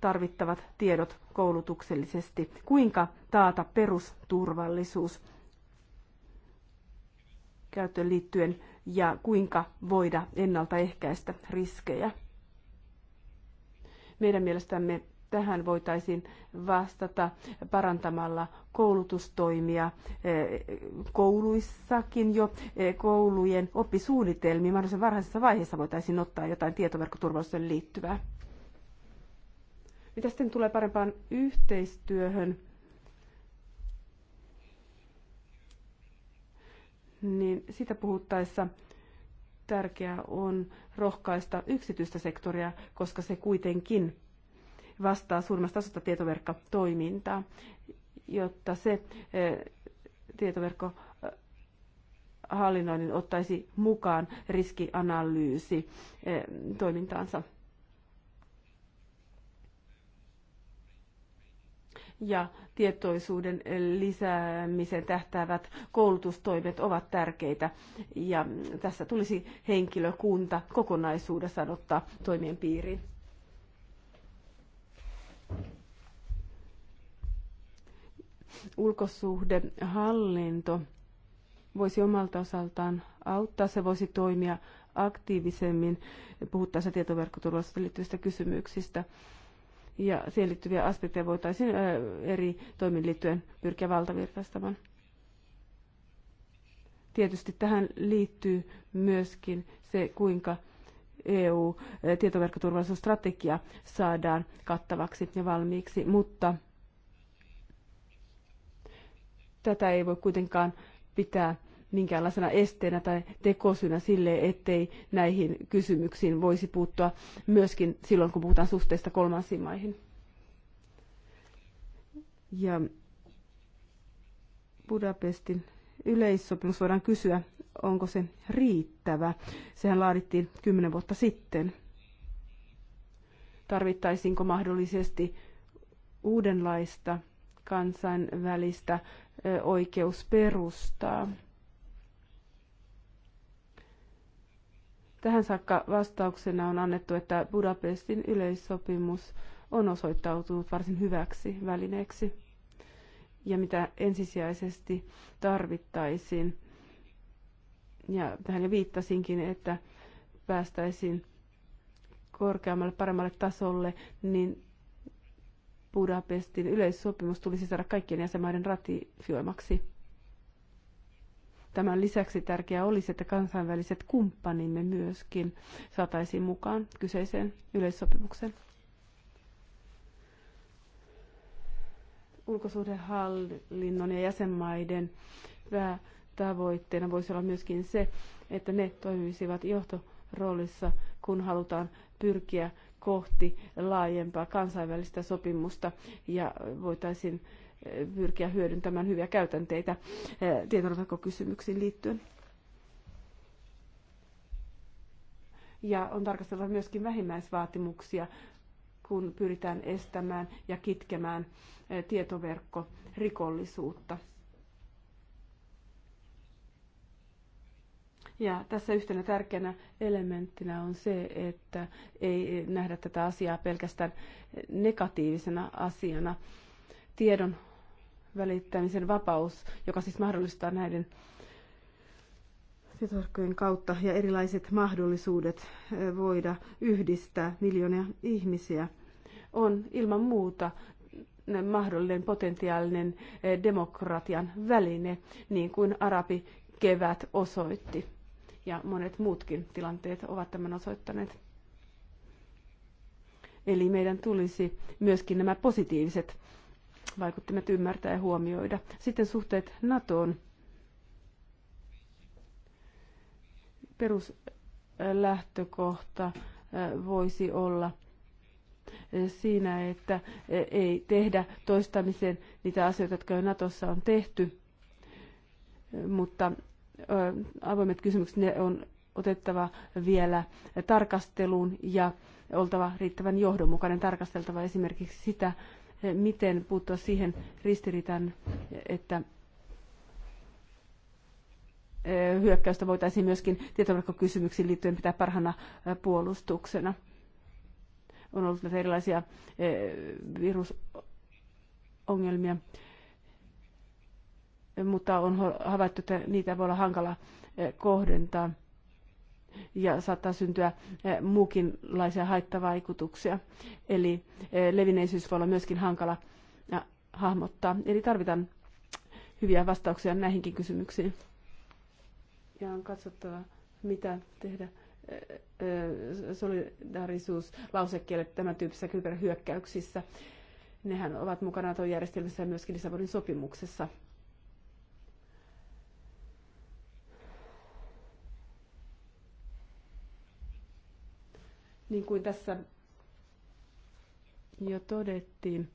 tarvittavat tiedot koulutuksellisesti. Kuinka taata perusturvallisuus käyttöön liittyen ja kuinka voida ennaltaehkäistä riskejä. Meidän mielestämme tähän voitaisiin vastata parantamalla koulutustoimia eh, kouluissakin jo eh, koulujen oppisuunnitelmiin. Mahdollisen varhaisessa vaiheessa voitaisiin ottaa jotain tietoverkkoturvallisuuteen liittyvää. Mitä sitten tulee parempaan yhteistyöhön? Niin sitä puhuttaessa tärkeää on rohkaista yksityistä sektoria, koska se kuitenkin vastaa suurimmasta osasta tietoverkkotoimintaa, jotta se eh, tietoverkko eh, hallinnoinnin ottaisi mukaan riskianalyysi eh, toimintaansa. Ja tietoisuuden lisäämisen tähtäävät koulutustoimet ovat tärkeitä ja tässä tulisi henkilökunta kokonaisuudessaan ottaa toimien piiriin. ulkosuhdehallinto voisi omalta osaltaan auttaa, se voisi toimia aktiivisemmin puhuttaessa tietoverkkoturvallisuudesta liittyvistä kysymyksistä. Ja siihen liittyviä aspekteja voitaisiin eri toimin liittyen pyrkiä valtavirtaistamaan. Tietysti tähän liittyy myöskin se, kuinka EU-tietoverkkoturvallisuusstrategia saadaan kattavaksi ja valmiiksi, mutta Tätä ei voi kuitenkaan pitää minkäänlaisena esteenä tai tekosyynä sille, ettei näihin kysymyksiin voisi puuttua myöskin silloin, kun puhutaan suhteista kolmansiin maihin. Ja Budapestin yleissopimus voidaan kysyä, onko se riittävä. Sehän laadittiin kymmenen vuotta sitten. Tarvittaisiinko mahdollisesti uudenlaista kansainvälistä oikeusperustaa. Tähän saakka vastauksena on annettu, että Budapestin yleissopimus on osoittautunut varsin hyväksi välineeksi. Ja mitä ensisijaisesti tarvittaisiin, ja tähän jo viittasinkin, että päästäisiin korkeammalle, paremmalle tasolle, niin Budapestin yleissopimus tulisi saada kaikkien jäsenmaiden ratifioimaksi. Tämän lisäksi tärkeää olisi, että kansainväliset kumppanimme myöskin saataisiin mukaan kyseiseen yleissopimukseen. Ulkosuhdehallinnon ja jäsenmaiden päätavoitteena voisi olla myöskin se, että ne toimisivat johtoroolissa, kun halutaan pyrkiä kohti laajempaa kansainvälistä sopimusta ja voitaisiin eh, pyrkiä hyödyntämään hyviä käytänteitä eh, tietoverkkokysymyksiin liittyen. Ja on tarkasteltava myöskin vähimmäisvaatimuksia, kun pyritään estämään ja kitkemään eh, tietoverkkorikollisuutta Ja tässä yhtenä tärkeänä elementtinä on se, että ei nähdä tätä asiaa pelkästään negatiivisena asiana. Tiedon välittämisen vapaus, joka siis mahdollistaa näiden tietoverkkojen kautta ja erilaiset mahdollisuudet voida yhdistää miljoonia ihmisiä, on ilman muuta mahdollinen potentiaalinen demokratian väline, niin kuin arabi kevät osoitti ja monet muutkin tilanteet ovat tämän osoittaneet. Eli meidän tulisi myöskin nämä positiiviset vaikuttimet ymmärtää ja huomioida. Sitten suhteet NATOon. Peruslähtökohta äh, voisi olla siinä, että äh, ei tehdä toistamiseen niitä asioita, jotka jo Natossa on tehty, mutta avoimet kysymykset, ne on otettava vielä tarkasteluun ja oltava riittävän johdonmukainen tarkasteltava esimerkiksi sitä, miten puuttua siihen ristiriitaan, että hyökkäystä voitaisiin myöskin tietoverkkokysymyksiin liittyen pitää parhana puolustuksena. On ollut näitä erilaisia virusongelmia mutta on havaittu, että niitä voi olla hankala eh, kohdentaa ja saattaa syntyä eh, muukinlaisia haittavaikutuksia. Eli eh, levinneisyys voi olla myöskin hankala hahmottaa. Eli tarvitaan hyviä vastauksia näihinkin kysymyksiin. Ja on katsottava, mitä tehdä solidaarisuuslausekkeelle tämän tyyppisissä kyberhyökkäyksissä. Nehän ovat mukana tuon järjestelmässä ja myöskin Lissabonin sopimuksessa Niin kuin tässä jo todettiin,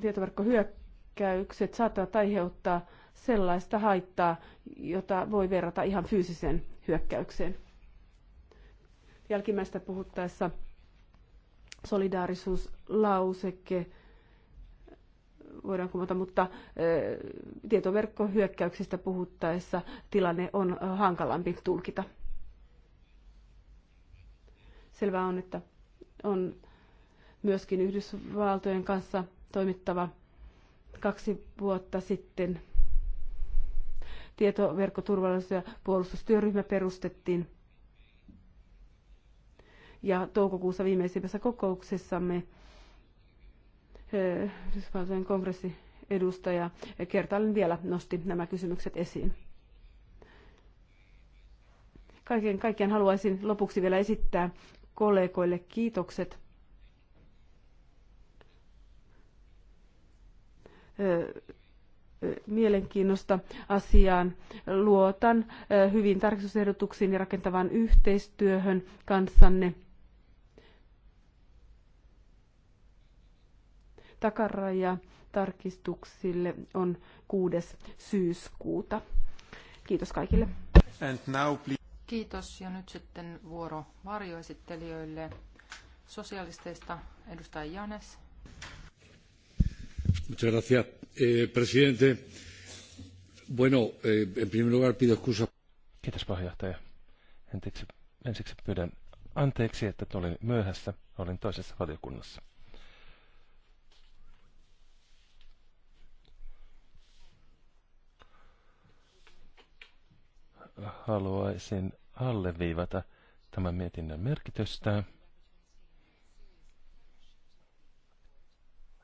tietoverkkohyökkäykset saattavat aiheuttaa sellaista haittaa, jota voi verrata ihan fyysiseen hyökkäykseen. Jälkimmäistä puhuttaessa solidaarisuuslauseke voidaan kumota, mutta tietoverkkohyökkäyksistä puhuttaessa tilanne on hankalampi tulkita. Selvää on, että on myöskin Yhdysvaltojen kanssa toimittava kaksi vuotta sitten. Tietoverkkoturvallisuus- ja puolustustyöryhmä perustettiin. Ja toukokuussa viimeisimmässä kokouksessamme Yhdysvaltojen kongressi edustaja kertaalleen vielä nosti nämä kysymykset esiin. Kaiken kaikkiaan haluaisin lopuksi vielä esittää kollegoille kiitokset. mielenkiinnosta asiaan. Luotan hyvin tarkistusehdotuksiin ja rakentavaan yhteistyöhön kanssanne. Takaraja tarkistuksille on 6. syyskuuta. Kiitos kaikille. And now, Kiitos ja nyt sitten vuoro varjoesittelijöille. Sosialisteista edustaja Janes. Muchas gracias, eh, presidente. Bueno, eh, en primer lugar pido excusa. Kiitos puheenjohtaja. Ensiksi, ensiksi pyydän anteeksi, että tulin myöhässä. Olin toisessa valiokunnassa. haluaisin alleviivata tämän mietinnön merkitystä.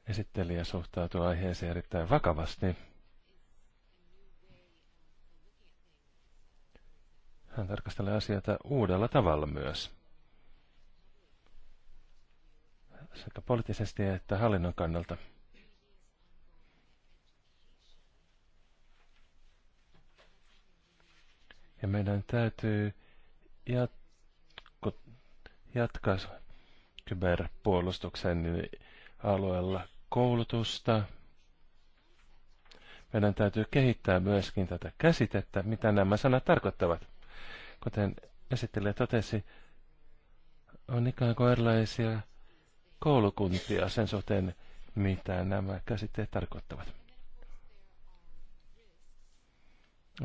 Esittelijä suhtautuu aiheeseen erittäin vakavasti. Hän tarkastelee asioita uudella tavalla myös. Sekä poliittisesti että hallinnon kannalta. Ja meidän täytyy jatko, jatkaa kyberpuolustuksen alueella koulutusta. Meidän täytyy kehittää myöskin tätä käsitettä, mitä nämä sanat tarkoittavat. Kuten esittelijä totesi, on ikään kuin erilaisia koulukuntia sen suhteen, mitä nämä käsitteet tarkoittavat.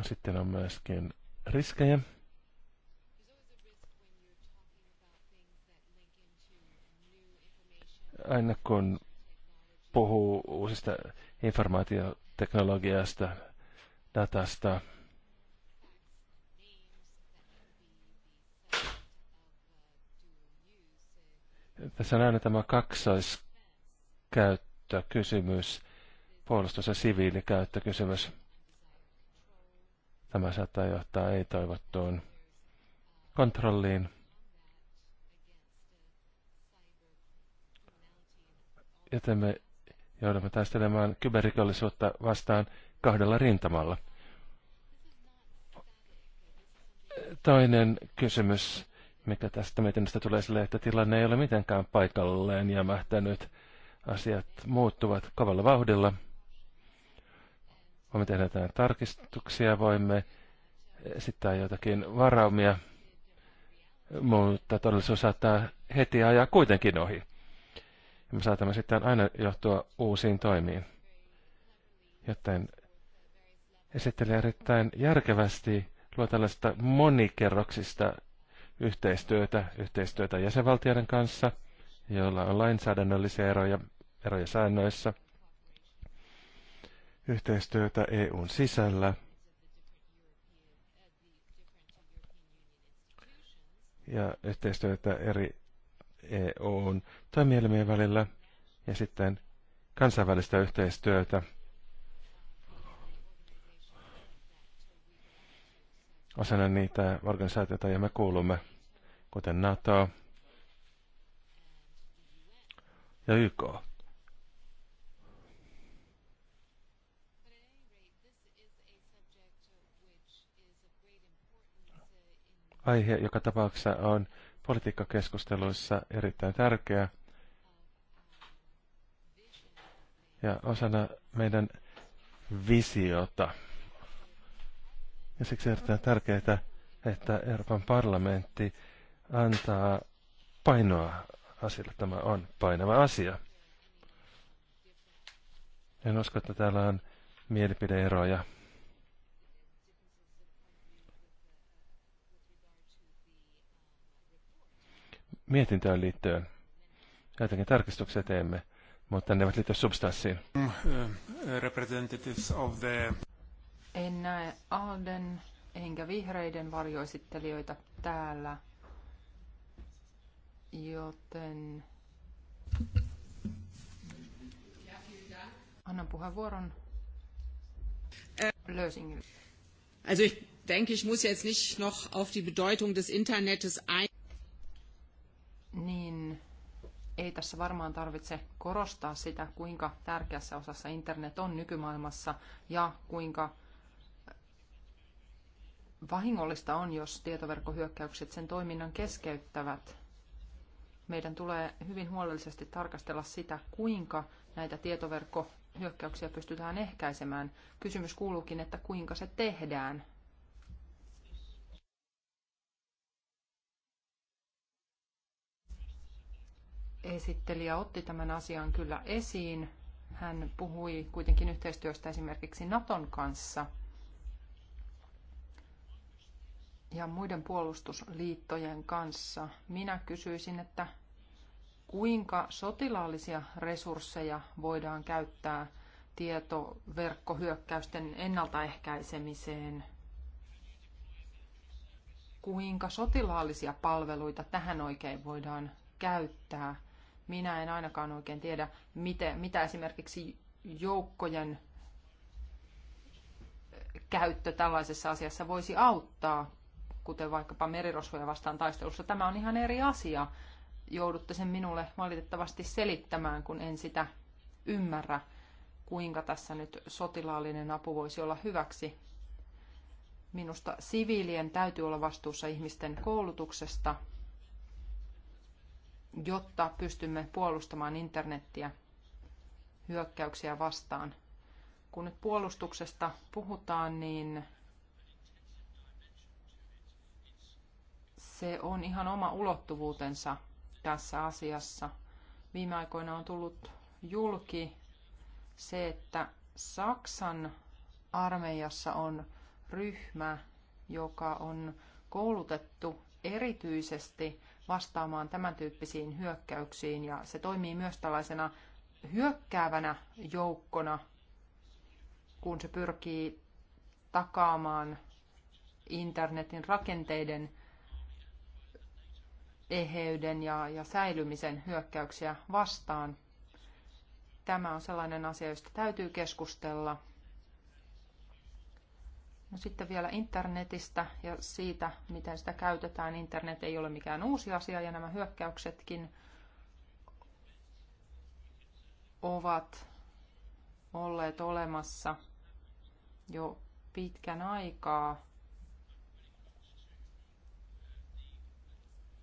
Sitten on myöskin riskejä. Aina kun puhuu uusista informaatioteknologiasta, datasta, tässä on aina tämä kaksoiskäyttökysymys, puolustus- ja siviilikäyttökysymys. Tämä saattaa johtaa ei-toivottuun kontrolliin. Joten me joudumme taistelemaan kyberrikollisuutta vastaan kahdella rintamalla. Toinen kysymys, mikä tästä mietinnöstä tulee sille, että tilanne ei ole mitenkään paikalleen jämähtänyt. Asiat muuttuvat kovalla vauhdilla – Voimme tehdä jotain tarkistuksia, voimme esittää jotakin varaumia, mutta todellisuus saattaa heti ajaa kuitenkin ohi. Ja me saatamme sitten aina johtua uusiin toimiin. Joten esittelee erittäin järkevästi luo tällaista monikerroksista yhteistyötä, yhteistyötä jäsenvaltioiden kanssa, joilla on lainsäädännöllisiä eroja, eroja säännöissä – yhteistyötä EUn sisällä ja yhteistyötä eri EUn toimielimien välillä ja sitten kansainvälistä yhteistyötä. Osana niitä organisaatioita, joihin me kuulumme, kuten NATO ja YK. aihe joka tapauksessa on politiikkakeskusteluissa erittäin tärkeä. Ja osana meidän visiota. Ja siksi erittäin tärkeää, että Euroopan parlamentti antaa painoa asialle. Tämä on painava asia. En usko, että täällä on mielipideeroja. mietintöön liittyen. Jotenkin tarkistuksia teemme, mutta ne ovat liittyä substanssiin. Representatives of the... En näe Alden enkä vihreiden varjoesittelijöitä täällä, joten annan puheenvuoron Lösingille. Also ich denke, ich muss jetzt nicht noch auf die Bedeutung des Internets ein. tässä varmaan tarvitse korostaa sitä, kuinka tärkeässä osassa internet on nykymaailmassa ja kuinka vahingollista on, jos tietoverkkohyökkäykset sen toiminnan keskeyttävät. Meidän tulee hyvin huolellisesti tarkastella sitä, kuinka näitä tietoverkkohyökkäyksiä pystytään ehkäisemään. Kysymys kuuluukin, että kuinka se tehdään esittelijä otti tämän asian kyllä esiin. Hän puhui kuitenkin yhteistyöstä esimerkiksi Naton kanssa ja muiden puolustusliittojen kanssa. Minä kysyisin, että kuinka sotilaallisia resursseja voidaan käyttää tietoverkkohyökkäysten ennaltaehkäisemiseen? Kuinka sotilaallisia palveluita tähän oikein voidaan käyttää? Minä en ainakaan oikein tiedä, mitä, mitä esimerkiksi joukkojen eh, käyttö tällaisessa asiassa voisi auttaa, kuten vaikkapa merirosvoja vastaan taistelussa. Tämä on ihan eri asia. Joudutte sen minulle valitettavasti selittämään, kun en sitä ymmärrä, kuinka tässä nyt sotilaallinen apu voisi olla hyväksi. Minusta siviilien täytyy olla vastuussa ihmisten koulutuksesta, jotta pystymme puolustamaan internettiä hyökkäyksiä vastaan. Kun nyt puolustuksesta puhutaan, niin se on ihan oma ulottuvuutensa tässä asiassa. Viime aikoina on tullut julki se, että Saksan armeijassa on ryhmä, joka on koulutettu erityisesti vastaamaan tämän tyyppisiin hyökkäyksiin ja se toimii myös tällaisena hyökkäävänä joukkona, kun se pyrkii takaamaan internetin rakenteiden eheyden ja, ja säilymisen hyökkäyksiä vastaan. Tämä on sellainen asia, josta täytyy keskustella No sitten vielä internetistä ja siitä, miten sitä käytetään. Internet ei ole mikään uusi asia ja nämä hyökkäyksetkin ovat olleet olemassa jo pitkän aikaa.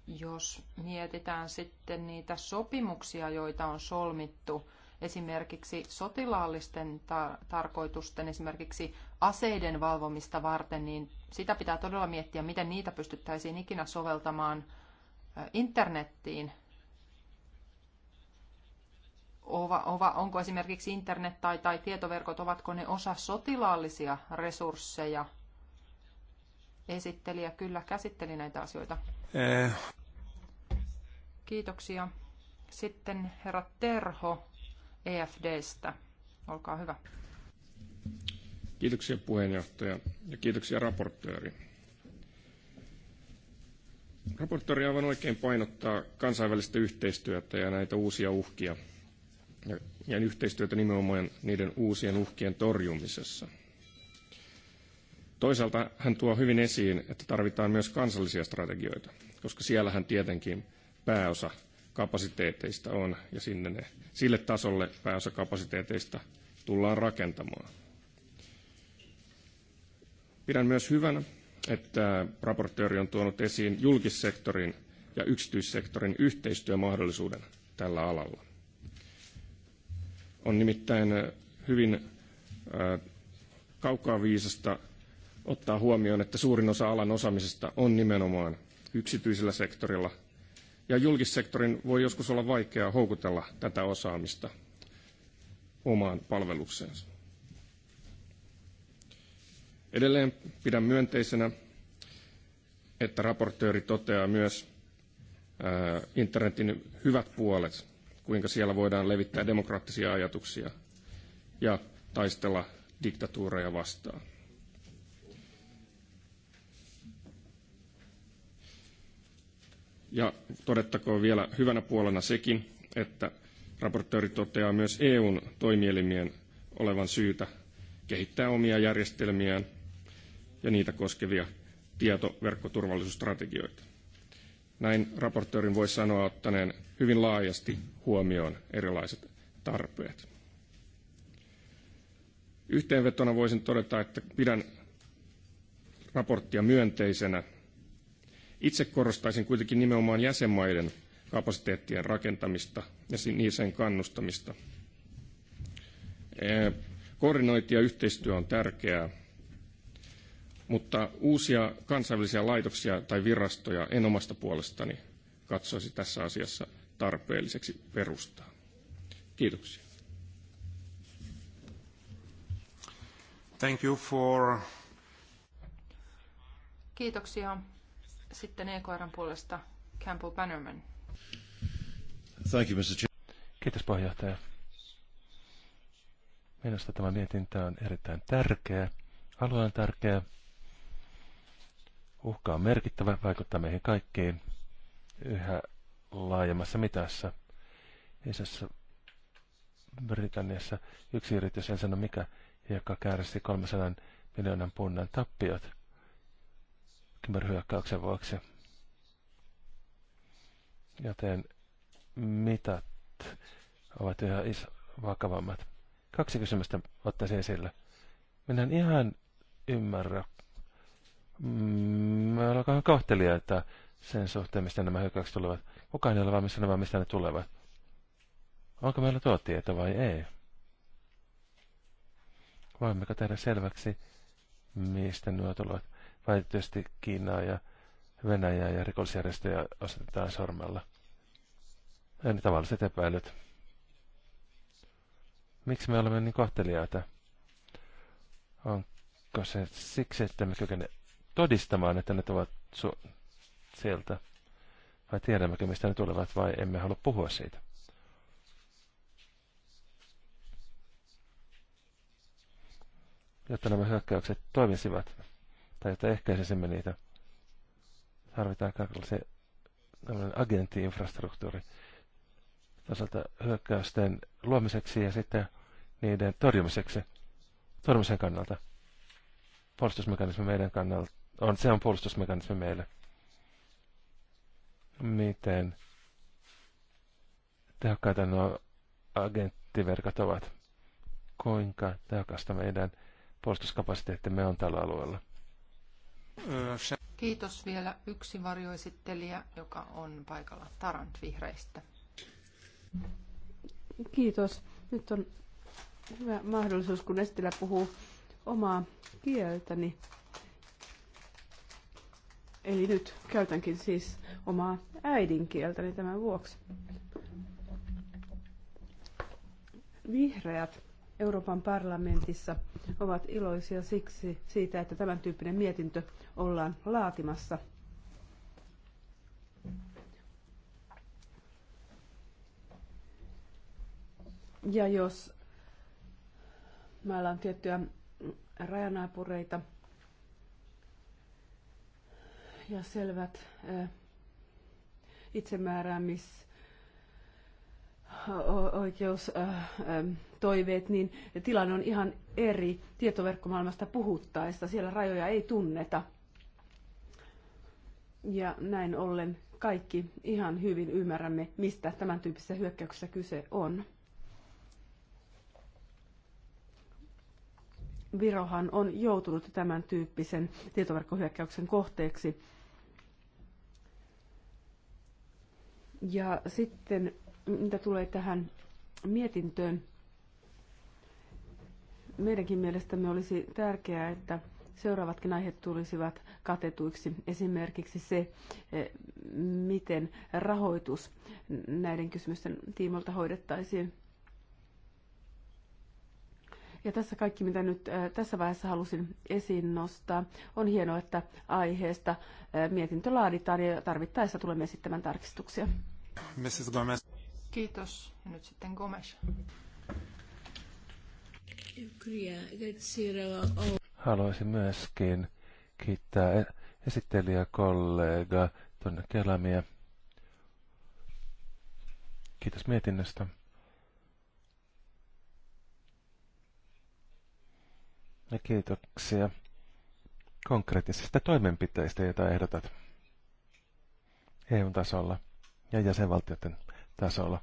Jos mietitään sitten niitä sopimuksia, joita on solmittu esimerkiksi sotilaallisten ta- tarkoitusten, esimerkiksi aseiden valvomista varten, niin sitä pitää todella miettiä, miten niitä pystyttäisiin ikinä soveltamaan internettiin. Ova, ova, onko esimerkiksi internet tai, tai tietoverkot, ovatko ne osa sotilaallisia resursseja? Esittelijä kyllä käsitteli näitä asioita. Ää... Eh. Kiitoksia. Sitten herra Terho EFDstä. Olkaa hyvä. Kiitoksia puheenjohtaja ja kiitoksia raportööri. Raportööri aivan oikein painottaa kansainvälistä yhteistyötä ja näitä uusia uhkia ja, ja yhteistyötä nimenomaan niiden uusien uhkien torjumisessa. Toisaalta hän tuo hyvin esiin, että tarvitaan myös kansallisia strategioita, koska siellähän tietenkin pääosa kapasiteeteista on, ja sinne ne, sille tasolle pääosa kapasiteeteista tullaan rakentamaan. Pidän myös hyvänä, että raportööri on tuonut esiin julkissektorin ja yksityissektorin yhteistyömahdollisuuden tällä alalla. On nimittäin äh, hyvin äh, kaukaa viisasta ottaa huomioon, että suurin osa alan osaamisesta on nimenomaan yksityisellä sektorilla – ja julkissektorin voi joskus olla vaikeaa houkutella tätä osaamista omaan palvelukseensa. Edelleen pidän myönteisenä, että raportööri toteaa myös äh, internetin hyvät puolet, kuinka siellä voidaan levittää demokraattisia ajatuksia ja taistella diktatuureja vastaan. Ja todettakoon vielä hyvänä puolena sekin, että raportööri toteaa myös EUn toimielimien olevan syytä kehittää omia järjestelmiään ja niitä koskevia tietoverkkoturvallisuusstrategioita. Näin raportöörin voi sanoa ottaneen hyvin laajasti huomioon erilaiset tarpeet. Yhteenvetona voisin todeta, että pidän raporttia myönteisenä itse korostaisin kuitenkin nimenomaan jäsenmaiden kapasiteettien rakentamista ja niiden kannustamista. Koordinointi ja yhteistyö on tärkeää, mutta uusia kansainvälisiä laitoksia tai virastoja en omasta puolestani katsoisi tässä asiassa tarpeelliseksi perustaa. Kiitoksia. Thank you for... Kiitoksia sitten EKRn puolesta Campbell Bannerman. Thank you, Mr. Kiitos puheenjohtaja. Minusta tämä mietintö on erittäin tärkeä. alueen tärkeä. Uhka on merkittävä, vaikuttaa meihin kaikkiin yhä laajemmassa mitassa. Isässä Britanniassa yksi yritys, en sano mikä, joka kärsi 300 miljoonan punnan tappiot – kyberhyökkäyksen vuoksi. Joten mitat ovat yhä is- vakavammat. Kaksi kysymystä ottaisin esille. Minä en ihan ymmärrä. Me mm, ollaan kohteliaita sen suhteen, mistä nämä hyökkäykset tulevat. Kukaan ei ole valmis nämä, mistä ne tulevat. Onko meillä tuo tieto vai ei? Voimmeko tehdä selväksi, mistä nuo tulevat? Väitetysti Kiinaa ja Venäjää ja rikollisjärjestöjä asetetaan sormella. Eli tavalliset epäilyt. Miksi me olemme niin kohteliaita? Onko se siksi, että me kykene todistamaan, että ne ovat su- sieltä? Vai tiedämmekö, mistä ne tulevat, vai emme halua puhua siitä? Jotta nämä hyökkäykset toimisivat, tai että ehkäisemme niitä. Tarvitaan kaikenlaisia tämmöinen agenttiinfrastruktuuri toisaalta hyökkäysten luomiseksi ja sitten niiden torjumiseksi, torjumisen kannalta. Puolustusmekanismi meidän kannalta on, se on puolustusmekanismi meille. Miten tehokkaita nuo agenttiverkot ovat? Kuinka tehokasta meidän puolustuskapasiteettimme on tällä alueella? Kiitos vielä yksi varjoesittelijä, joka on paikalla Tarant Vihreistä. Kiitos. Nyt on hyvä mahdollisuus, kun Estilä puhuu omaa kieltäni. Eli nyt käytänkin siis omaa äidinkieltäni tämän vuoksi. Vihreät Euroopan parlamentissa ovat iloisia siksi siitä, että tämän tyyppinen mietintö ollaan laatimassa. Ja jos meillä on tiettyjä rajanaapureita ja selvät itsemääräämis oikeus toiveet, niin tilanne on ihan eri tietoverkkomaailmasta puhuttaessa. Siellä rajoja ei tunneta. Ja näin ollen kaikki ihan hyvin ymmärrämme, mistä tämän tyyppisessä hyökkäyksessä kyse on. Virohan on joutunut tämän tyyppisen tietoverkkohyökkäyksen kohteeksi. Ja sitten mitä tulee tähän mietintöön, meidänkin mielestämme olisi tärkeää, että seuraavatkin aiheet tulisivat katetuiksi. Esimerkiksi se, eh, miten rahoitus näiden kysymysten tiimolta hoidettaisiin. Ja tässä kaikki, mitä nyt eh, tässä vaiheessa halusin esiin nostaa. On hienoa, että aiheesta eh, mietintö laaditaan ja tarvittaessa tulemme esittämään tarkistuksia. Mrs. Gomez. Kiitos. Ja nyt sitten Gomes. Haluaisin myöskin kiittää esittelijäkollega Tonne Kelamia. Kiitos mietinnöstä. Ja kiitoksia konkreettisista toimenpiteistä, joita ehdotat EU-tasolla ja jäsenvaltioiden tasolla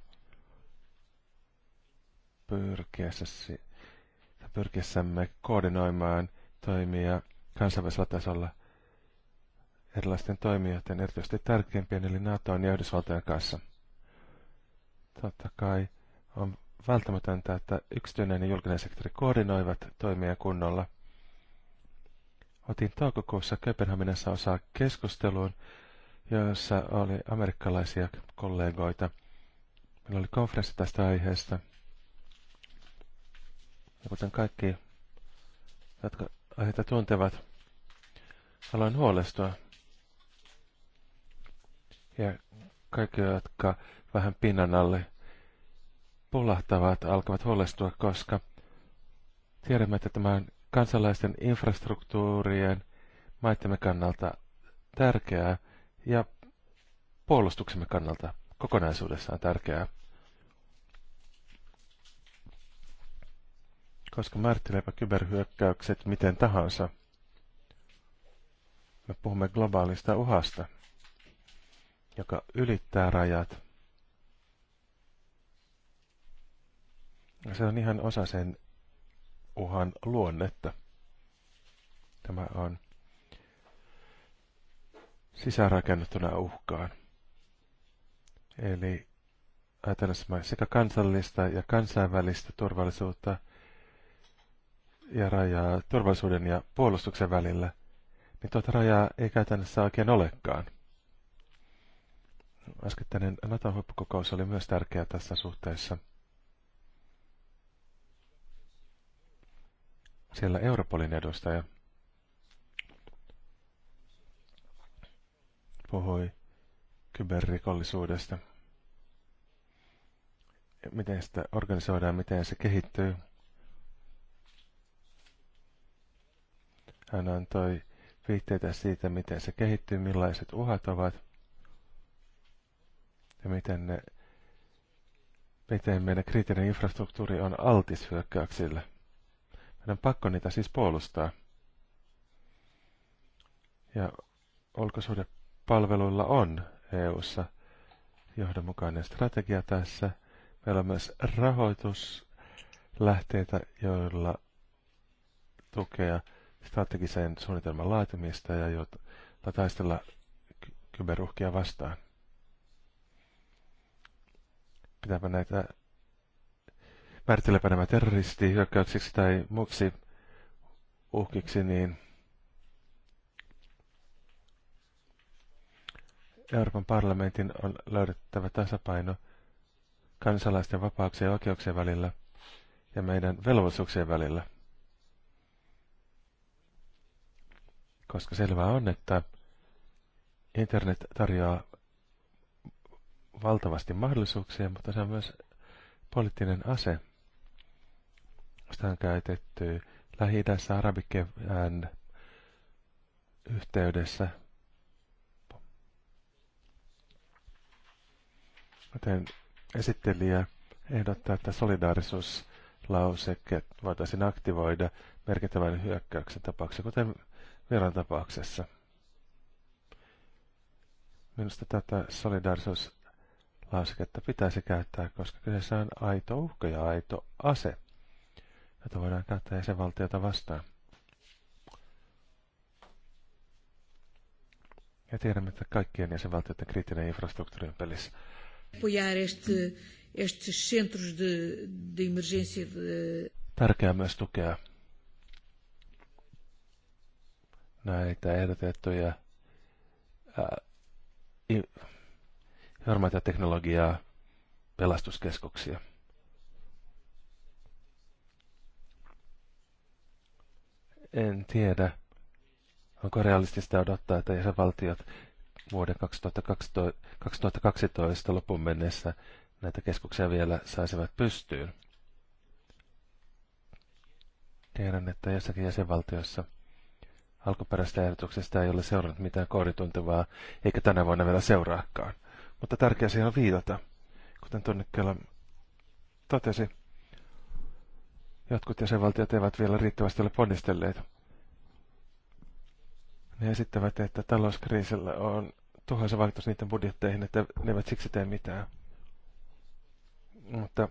pyrkiessä siihen pyrkiessämme koordinoimaan toimia kansainvälisellä tasolla erilaisten toimijoiden, erityisesti tärkeimpien eli NATOn ja Yhdysvaltojen kanssa. Totta kai on välttämätöntä, että yksityinen ja julkinen sektori koordinoivat toimia kunnolla. Otin toukokuussa Kööpenhaminassa osaa keskusteluun, jossa oli amerikkalaisia kollegoita. Meillä oli konferenssi tästä aiheesta – ja kuten kaikki, jotka aiheita tuntevat, aloin huolestua. Ja kaikki, jotka vähän pinnan alle pulahtavat, alkavat huolestua, koska tiedämme, että tämä on kansalaisten infrastruktuurien maittemme kannalta tärkeää ja puolustuksemme kannalta kokonaisuudessaan tärkeää. koska määritteleepä kyberhyökkäykset miten tahansa. Me puhumme globaalista uhasta, joka ylittää rajat. Se on ihan osa sen uhan luonnetta. Tämä on sisäänrakennettuna uhkaan. Eli ajatellaan sekä kansallista ja kansainvälistä turvallisuutta – ja rajaa turvallisuuden ja puolustuksen välillä, niin tuota rajaa ei käytännössä oikein olekaan. Äskettäinen Naton huippukokous oli myös tärkeä tässä suhteessa. Siellä Europolin edustaja puhui kyberrikollisuudesta, miten sitä organisoidaan, miten se kehittyy – Hän antoi viitteitä siitä, miten se kehittyy, millaiset uhat ovat ja miten, ne, miten meidän kriittinen infrastruktuuri on altis hyökkäyksille. Meidän on pakko niitä siis puolustaa. Ja palveluilla on EU-ssa johdonmukainen strategia tässä. Meillä on myös rahoituslähteitä, joilla tukea strategisen suunnitelman laatimista ja jota taistella kyberuhkia vastaan. Pitääpä näitä määrittelepä nämä terroristihyökkäyksiksi tai muksi uhkiksi, niin Euroopan parlamentin on löydettävä tasapaino kansalaisten vapauksien ja oikeuksien välillä ja meidän velvollisuuksien välillä. koska selvää on, että internet tarjoaa valtavasti mahdollisuuksia, mutta se on myös poliittinen ase. Sitä on käytetty Lähi-idässä arabikevään yhteydessä. Joten esittelijä ehdottaa, että solidaarisuuslauseke voitaisiin aktivoida merkittävän hyökkäyksen tapauksessa, kuten Viron tapauksessa. Minusta tätä solidarisuuslauseketta pitäisi käyttää, koska kyseessä on aito uhka ja aito ase, jota voidaan käyttää jäsenvaltiota vastaan. Ja tiedämme, että kaikkien jäsenvaltioiden kriittinen infrastruktuuri on pelissä. Tärkeää myös tukea näitä ehdotettuja harmaita teknologiaa pelastuskeskuksia. En tiedä, onko realistista odottaa, että jäsenvaltiot vuoden 2012, 2012 lopun mennessä näitä keskuksia vielä saisivat pystyyn. Tiedän, että jossakin jäsenvaltiossa – Alkuperäisestä ehdotuksesta ei ole seurannut mitään koodituntevaa, eikä tänä vuonna vielä seuraakaan. Mutta tärkeää siihen on viitata. Kuten Tonnikkeella totesi, jotkut jäsenvaltiot eivät vielä riittävästi ole ponnistelleet. Ne esittävät, että talouskriisillä on tuhansa vaikutus niiden budjetteihin, että ne eivät siksi tee mitään. Mutta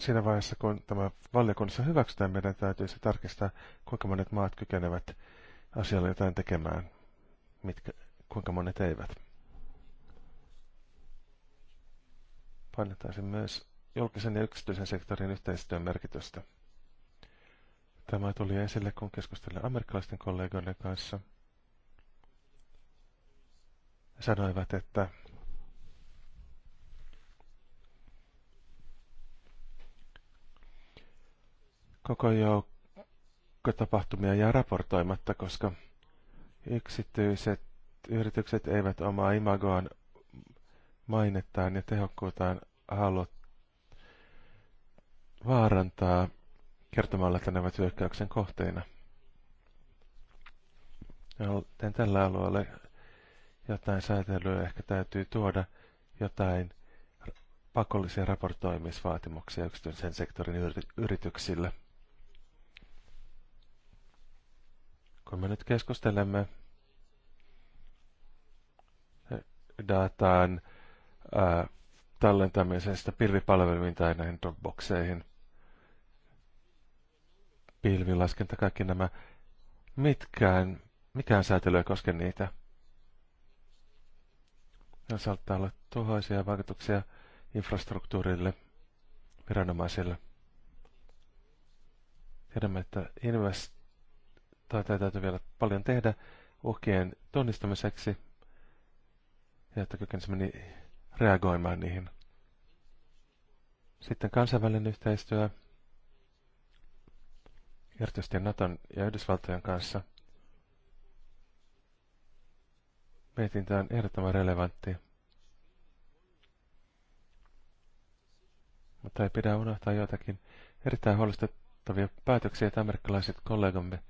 siinä vaiheessa, kun tämä valiokunnassa hyväksytään, meidän täytyisi tarkistaa, kuinka monet maat kykenevät asialle jotain tekemään, mitkä, kuinka monet eivät. Painottaisin myös julkisen ja yksityisen sektorin yhteistyön merkitystä. Tämä tuli esille, kun keskustelin amerikkalaisten kollegoiden kanssa. Sanoivat, että koko joukko tapahtumia jää raportoimatta, koska yksityiset yritykset eivät omaa imagoaan, mainettaan ja tehokkuutaan halua vaarantaa kertomalla, että ne ovat hyökkäyksen kohteina. Joten tällä alueella jotain säätelyä ehkä täytyy tuoda jotain pakollisia raportoimisvaatimuksia yksityisen sektorin yrityksille. Kun me nyt keskustelemme dataan ää, tallentamisesta pilvipalveluihin tai näihin Dropboxeihin, pilvilaskenta, kaikki nämä, mitkään, mikään säätely ei koske niitä. Ne saattaa olla tuhoisia vaikutuksia infrastruktuurille, viranomaisille. Tiedämme, että invest tätä täytyy vielä paljon tehdä uhkien tunnistamiseksi ja että kykenisimme reagoimaan niihin. Sitten kansainvälinen yhteistyö erityisesti Naton ja Yhdysvaltojen kanssa. Mietintä on ehdottoman relevantti. Mutta ei pidä unohtaa jotakin erittäin huolestuttavia päätöksiä, että amerikkalaiset kollegamme –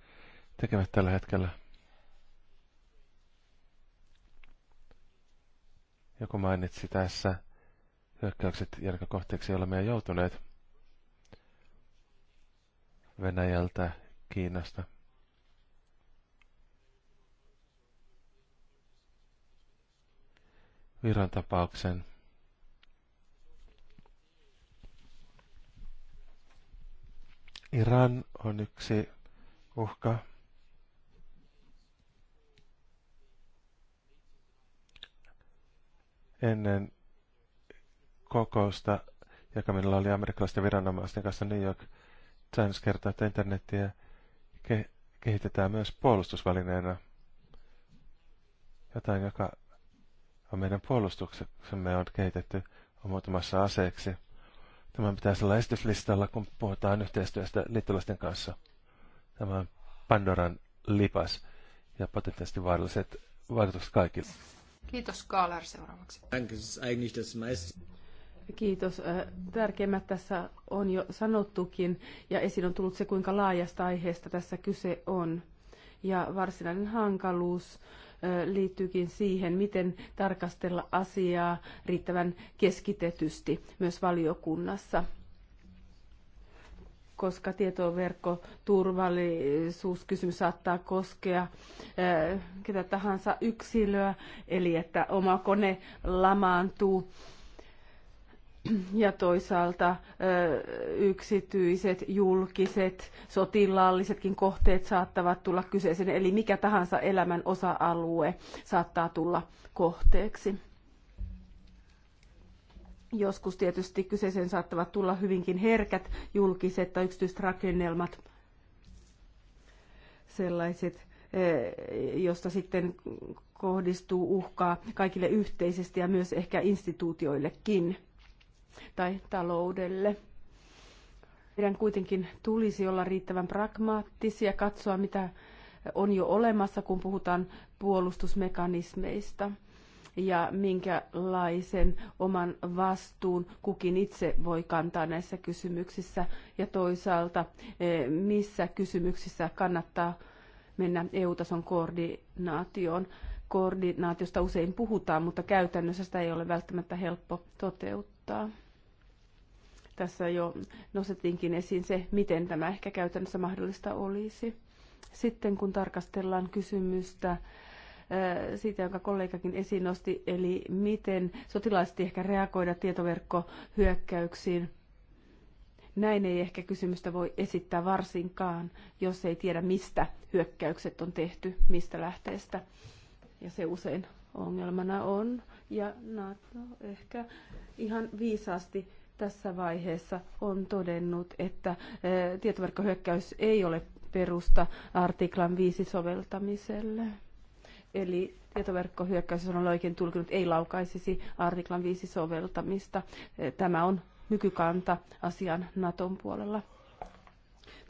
tekevät tällä hetkellä. Joku mainitsi tässä hyökkäykset, joiden kohteeksi olemme joutuneet Venäjältä, Kiinasta. Viron tapauksen Iran on yksi uhka. ennen kokousta, joka minulla oli amerikkalaisten viranomaisten kanssa New York Times kertoo, että internetiä ke kehitetään myös puolustusvälineenä. Jotain, joka on meidän puolustuksemme on kehitetty muutamassa aseeksi. Tämän pitäisi olla esityslistalla, kun puhutaan yhteistyöstä liittolaisten kanssa. Tämä on Pandoran lipas ja potentiaalisesti vaaralliset vaikutukset kaikille. Kiitos Kaalar seuraavaksi. Kiitos. Tärkeimmät tässä on jo sanottukin ja esiin on tullut se, kuinka laajasta aiheesta tässä kyse on. Ja varsinainen hankaluus liittyykin siihen, miten tarkastella asiaa riittävän keskitetysti myös valiokunnassa koska tietoverkkoturvallisuuskysymys saattaa koskea eh, ketä tahansa yksilöä, eli että oma kone lamaantuu. Ja toisaalta eh, yksityiset, julkiset, sotilaallisetkin kohteet saattavat tulla kyseeseen, eli mikä tahansa elämän osa-alue saattaa tulla kohteeksi. Joskus tietysti kyseeseen saattavat tulla hyvinkin herkät julkiset tai yksityiset rakennelmat, sellaiset, eh, josta sitten kohdistuu uhkaa kaikille yhteisesti ja myös ehkä instituutioillekin tai taloudelle. Meidän kuitenkin tulisi olla riittävän pragmaattisia, katsoa mitä on jo olemassa, kun puhutaan puolustusmekanismeista ja minkälaisen oman vastuun kukin itse voi kantaa näissä kysymyksissä ja toisaalta eh, missä kysymyksissä kannattaa mennä EU-tason koordinaatioon. Koordinaatiosta usein puhutaan, mutta käytännössä sitä ei ole välttämättä helppo toteuttaa tässä jo nostettiinkin esiin se, miten tämä ehkä käytännössä mahdollista olisi. Sitten kun tarkastellaan kysymystä siitä, jonka kollegakin esiin nosti, eli miten sotilaisesti ehkä reagoida tietoverkkohyökkäyksiin. Näin ei ehkä kysymystä voi esittää varsinkaan, jos ei tiedä, mistä hyökkäykset on tehty, mistä lähteestä. Ja se usein ongelmana on. Ja NATO ehkä ihan viisaasti tässä vaiheessa on todennut, että tietoverkkohyökkäys ei ole perusta artiklan 5 soveltamiselle. Eli tietoverkkohyökkäys, jos on oikein tulkinut, ei laukaisisi artiklan 5 soveltamista. Tämä on nykykanta asian Naton puolella.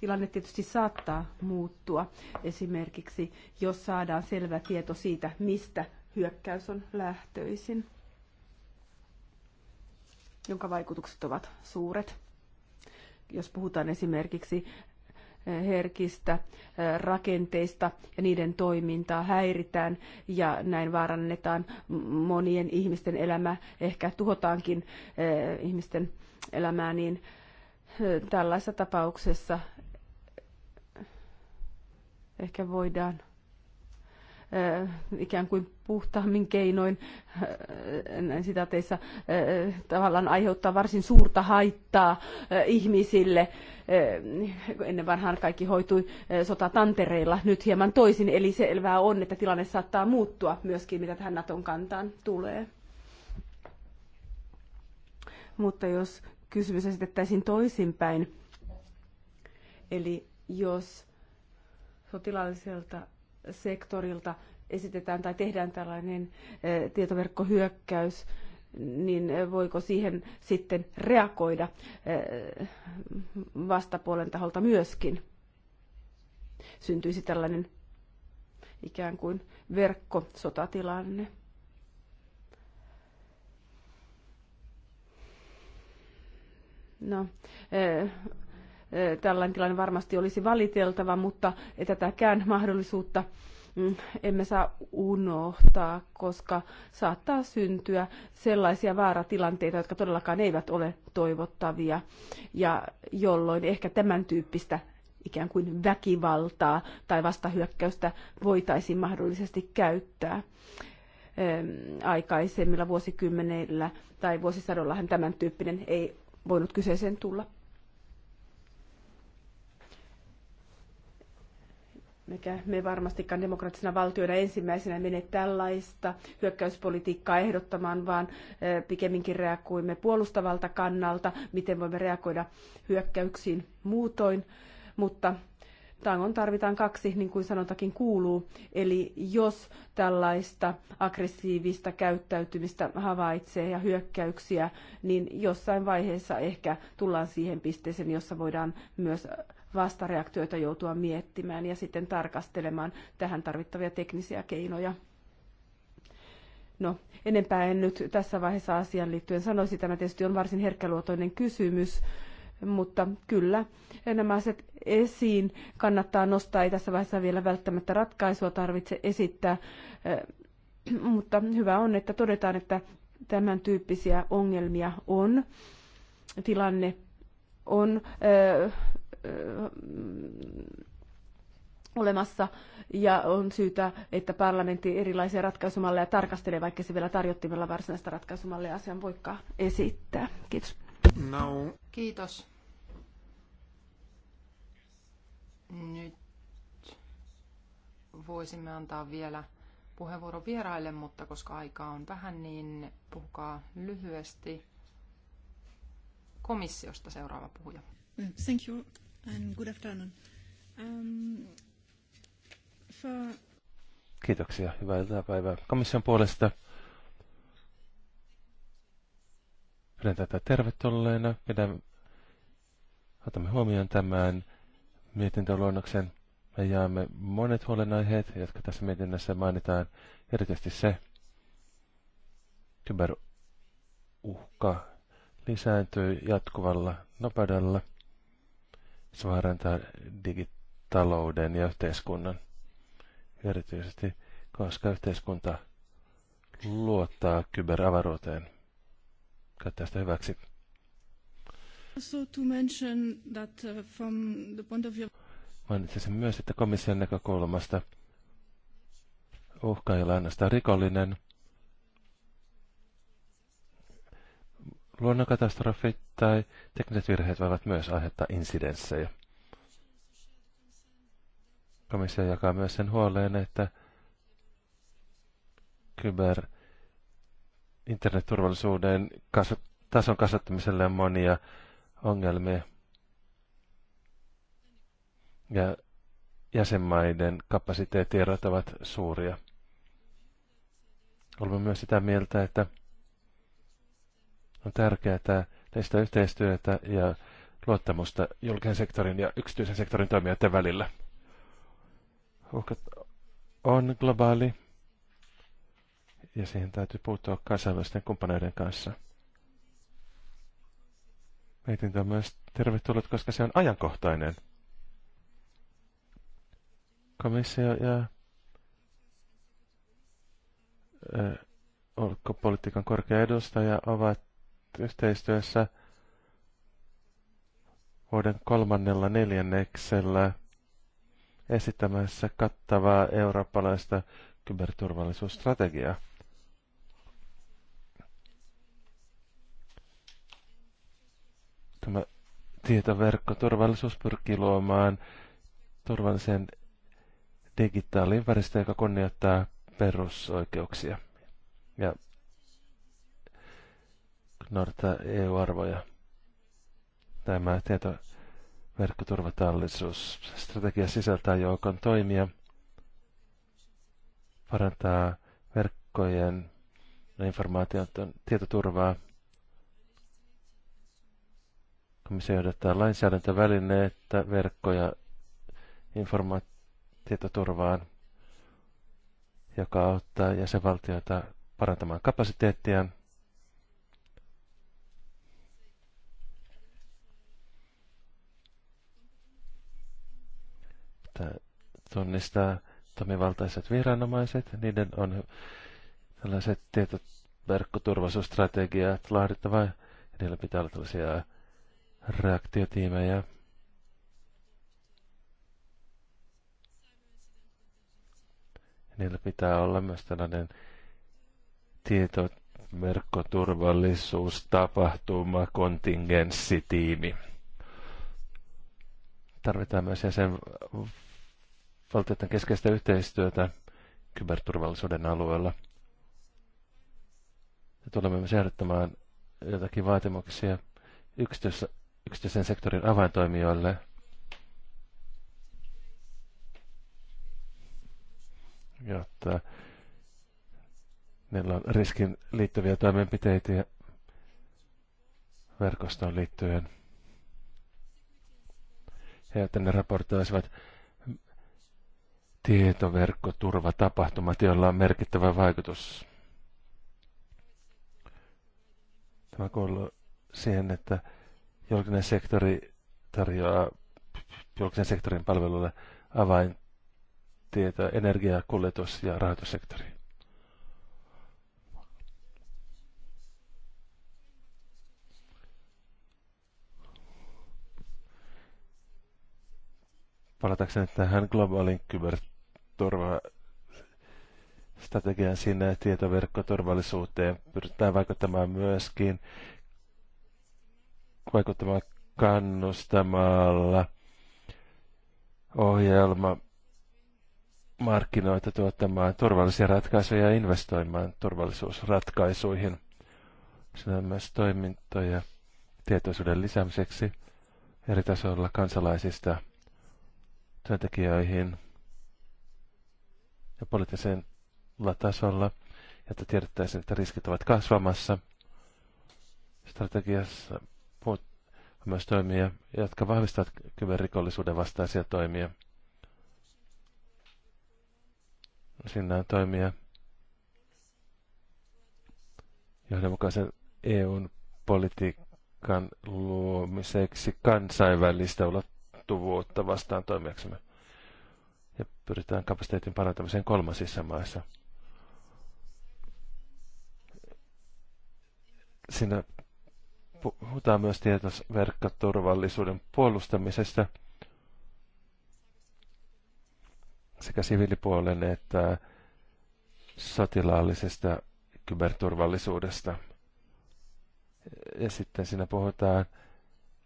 Tilanne tietysti saattaa muuttua esimerkiksi, jos saadaan selvä tieto siitä, mistä hyökkäys on lähtöisin, jonka vaikutukset ovat suuret. Jos puhutaan esimerkiksi herkistä rakenteista ja niiden toimintaa häiritään ja näin vaarannetaan monien ihmisten elämä, ehkä tuhotaankin ihmisten elämää, niin tällaisessa tapauksessa ehkä voidaan ikään kuin puhtaammin keinoin näin sitateissa tavallaan aiheuttaa varsin suurta haittaa ihmisille. Ennen vanhaan kaikki hoitui sotatantereilla, nyt hieman toisin, eli selvää on, että tilanne saattaa muuttua myöskin, mitä tähän Naton kantaan tulee. Mutta jos kysymys esitettäisiin toisinpäin, eli jos sotilaalliselta sektorilta esitetään tai tehdään tällainen eh, tietoverkkohyökkäys, niin eh, voiko siihen sitten reagoida eh, vastapuolen taholta myöskin? Syntyisi tällainen ikään kuin verkkosotatilanne. No, tällainen tilanne varmasti olisi valiteltava, mutta tätäkään mahdollisuutta mm, emme saa unohtaa, koska saattaa syntyä sellaisia vaaratilanteita, jotka todellakaan eivät ole toivottavia, ja jolloin ehkä tämän tyyppistä ikään kuin väkivaltaa tai vastahyökkäystä voitaisiin mahdollisesti käyttää aikaisemmilla vuosikymmenillä tai vuosisadollahan tämän tyyppinen ei voinut kyseeseen tulla. mikä me varmastikaan demokraattisena valtioina ensimmäisenä mene tällaista hyökkäyspolitiikkaa ehdottamaan, vaan pikemminkin reagoimme puolustavalta kannalta, miten voimme reagoida hyökkäyksiin muutoin. Mutta tangon tarvitaan kaksi, niin kuin sanotakin kuuluu. Eli jos tällaista aggressiivista käyttäytymistä havaitsee ja hyökkäyksiä, niin jossain vaiheessa ehkä tullaan siihen pisteeseen, jossa voidaan myös vastareaktioita joutua miettimään ja sitten tarkastelemaan tähän tarvittavia teknisiä keinoja. No, enempää en nyt tässä vaiheessa asian liittyen sanoisi. Tämä tietysti on varsin herkkäluotoinen kysymys, mutta kyllä nämä asiat esiin kannattaa nostaa. Ei tässä vaiheessa vielä välttämättä ratkaisua tarvitse esittää, eh, mutta hyvä on, että todetaan, että tämän tyyppisiä ongelmia on. Tilanne on eh, olemassa ja on syytä, että parlamentti erilaisia ratkaisumalleja tarkastelee, vaikka se vielä tarjottimella varsinaista ratkaisumalleja asian voikka esittää. Kiitos. No. Kiitos. Nyt voisimme antaa vielä puheenvuoro vieraille, mutta koska aikaa on vähän, niin puhukaa lyhyesti komissiosta seuraava puhuja. Mm, thank you and good afternoon. Um, for... Kiitoksia. Hyvää iltapäivää komission puolesta. Pidän tätä tervetulleena. Pidän, otamme huomioon tämän mietintöluonnoksen. Me jaamme monet huolenaiheet, jotka tässä mietinnässä mainitaan. Erityisesti se kyberuhka lisääntyy jatkuvalla nopeudella – se vaarantaa digitalouden ja yhteiskunnan. Erityisesti koska yhteiskunta luottaa kyberavaruuteen. Käyttää sitä hyväksi. Also to mention that uh, from the point of view... Mainitsisin myös, että komission näkökulmasta uhka ei ole ainoastaan rikollinen – Luonnonkatastrofit tai tekniset virheet voivat myös aiheuttaa insidenssejä. Komissio jakaa myös sen huoleen, että kyber internetturvallisuuden tason kasvattamiselle on monia ongelmia. Ja jäsenmaiden kapasiteettierot ovat suuria. Olemme myös sitä mieltä, että on tärkeää teistä yhteistyötä ja luottamusta julkisen sektorin ja yksityisen sektorin toimijoiden välillä. Uhkat on globaali ja siihen täytyy puuttua kansainvälisten kumppaneiden kanssa. Mietintö on myös tervetullut, koska se on ajankohtainen. Komissio ja ulkopolitiikan korkea edustaja ovat yhteistyössä vuoden kolmannella neljänneksellä esittämässä kattavaa eurooppalaista kyberturvallisuusstrategiaa. Tämä tietoverkkoturvallisuus pyrkii luomaan turvallisen digitaaliympäristön, joka kunnioittaa perusoikeuksia ja noudattaa EU-arvoja. Tämä tietoverkkoturvatallisuusstrategia sisältää joukon toimia, parantaa verkkojen informaation tietoturvaa, komissio johdattaa lainsäädäntövälineettä, verkkoja, informaatietoturvaan, joka auttaa jäsenvaltioita parantamaan kapasiteettiaan tunnistaa toimivaltaiset viranomaiset. Niiden on tällaiset tietot verkkoturvallisuusstrategiat laadittava. Ja niillä pitää olla tällaisia reaktiotiimejä. niillä pitää olla myös tällainen tieto verkkoturvallisuustapahtuma kontingenssitiimi. Tarvitaan myös jäsen valtioiden keskeistä yhteistyötä kyberturvallisuuden alueella. Ja tulemme myös ehdottamaan jotakin vaatimuksia yksityisen sektorin avaintoimijoille. Jotta niillä on riskin liittyviä toimenpiteitä verkostoon liittyen. He, että ne raportoisivat tietoverkkoturvatapahtumat, joilla on merkittävä vaikutus. Tämä kuuluu siihen, että julkinen sektori tarjoaa julkisen sektorin palveluille avaintieto energia-, kuljetus- ja rahoitussektoriin. palatakseni tähän globaalin kyber turva strategian sinne tietoverkkoturvallisuuteen. Pyritään vaikuttamaan myöskin vaikuttamaan kannustamalla ohjelma markkinoita tuottamaan turvallisia ratkaisuja ja investoimaan turvallisuusratkaisuihin. Siinä on myös toimintoja tietoisuuden lisäämiseksi eri tasolla kansalaisista työntekijöihin – ja poliittisella tasolla, jotta tiedettäisiin, että riskit ovat kasvamassa. Strategiassa on myös toimia, jotka vahvistavat kyberrikollisuuden vastaisia toimia. Siinä on toimia johdonmukaisen EUn politiikan luomiseksi kansainvälistä ulottuvuutta vastaan toimijaksemme ja pyritään kapasiteetin parantamiseen kolmansissa maissa. Siinä puhutaan myös tietosverkkoturvallisuuden puolustamisesta sekä siviilipuolen että sotilaallisesta kyberturvallisuudesta. Ja sitten siinä puhutaan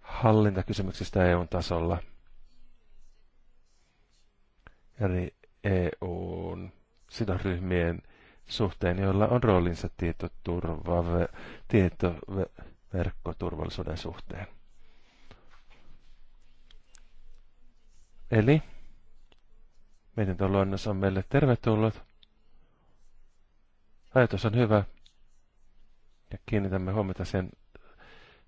hallintakysymyksistä EU-tasolla tasolla – eri EUn sidosryhmien suhteen, joilla on roolinsa tietoturva, tietoverkkoturvallisuuden suhteen. Eli mietintöluonnos on meille tervetullut. Ajatus on hyvä ja kiinnitämme huomiota sen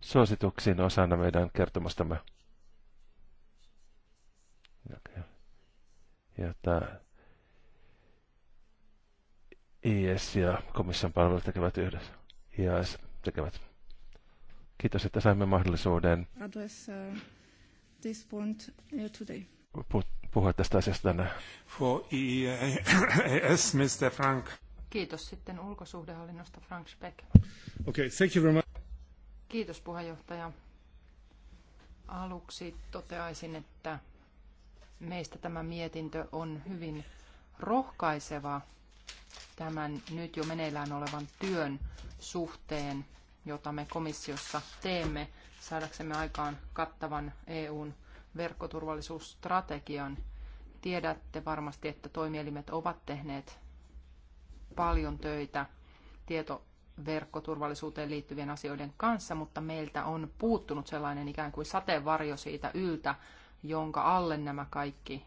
suosituksiin osana meidän kertomastamme. Okay tämä IS ja komission palvelut tekevät yhdessä. IAS tekevät. Kiitos, että saimme mahdollisuuden address, uh, this point uh, today. Pu- puhua tästä asiasta tänään. For IAS, *coughs* Mr. Frank. Kiitos sitten ulkosuhdehallinnosta, Frank Speck. Okay, thank you very much. Kiitos puheenjohtaja. Aluksi toteaisin, että Meistä tämä mietintö on hyvin rohkaiseva tämän nyt jo meneillään olevan työn suhteen, jota me komissiossa teemme saadaksemme aikaan kattavan EUn verkkoturvallisuusstrategian. Tiedätte varmasti, että toimielimet ovat tehneet paljon töitä tietoverkkoturvallisuuteen liittyvien asioiden kanssa, mutta meiltä on puuttunut sellainen ikään kuin sateenvarjo siitä yltä, jonka alle nämä kaikki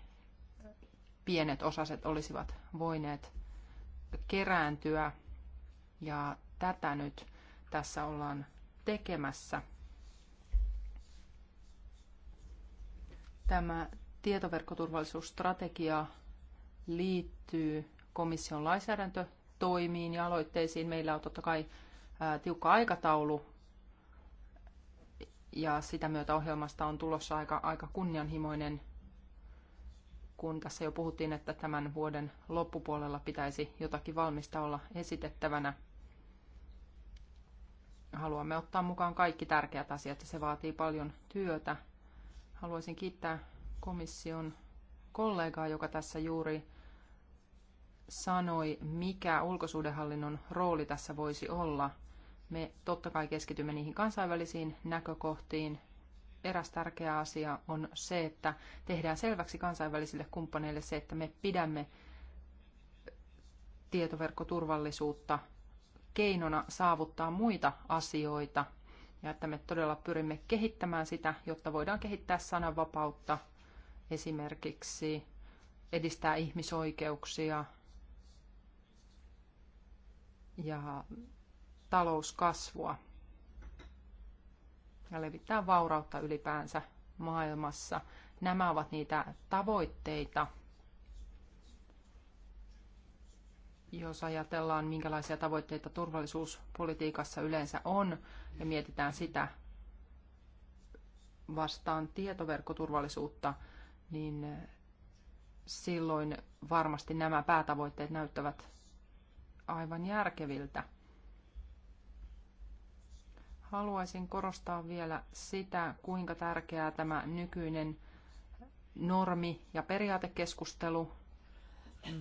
pienet osaset olisivat voineet kerääntyä. Ja tätä nyt tässä ollaan tekemässä. Tämä tietoverkkoturvallisuusstrategia liittyy komission lainsäädäntötoimiin ja aloitteisiin. Meillä on totta kai tiukka aikataulu ja sitä myötä ohjelmasta on tulossa aika, aika kunnianhimoinen, kun tässä jo puhuttiin, että tämän vuoden loppupuolella pitäisi jotakin valmista olla esitettävänä. Haluamme ottaa mukaan kaikki tärkeät asiat ja se vaatii paljon työtä. Haluaisin kiittää komission kollegaa, joka tässä juuri sanoi, mikä ulkosuudenhallinnon rooli tässä voisi olla – me totta kai keskitymme niihin kansainvälisiin näkökohtiin. Eräs tärkeä asia on se, että tehdään selväksi kansainvälisille kumppaneille se, että me pidämme tietoverkkoturvallisuutta keinona saavuttaa muita asioita ja että me todella pyrimme kehittämään sitä, jotta voidaan kehittää sananvapautta, esimerkiksi edistää ihmisoikeuksia ja talouskasvua ja levittää vaurautta ylipäänsä maailmassa. Nämä ovat niitä tavoitteita, jos ajatellaan, minkälaisia tavoitteita turvallisuuspolitiikassa yleensä on ja mietitään sitä vastaan tietoverkkoturvallisuutta, niin silloin varmasti nämä päätavoitteet näyttävät aivan järkeviltä. Haluaisin korostaa vielä sitä, kuinka tärkeää tämä nykyinen normi- ja periaatekeskustelu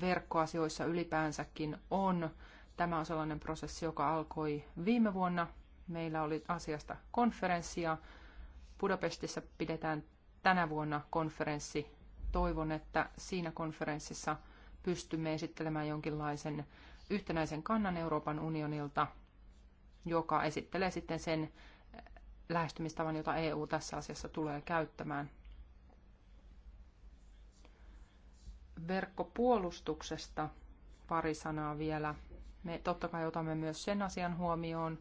verkkoasioissa ylipäänsäkin on. Tämä on sellainen prosessi, joka alkoi viime vuonna. Meillä oli asiasta konferenssia. Budapestissa pidetään tänä vuonna konferenssi. Toivon, että siinä konferenssissa pystymme esittelemään jonkinlaisen yhtenäisen kannan Euroopan unionilta joka esittelee sitten sen eh, lähestymistavan, jota EU tässä asiassa tulee käyttämään. Verkkopuolustuksesta pari sanaa vielä. Me totta kai otamme myös sen asian huomioon,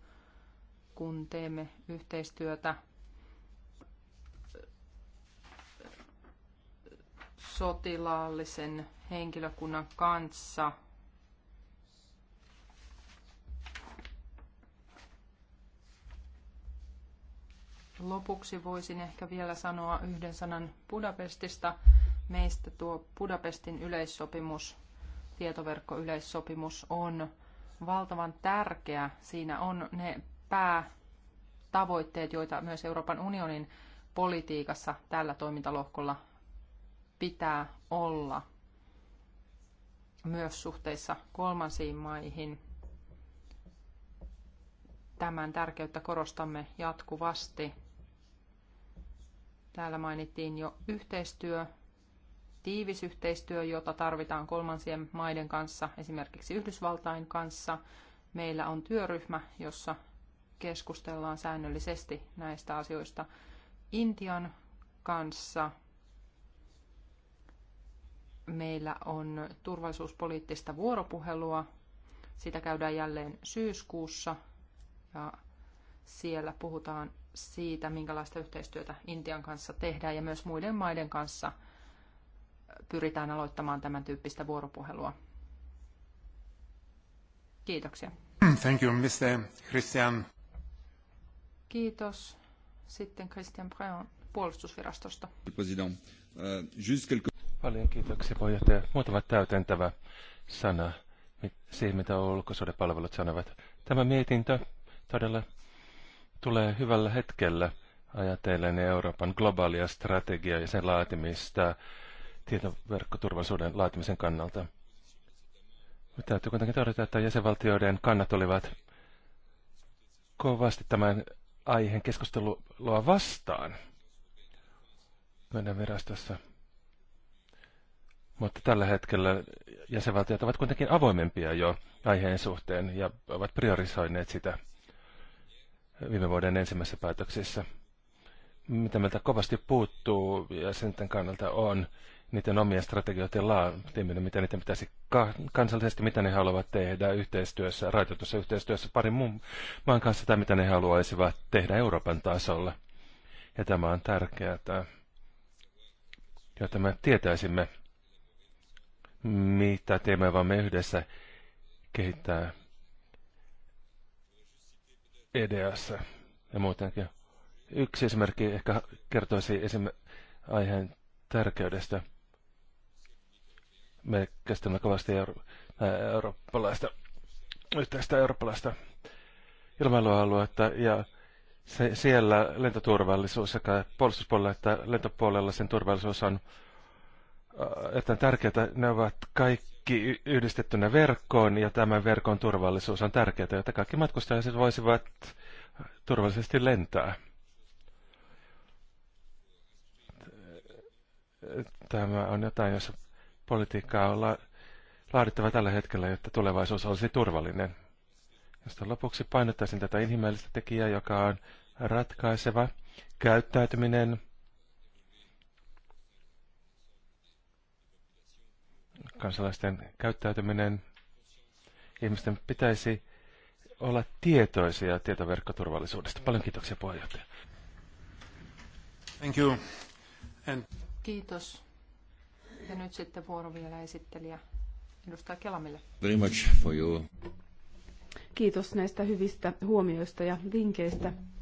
kun teemme yhteistyötä eh, sotilaallisen henkilökunnan kanssa – lopuksi voisin ehkä vielä sanoa yhden sanan Budapestista. Meistä tuo Budapestin yleissopimus, tietoverkkoyleissopimus on valtavan tärkeä. Siinä on ne päätavoitteet, joita myös Euroopan unionin politiikassa tällä toimintalohkolla pitää olla myös suhteissa kolmansiin maihin. Tämän tärkeyttä korostamme jatkuvasti. Täällä mainittiin jo yhteistyö, tiivis yhteistyö, jota tarvitaan kolmansien maiden kanssa, esimerkiksi Yhdysvaltain kanssa. Meillä on työryhmä, jossa keskustellaan säännöllisesti näistä asioista Intian kanssa. Meillä on turvallisuuspoliittista vuoropuhelua. Sitä käydään jälleen syyskuussa ja siellä puhutaan siitä, minkälaista yhteistyötä Intian kanssa tehdään ja myös muiden maiden kanssa pyritään aloittamaan tämän tyyppistä vuoropuhelua. Kiitoksia. Thank you, Mr. Christian. Kiitos. Sitten Christian Breon puolustusvirastosta. Euh, Paljon kiitoksia puheenjohtaja. Muutama täytentävä sana siihen, mitä palvelut sanovat. Tämä mietintö todella tulee hyvällä hetkellä ajatellen Euroopan globaalia strategiaa ja sen laatimista tietoverkkoturvallisuuden laatimisen kannalta. Mutta täytyy kuitenkin todeta, että jäsenvaltioiden kannat olivat kovasti tämän aiheen keskustelua vastaan meidän virastossa. Mutta tällä hetkellä jäsenvaltiot ovat kuitenkin avoimempia jo aiheen suhteen ja ovat priorisoineet sitä viime vuoden ensimmäisessä päätöksessä. Mitä meiltä kovasti puuttuu ja sen kannalta on niiden omien strategioiden laatiminen, mitä niitä pitäisi kansallisesti, mitä ne haluavat tehdä yhteistyössä, raitotussa yhteistyössä parin muun maan kanssa, tai mitä ne haluaisivat tehdä Euroopan tasolla. Ja tämä on tärkeää, jotta me tietäisimme, mitä teemme vaan me yhdessä kehittää ideassa e ja muutenkin. Yksi esimerkki ehkä kertoisi esim. aiheen tärkeydestä. Me kestämme kovasti euro- eurooppalaista, yhteistä eurooppalaista ilmailualuetta ja se, siellä lentoturvallisuus sekä puolustuspuolella että lentopuolella sen turvallisuus on erittäin tärkeää. Ne ovat kaikki kaikki yhdistettynä verkkoon ja tämän verkon turvallisuus on tärkeää, jotta kaikki matkustajat voisivat turvallisesti lentää. Tämä on jotain, jossa politiikkaa on la- laadittava tällä hetkellä, jotta tulevaisuus olisi turvallinen. Josta lopuksi painottaisin tätä inhimillistä tekijää, joka on ratkaiseva käyttäytyminen – kansalaisten käyttäytyminen. Ihmisten pitäisi olla tietoisia tietoverkkoturvallisuudesta. Paljon kiitoksia puheenjohtaja. Thank you. And... Kiitos. Ja nyt sitten vuoro vielä esittelijä edustaja Kelamille. Very much for you. Kiitos näistä hyvistä huomioista ja vinkkeistä. Mm-hmm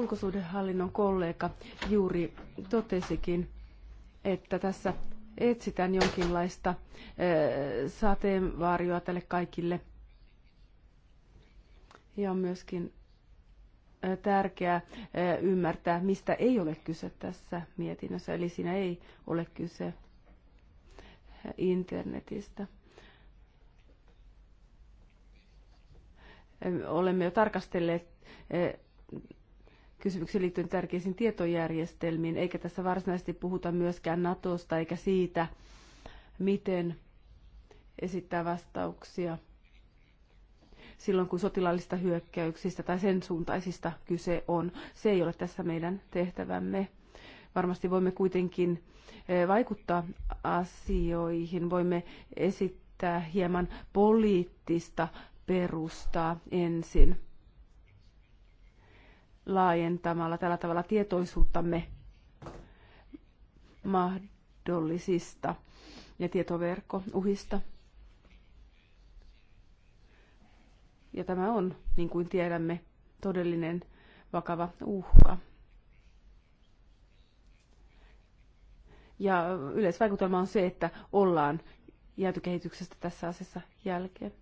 ulkosuhdehallinnon kollega juuri totesikin, että tässä etsitään jonkinlaista sateenvaarioa tälle kaikille. Ja on myöskin tärkeää ymmärtää, mistä ei ole kyse tässä mietinnössä. Eli siinä ei ole kyse internetistä. Olemme jo tarkastelleet kysymyksiin liittyen tärkeisiin tietojärjestelmiin, eikä tässä varsinaisesti puhuta myöskään Natosta eikä siitä, miten esittää vastauksia silloin, kun sotilaallisista hyökkäyksistä tai sen suuntaisista kyse on. Se ei ole tässä meidän tehtävämme. Varmasti voimme kuitenkin eh, vaikuttaa asioihin, voimme esittää hieman poliittista perustaa ensin laajentamalla tällä tavalla tietoisuuttamme mahdollisista ja tietoverkkouhista. Ja tämä on, niin kuin tiedämme, todellinen vakava uhka. Ja yleisvaikutelma on se, että ollaan jääty kehityksestä tässä asiassa jälkeen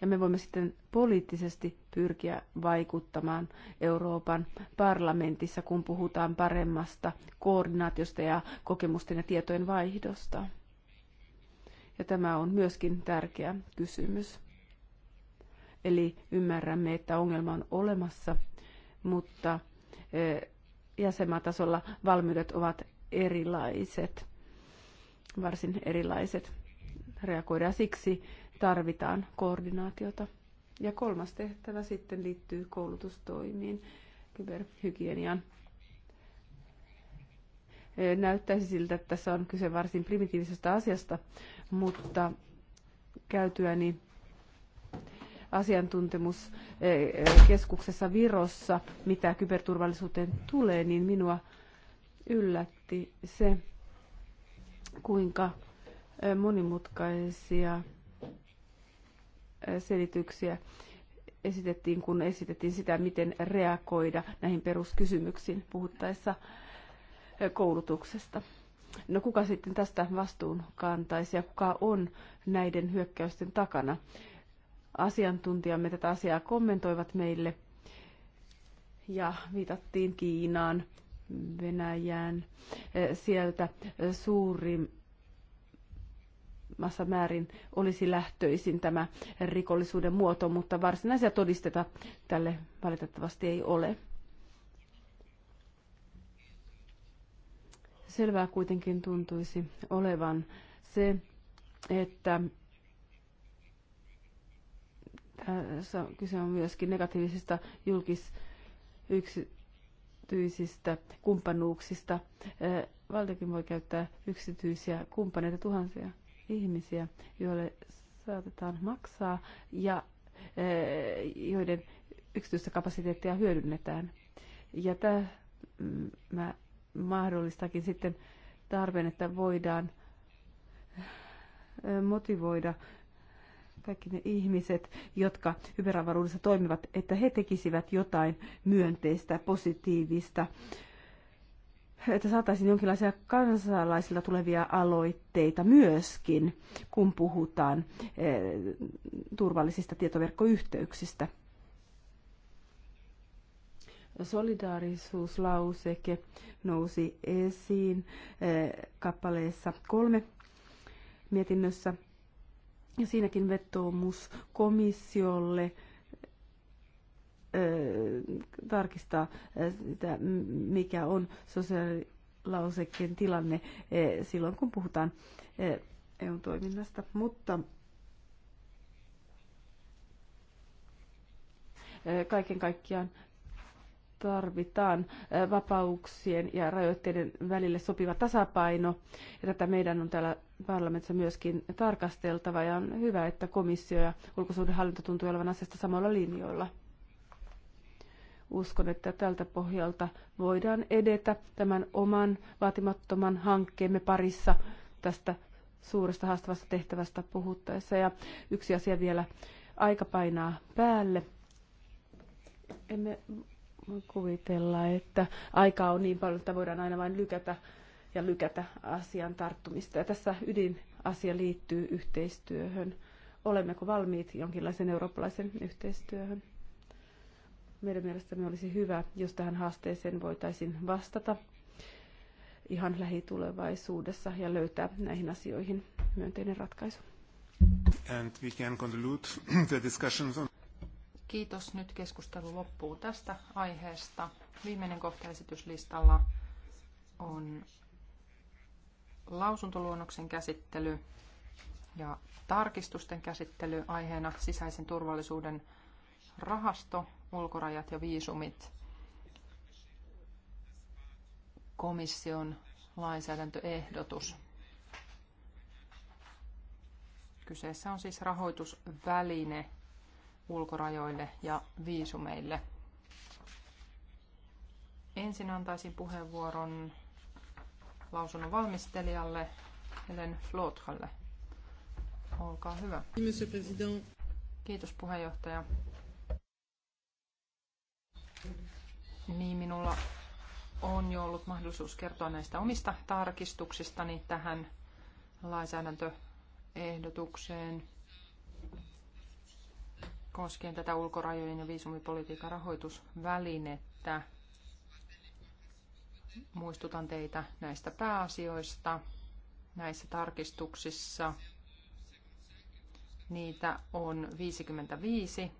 ja me voimme sitten poliittisesti pyrkiä vaikuttamaan Euroopan parlamentissa, kun puhutaan paremmasta koordinaatiosta ja kokemusten ja tietojen vaihdosta. Ja tämä on myöskin tärkeä kysymys. Eli ymmärrämme, että ongelma on olemassa, mutta e, jäsenmaatasolla valmiudet ovat erilaiset, varsin erilaiset. Reagoidaan siksi tarvitaan koordinaatiota. Ja kolmas tehtävä sitten liittyy koulutustoimiin, kyberhygienian. Eh, näyttäisi siltä, että tässä on kyse varsin primitiivisestä asiasta, mutta käytyäni asiantuntemuskeskuksessa eh, Virossa, mitä kyberturvallisuuteen tulee, niin minua yllätti se, kuinka eh, monimutkaisia selityksiä esitettiin, kun esitettiin sitä, miten reagoida näihin peruskysymyksiin puhuttaessa koulutuksesta. No kuka sitten tästä vastuun kantaisi ja kuka on näiden hyökkäysten takana? Asiantuntijamme tätä asiaa kommentoivat meille ja viitattiin Kiinaan, Venäjään. Sieltä suurin suurimmassa määrin olisi lähtöisin tämä rikollisuuden muoto, mutta varsinaisia todisteta tälle valitettavasti ei ole. Selvää kuitenkin tuntuisi olevan se, että tässä kyse on myöskin negatiivisista julkisyksityisistä yksityisistä kumppanuuksista. Valtiokin voi käyttää yksityisiä kumppaneita tuhansia ihmisiä, joille saatetaan maksaa ja eh, joiden yksityistä kapasiteettia hyödynnetään. Ja tämä mahdollistakin sitten tarpeen, että voidaan eh, motivoida kaikki ne ihmiset, jotka hyperavaruudessa toimivat, että he tekisivät jotain myönteistä, positiivista että saataisiin jonkinlaisia kansalaisilta tulevia aloitteita myöskin, kun puhutaan eh, turvallisista tietoverkkoyhteyksistä. Solidaarisuuslauseke nousi esiin eh, kappaleessa kolme mietinnössä. Ja siinäkin vetoomus komissiolle tarkistaa sitä, mikä on sosiaalilausekkeen tilanne silloin, kun puhutaan EUn toiminnasta. Mutta kaiken kaikkiaan tarvitaan vapauksien ja rajoitteiden välille sopiva tasapaino. Ja tätä meidän on täällä parlamentissa myöskin tarkasteltava ja on hyvä, että komissio ja ulkosuhdehallinto tuntuu olevan asiasta samalla linjoilla uskon, että tältä pohjalta voidaan edetä tämän oman vaatimattoman hankkeemme parissa tästä suuresta haastavasta tehtävästä puhuttaessa. Ja yksi asia vielä, aika painaa päälle. Emme kuvitella, että aikaa on niin paljon, että voidaan aina vain lykätä ja lykätä asian tarttumista. Ja tässä ydinasia liittyy yhteistyöhön. Olemmeko valmiit jonkinlaisen eurooppalaisen yhteistyöhön? Meidän mielestämme olisi hyvä, jos tähän haasteeseen voitaisiin vastata ihan lähitulevaisuudessa ja löytää näihin asioihin myönteinen ratkaisu. And we can conclude *clears throat* the discussions on... Kiitos. Nyt keskustelu loppuu tästä aiheesta. Viimeinen kohta esityslistalla on lausuntoluonnoksen käsittely ja tarkistusten käsittely aiheena sisäisen turvallisuuden rahasto ulkorajat ja viisumit. Komission lainsäädäntöehdotus. Kyseessä on siis rahoitusväline ulkorajoille ja viisumeille. Ensin antaisin puheenvuoron lausunnon valmistelijalle Helen Flotralle. Olkaa hyvä. Kiitos puheenjohtaja. niin minulla on jo ollut mahdollisuus kertoa näistä omista tarkistuksistani tähän lainsäädäntöehdotukseen koskien tätä ulkorajojen ja viisumipolitiikan rahoitusvälinettä. Muistutan teitä näistä pääasioista näissä tarkistuksissa. Niitä on 55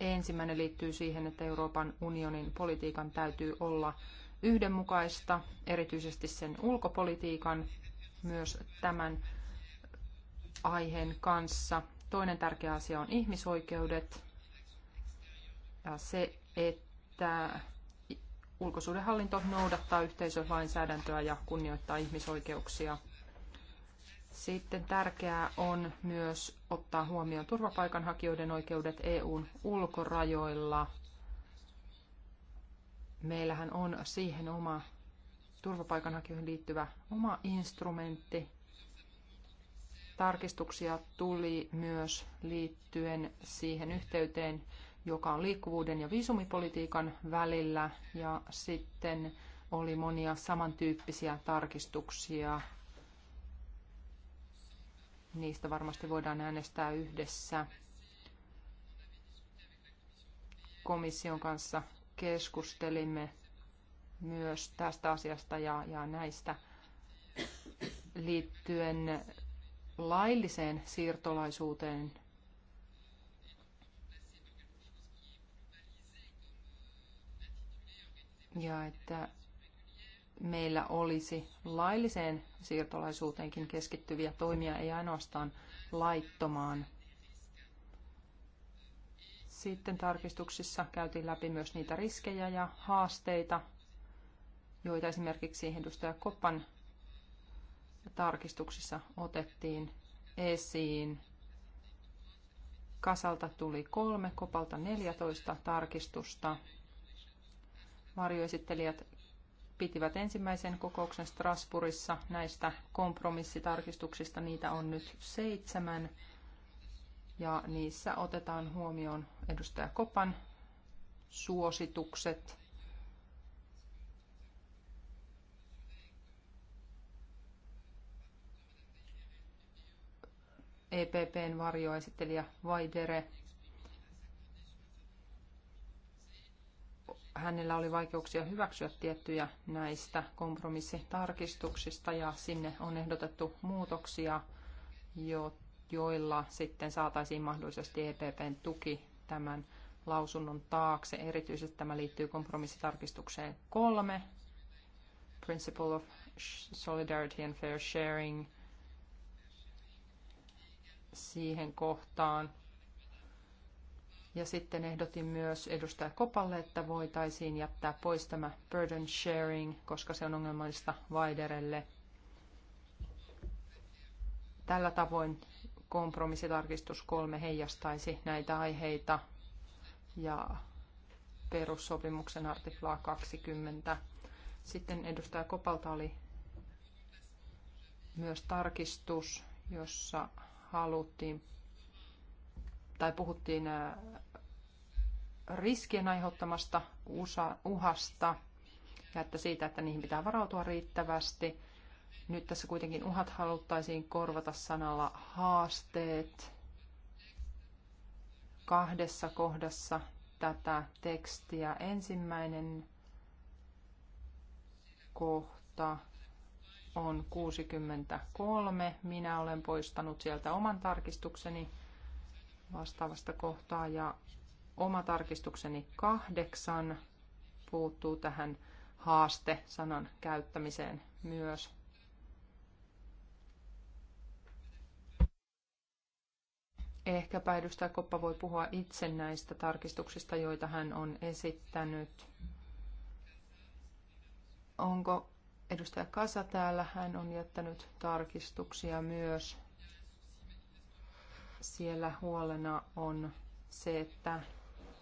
Ensimmäinen liittyy siihen, että Euroopan unionin politiikan täytyy olla yhdenmukaista, erityisesti sen ulkopolitiikan myös tämän aiheen kanssa. Toinen tärkeä asia on ihmisoikeudet ja se, että ulkosuudenhallinto noudattaa yhteisölainsäädäntöä ja kunnioittaa ihmisoikeuksia. Sitten tärkeää on myös ottaa huomioon turvapaikanhakijoiden oikeudet EUn ulkorajoilla. Meillähän on siihen oma turvapaikanhakijoihin liittyvä oma instrumentti. Tarkistuksia tuli myös liittyen siihen yhteyteen, joka on liikkuvuuden ja viisumipolitiikan välillä. Ja sitten oli monia samantyyppisiä tarkistuksia Niistä varmasti voidaan äänestää yhdessä. Komission kanssa keskustelimme myös tästä asiasta ja, ja näistä liittyen lailliseen siirtolaisuuteen ja että meillä olisi lailliseen siirtolaisuuteenkin keskittyviä toimia, ei ainoastaan laittomaan. Sitten tarkistuksissa käytiin läpi myös niitä riskejä ja haasteita, joita esimerkiksi edustaja Koppan tarkistuksissa otettiin esiin. Kasalta tuli kolme, Kopalta 14 tarkistusta. Varjoesittelijät pitivät ensimmäisen kokouksen Strasbourgissa näistä kompromissitarkistuksista. Niitä on nyt seitsemän ja niissä otetaan huomioon edustaja Kopan suositukset. EPPn varjoesittelijä Vaidere hänellä oli vaikeuksia hyväksyä tiettyjä näistä kompromissitarkistuksista ja sinne on ehdotettu muutoksia, jo, joilla sitten saataisiin mahdollisesti EPPn tuki tämän lausunnon taakse. Erityisesti tämä liittyy kompromissitarkistukseen kolme, Principle of Solidarity and Fair Sharing, siihen kohtaan, ja sitten ehdotin myös edustaja Kopalle, että voitaisiin jättää pois tämä burden sharing, koska se on ongelmallista Widerelle. Tällä tavoin kompromissitarkistus kolme heijastaisi näitä aiheita ja perussopimuksen artiklaa 20. Sitten edustaja Kopalta oli myös tarkistus, jossa haluttiin tai puhuttiin riskien aiheuttamasta uhasta ja että siitä, että niihin pitää varautua riittävästi. Nyt tässä kuitenkin uhat haluttaisiin korvata sanalla haasteet kahdessa kohdassa tätä tekstiä. Ensimmäinen kohta on 63. Minä olen poistanut sieltä oman tarkistukseni vastaavasta kohtaa ja oma tarkistukseni kahdeksan puuttuu tähän haaste-sanan käyttämiseen myös. Ehkäpä edustaja Koppa voi puhua itse näistä tarkistuksista, joita hän on esittänyt. Onko edustaja Kasa täällä? Hän on jättänyt tarkistuksia myös. Siellä huolena on se, että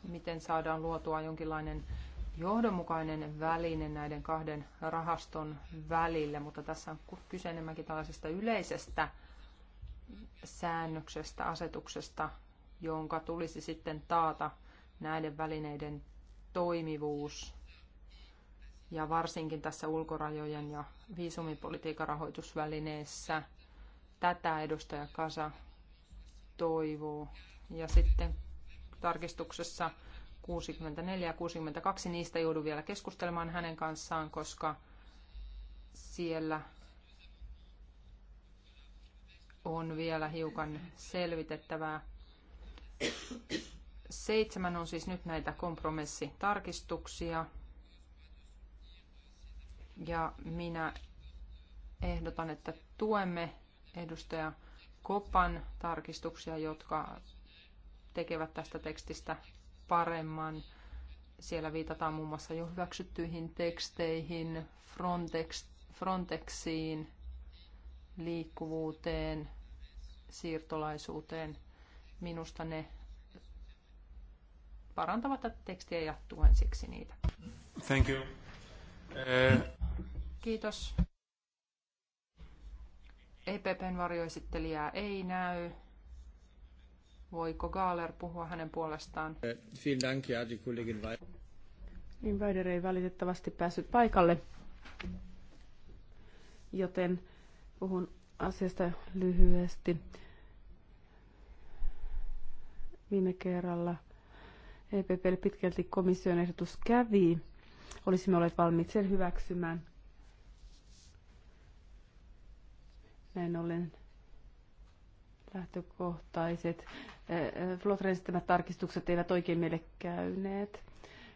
miten saadaan luotua jonkinlainen johdonmukainen väline näiden kahden rahaston välille, mutta tässä on kyse enemmänkin tällaisesta yleisestä säännöksestä, asetuksesta, jonka tulisi sitten taata näiden välineiden toimivuus. Ja varsinkin tässä ulkorajojen ja viisumipolitiikan rahoitusvälineessä tätä edustaja Kasa toivoo. Ja sitten tarkistuksessa 64 ja 62, niistä joudun vielä keskustelemaan hänen kanssaan, koska siellä on vielä hiukan selvitettävää. Seitsemän on siis nyt näitä kompromissitarkistuksia. Ja minä ehdotan, että tuemme edustaja Kopan tarkistuksia, jotka tekevät tästä tekstistä paremman. Siellä viitataan muun muassa jo hyväksyttyihin teksteihin, Frontex, Frontexiin, liikkuvuuteen, siirtolaisuuteen. Minusta ne parantavat tätä tekstiä ja tuen siksi niitä. Thank you. Uh... Kiitos. EPPn varjoesittelijää ei näy. Voiko Gaaler puhua hänen puolestaan? Eh, vielen Niin, ei valitettavasti päässyt paikalle, joten puhun asiasta lyhyesti. Viime kerralla EPP pitkälti komission ehdotus kävi. Olisimme olleet valmiit sen hyväksymään, Näin ollen lähtökohtaiset eh, eh, flotrensittämät tarkistukset eivät oikein meille käyneet.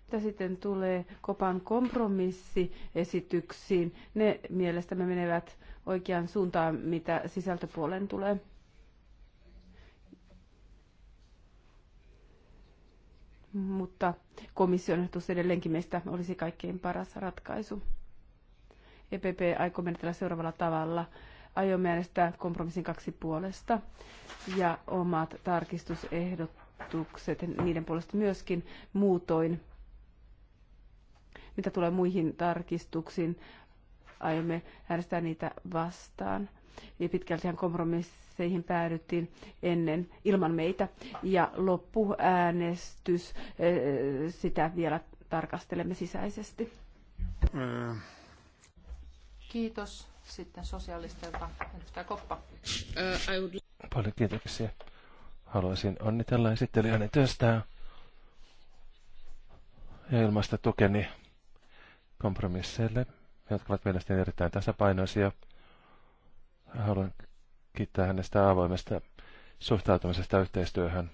Mitä sitten tulee Kopan kompromissiesityksiin? Ne mielestämme menevät oikeaan suuntaan, mitä sisältöpuolen tulee. Mutta komission ehdotus edelleenkin meistä olisi kaikkein paras ratkaisu. EPP aikoo menetellä seuraavalla tavalla – aion äänestää kompromissin kaksi puolesta ja omat tarkistusehdotukset niiden puolesta myöskin muutoin. Mitä tulee muihin tarkistuksiin, aiomme äänestää niitä vastaan. Ja pitkältihän kompromisseihin päädyttiin ennen ilman meitä. Ja loppuäänestys, eh, sitä vielä tarkastelemme sisäisesti. Kiitos sitten sosiaalisteilta edustaja Koppa. Äh, Paljon kiitoksia. Haluaisin onnitella esittelijä hänen ja ilmaista tukeni kompromisseille, jotka ovat mielestäni erittäin tasapainoisia. Haluan kiittää hänestä avoimesta suhtautumisesta yhteistyöhön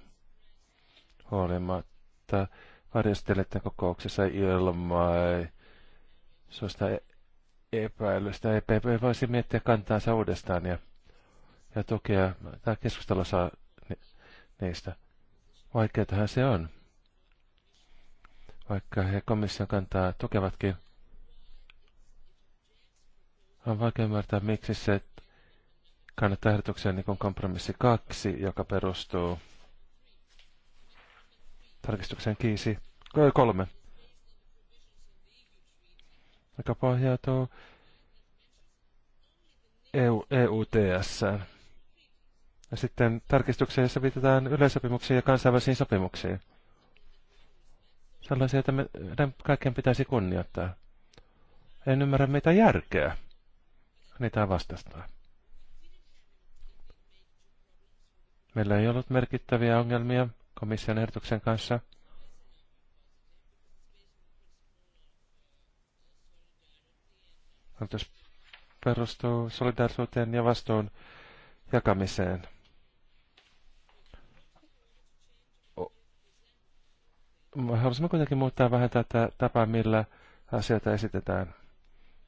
huolimatta varjostelijoiden kokouksessa ilmai suosta epäilystä. EPP voisi miettiä kantaansa uudestaan ja, ja tukea tämä keskustelu saa ni, niistä. Vaikeatahan se on. Vaikka he komission kantaa tukevatkin, on vaikea ymmärtää, miksi se kannattaa ehdotuksia niin kuin kompromissi kaksi, joka perustuu tarkistukseen kiisi, kolme, joka tuo EU, EUTS. Ja sitten tarkistuksessa jossa viitataan yleisopimuksiin ja kansainvälisiin sopimuksiin. Sellaisia, että meidän kaikkien pitäisi kunnioittaa. En ymmärrä mitä järkeä niitä vastastaa. Meillä ei ollut merkittäviä ongelmia komission ehdotuksen kanssa – Rahoitus perustuu solidaarisuuteen ja vastuun jakamiseen. Haluaisimme kuitenkin muuttaa vähän tätä tapaa, millä asioita esitetään.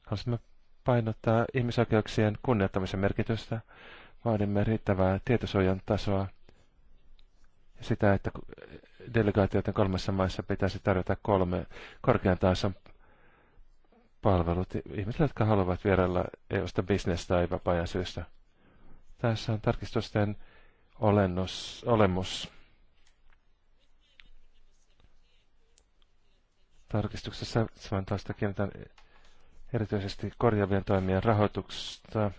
Haluaisimme painottaa ihmisoikeuksien kunnioittamisen merkitystä. Vaadimme riittävää tietosuojan tasoa ja sitä, että delegaatioiden kolmessa maissa pitäisi tarjota kolme korkean tason palvelut ihmisille, jotka haluavat vierailla EU-sta business- tai vapaa syystä. Tässä on tarkistusten olennus, olemus. Tarkistuksessa 17 kiinnitän erityisesti korjaavien toimien rahoituksesta.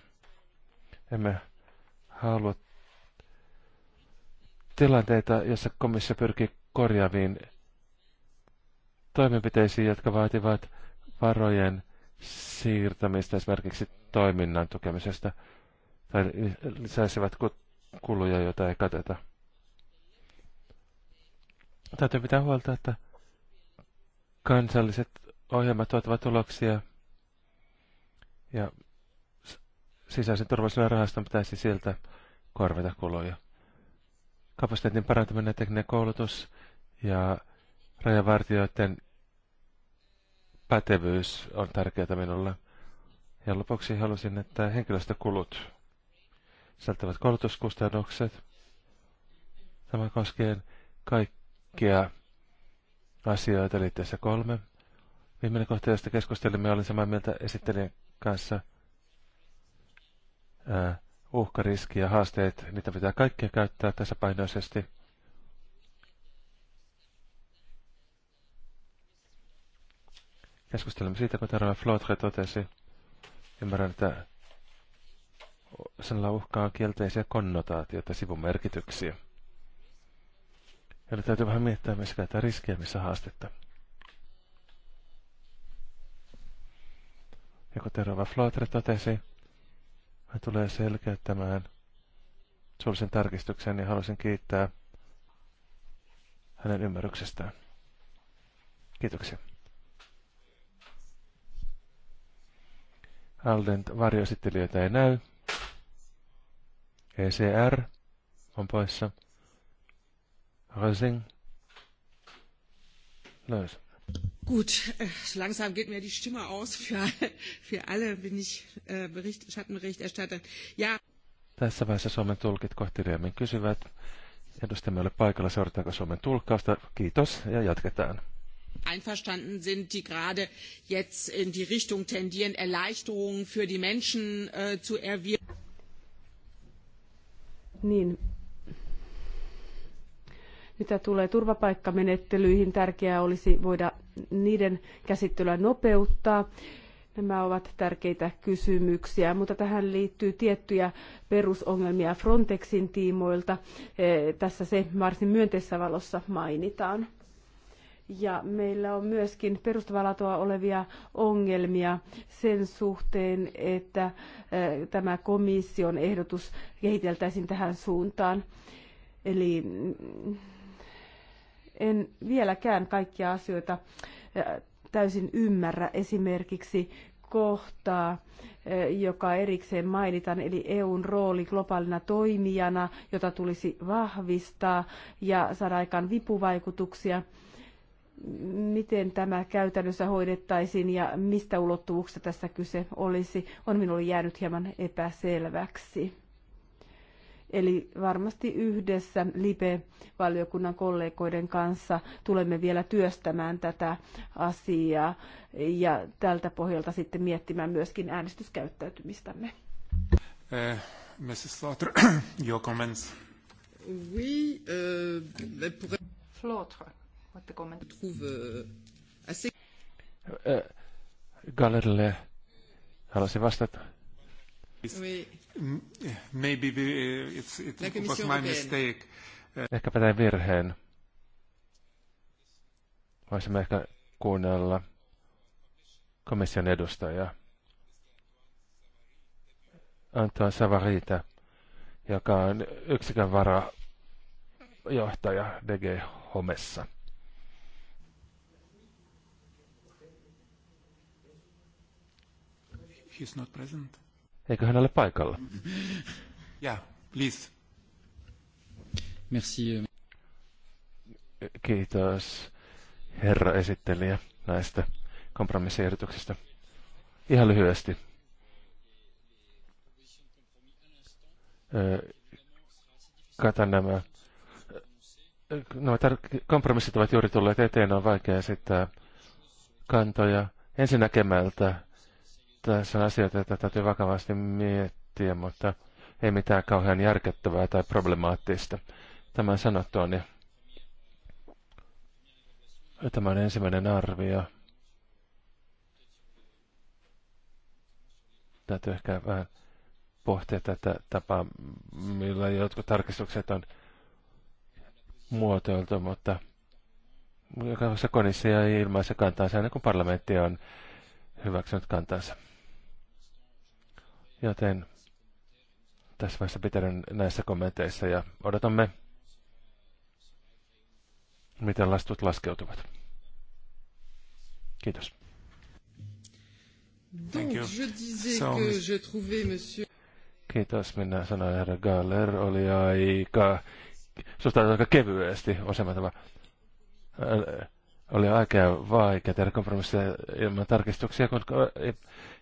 Emme halua tilanteita, jossa komissio pyrkii korjaaviin toimenpiteisiin, jotka vaativat varojen siirtämistä esimerkiksi toiminnan tukemisesta tai lisäisivät kuluja, joita ei kateta. Täytyy pitää huolta, että kansalliset ohjelmat tuottavat tuloksia ja sisäisen turvallisuuden rahaston pitäisi siltä korvata kuluja. Kapasiteetin parantaminen, tekninen koulutus ja rajavartijoiden pätevyys on tärkeää minulle. Ja lopuksi halusin, että henkilöstökulut sältävät koulutuskustannukset. Tämä koskee kaikkia asioita liitteessä kolme. Viimeinen kohta, josta keskustelimme, olin samaa mieltä esittelijän kanssa. uhkariski ja haasteet, niitä pitää kaikkia käyttää tässä painoisesti. Keskustelemme siitä, mitä Rava Flotre totesi. Ymmärrän, että sanalla uhkaa kielteisiä konnotaatioita, sivumerkityksiä. Eli täytyy vähän miettiä, missä käytetään riskejä, missä haastetta. Ja kuten Rova Flotre totesi, hän tulee selkeyttämään suullisen tarkistuksen ja haluaisin kiittää hänen ymmärryksestään. Kiitoksia. Alden varjoesittelijöitä ei näy. ECR on poissa. Rösing. Löys. Gut, äh, so langsam geht mir die Stimme aus. Für, *laughs* für alle bin ich äh, Bericht, Schattenberichterstatter. Ja. Tässä vaiheessa Suomen tulkit kohtiriemmin kysyvät. Edustamme ole paikalla, seurataanko Suomen tulkkausta. Kiitos ja jatketaan einverstanden sind, die gerade jetzt in die Richtung tendieren, Erleichterungen für die Menschen äh, zu erwirken. Niin. Mitä tulee turvapaikkamenettelyihin, tärkeää olisi voida niiden käsittelyä nopeuttaa. Nämä ovat tärkeitä kysymyksiä, mutta tähän liittyy tiettyjä perusongelmia Frontexin tiimoilta. Eh, tässä se varsin myönteisessä valossa mainitaan. Ja meillä on myöskin perustavalatoa olevia ongelmia sen suhteen, että äh, tämä komission ehdotus kehiteltäisiin tähän suuntaan. Eli mm, en vieläkään kaikkia asioita äh, täysin ymmärrä. Esimerkiksi kohtaa, äh, joka erikseen mainitaan, eli EUn rooli globaalina toimijana, jota tulisi vahvistaa ja saada aikaan vipuvaikutuksia miten tämä käytännössä hoidettaisiin ja mistä ulottuvuuksista tässä kyse olisi, on minulle jäänyt hieman epäselväksi. Eli varmasti yhdessä libe valiokunnan kollegoiden kanssa tulemme vielä työstämään tätä asiaa ja tältä pohjalta sitten miettimään myöskin äänestyskäyttäytymistämme. Uh, Mrs. Slaughter, *coughs* your comments. Oui, euh, pour... Voitte kommentoida. Euh, vastata. Oui. Maybe uh, it's, it was my mistake. Uh, Ehkäpä tein virheen. Voisimme ehkä kuunnella komission edustajaa. Antoine Savarita, joka on yksikön varajohtaja DG Homessa. He's not present. Eikö hän ole paikalla? *laughs* yeah, please. Merci. Euh. Kiitos herra esittelijä näistä kompromissiehdotuksista. Ihan lyhyesti. Katan nämä. Nämä tar- kompromissit ovat juuri tulleet eteen, on vaikea esittää kantoja ensinäkemältä tässä on asioita, joita täytyy vakavasti miettiä, mutta ei mitään kauhean järkettävää tai problemaattista. Tämän sanottua, niin tämä on ensimmäinen arvio. Täytyy ehkä vähän pohtia tätä tapaa, millä jotkut tarkistukset on muotoiltu, mutta jokaisessa konissa ja ilmaisessa kantansa, aina kun parlamentti on hyväksynyt kantansa. Joten tässä vaiheessa pitäydyn näissä kommenteissa ja odotamme, miten lastut laskeutuvat. Kiitos. Thank you. So, Kiitos, minä sanoin, herra Galler oli aika, suhtautui aika kevyesti, osaamatava oli aika vaikea tehdä kompromisseja ilman tarkistuksia, kun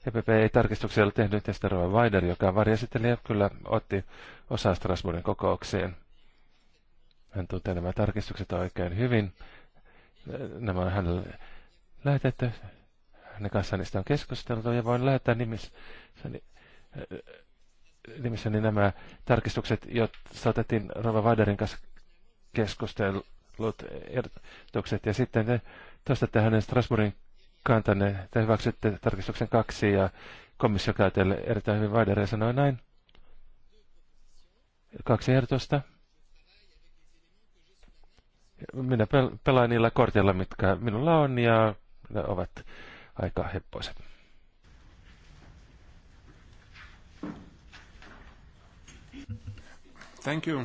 EPP ei tarkistuksia ole tehnyt, ja sitten Rova Weider, joka varjesittelijä, kyllä otti osaa Strasbourgin kokoukseen. Hän tuntee nämä tarkistukset oikein hyvin. Nämä on hänelle lähetetty. Hänen kanssaan niistä on keskusteltu, ja voin lähettää nimissäni, nimissäni nämä tarkistukset, jotka otettiin Rova Weiderin kanssa keskustelua ehdotukset ja sitten te toistatte hänen Strasbourgin kantanne, te hyväksytte tarkistuksen kaksi ja komissio käy teille erittäin hyvin Vaidere sanoi näin. Kaksi ehdotusta. Minä pel- pelaan niillä kortilla mitkä minulla on ja ne ovat aika heppoiset. Thank you.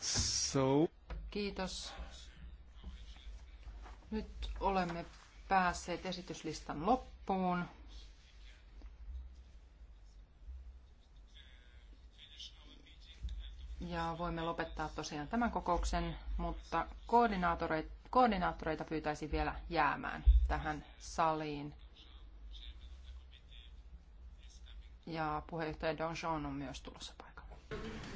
So... Kiitos. Nyt olemme päässeet esityslistan loppuun. Ja voimme lopettaa tosiaan tämän kokouksen, mutta koordinaattoreita, koordinaattoreita pyytäisin vielä jäämään tähän saliin. Ja puheenjohtaja Donjon on myös tulossa paikalle.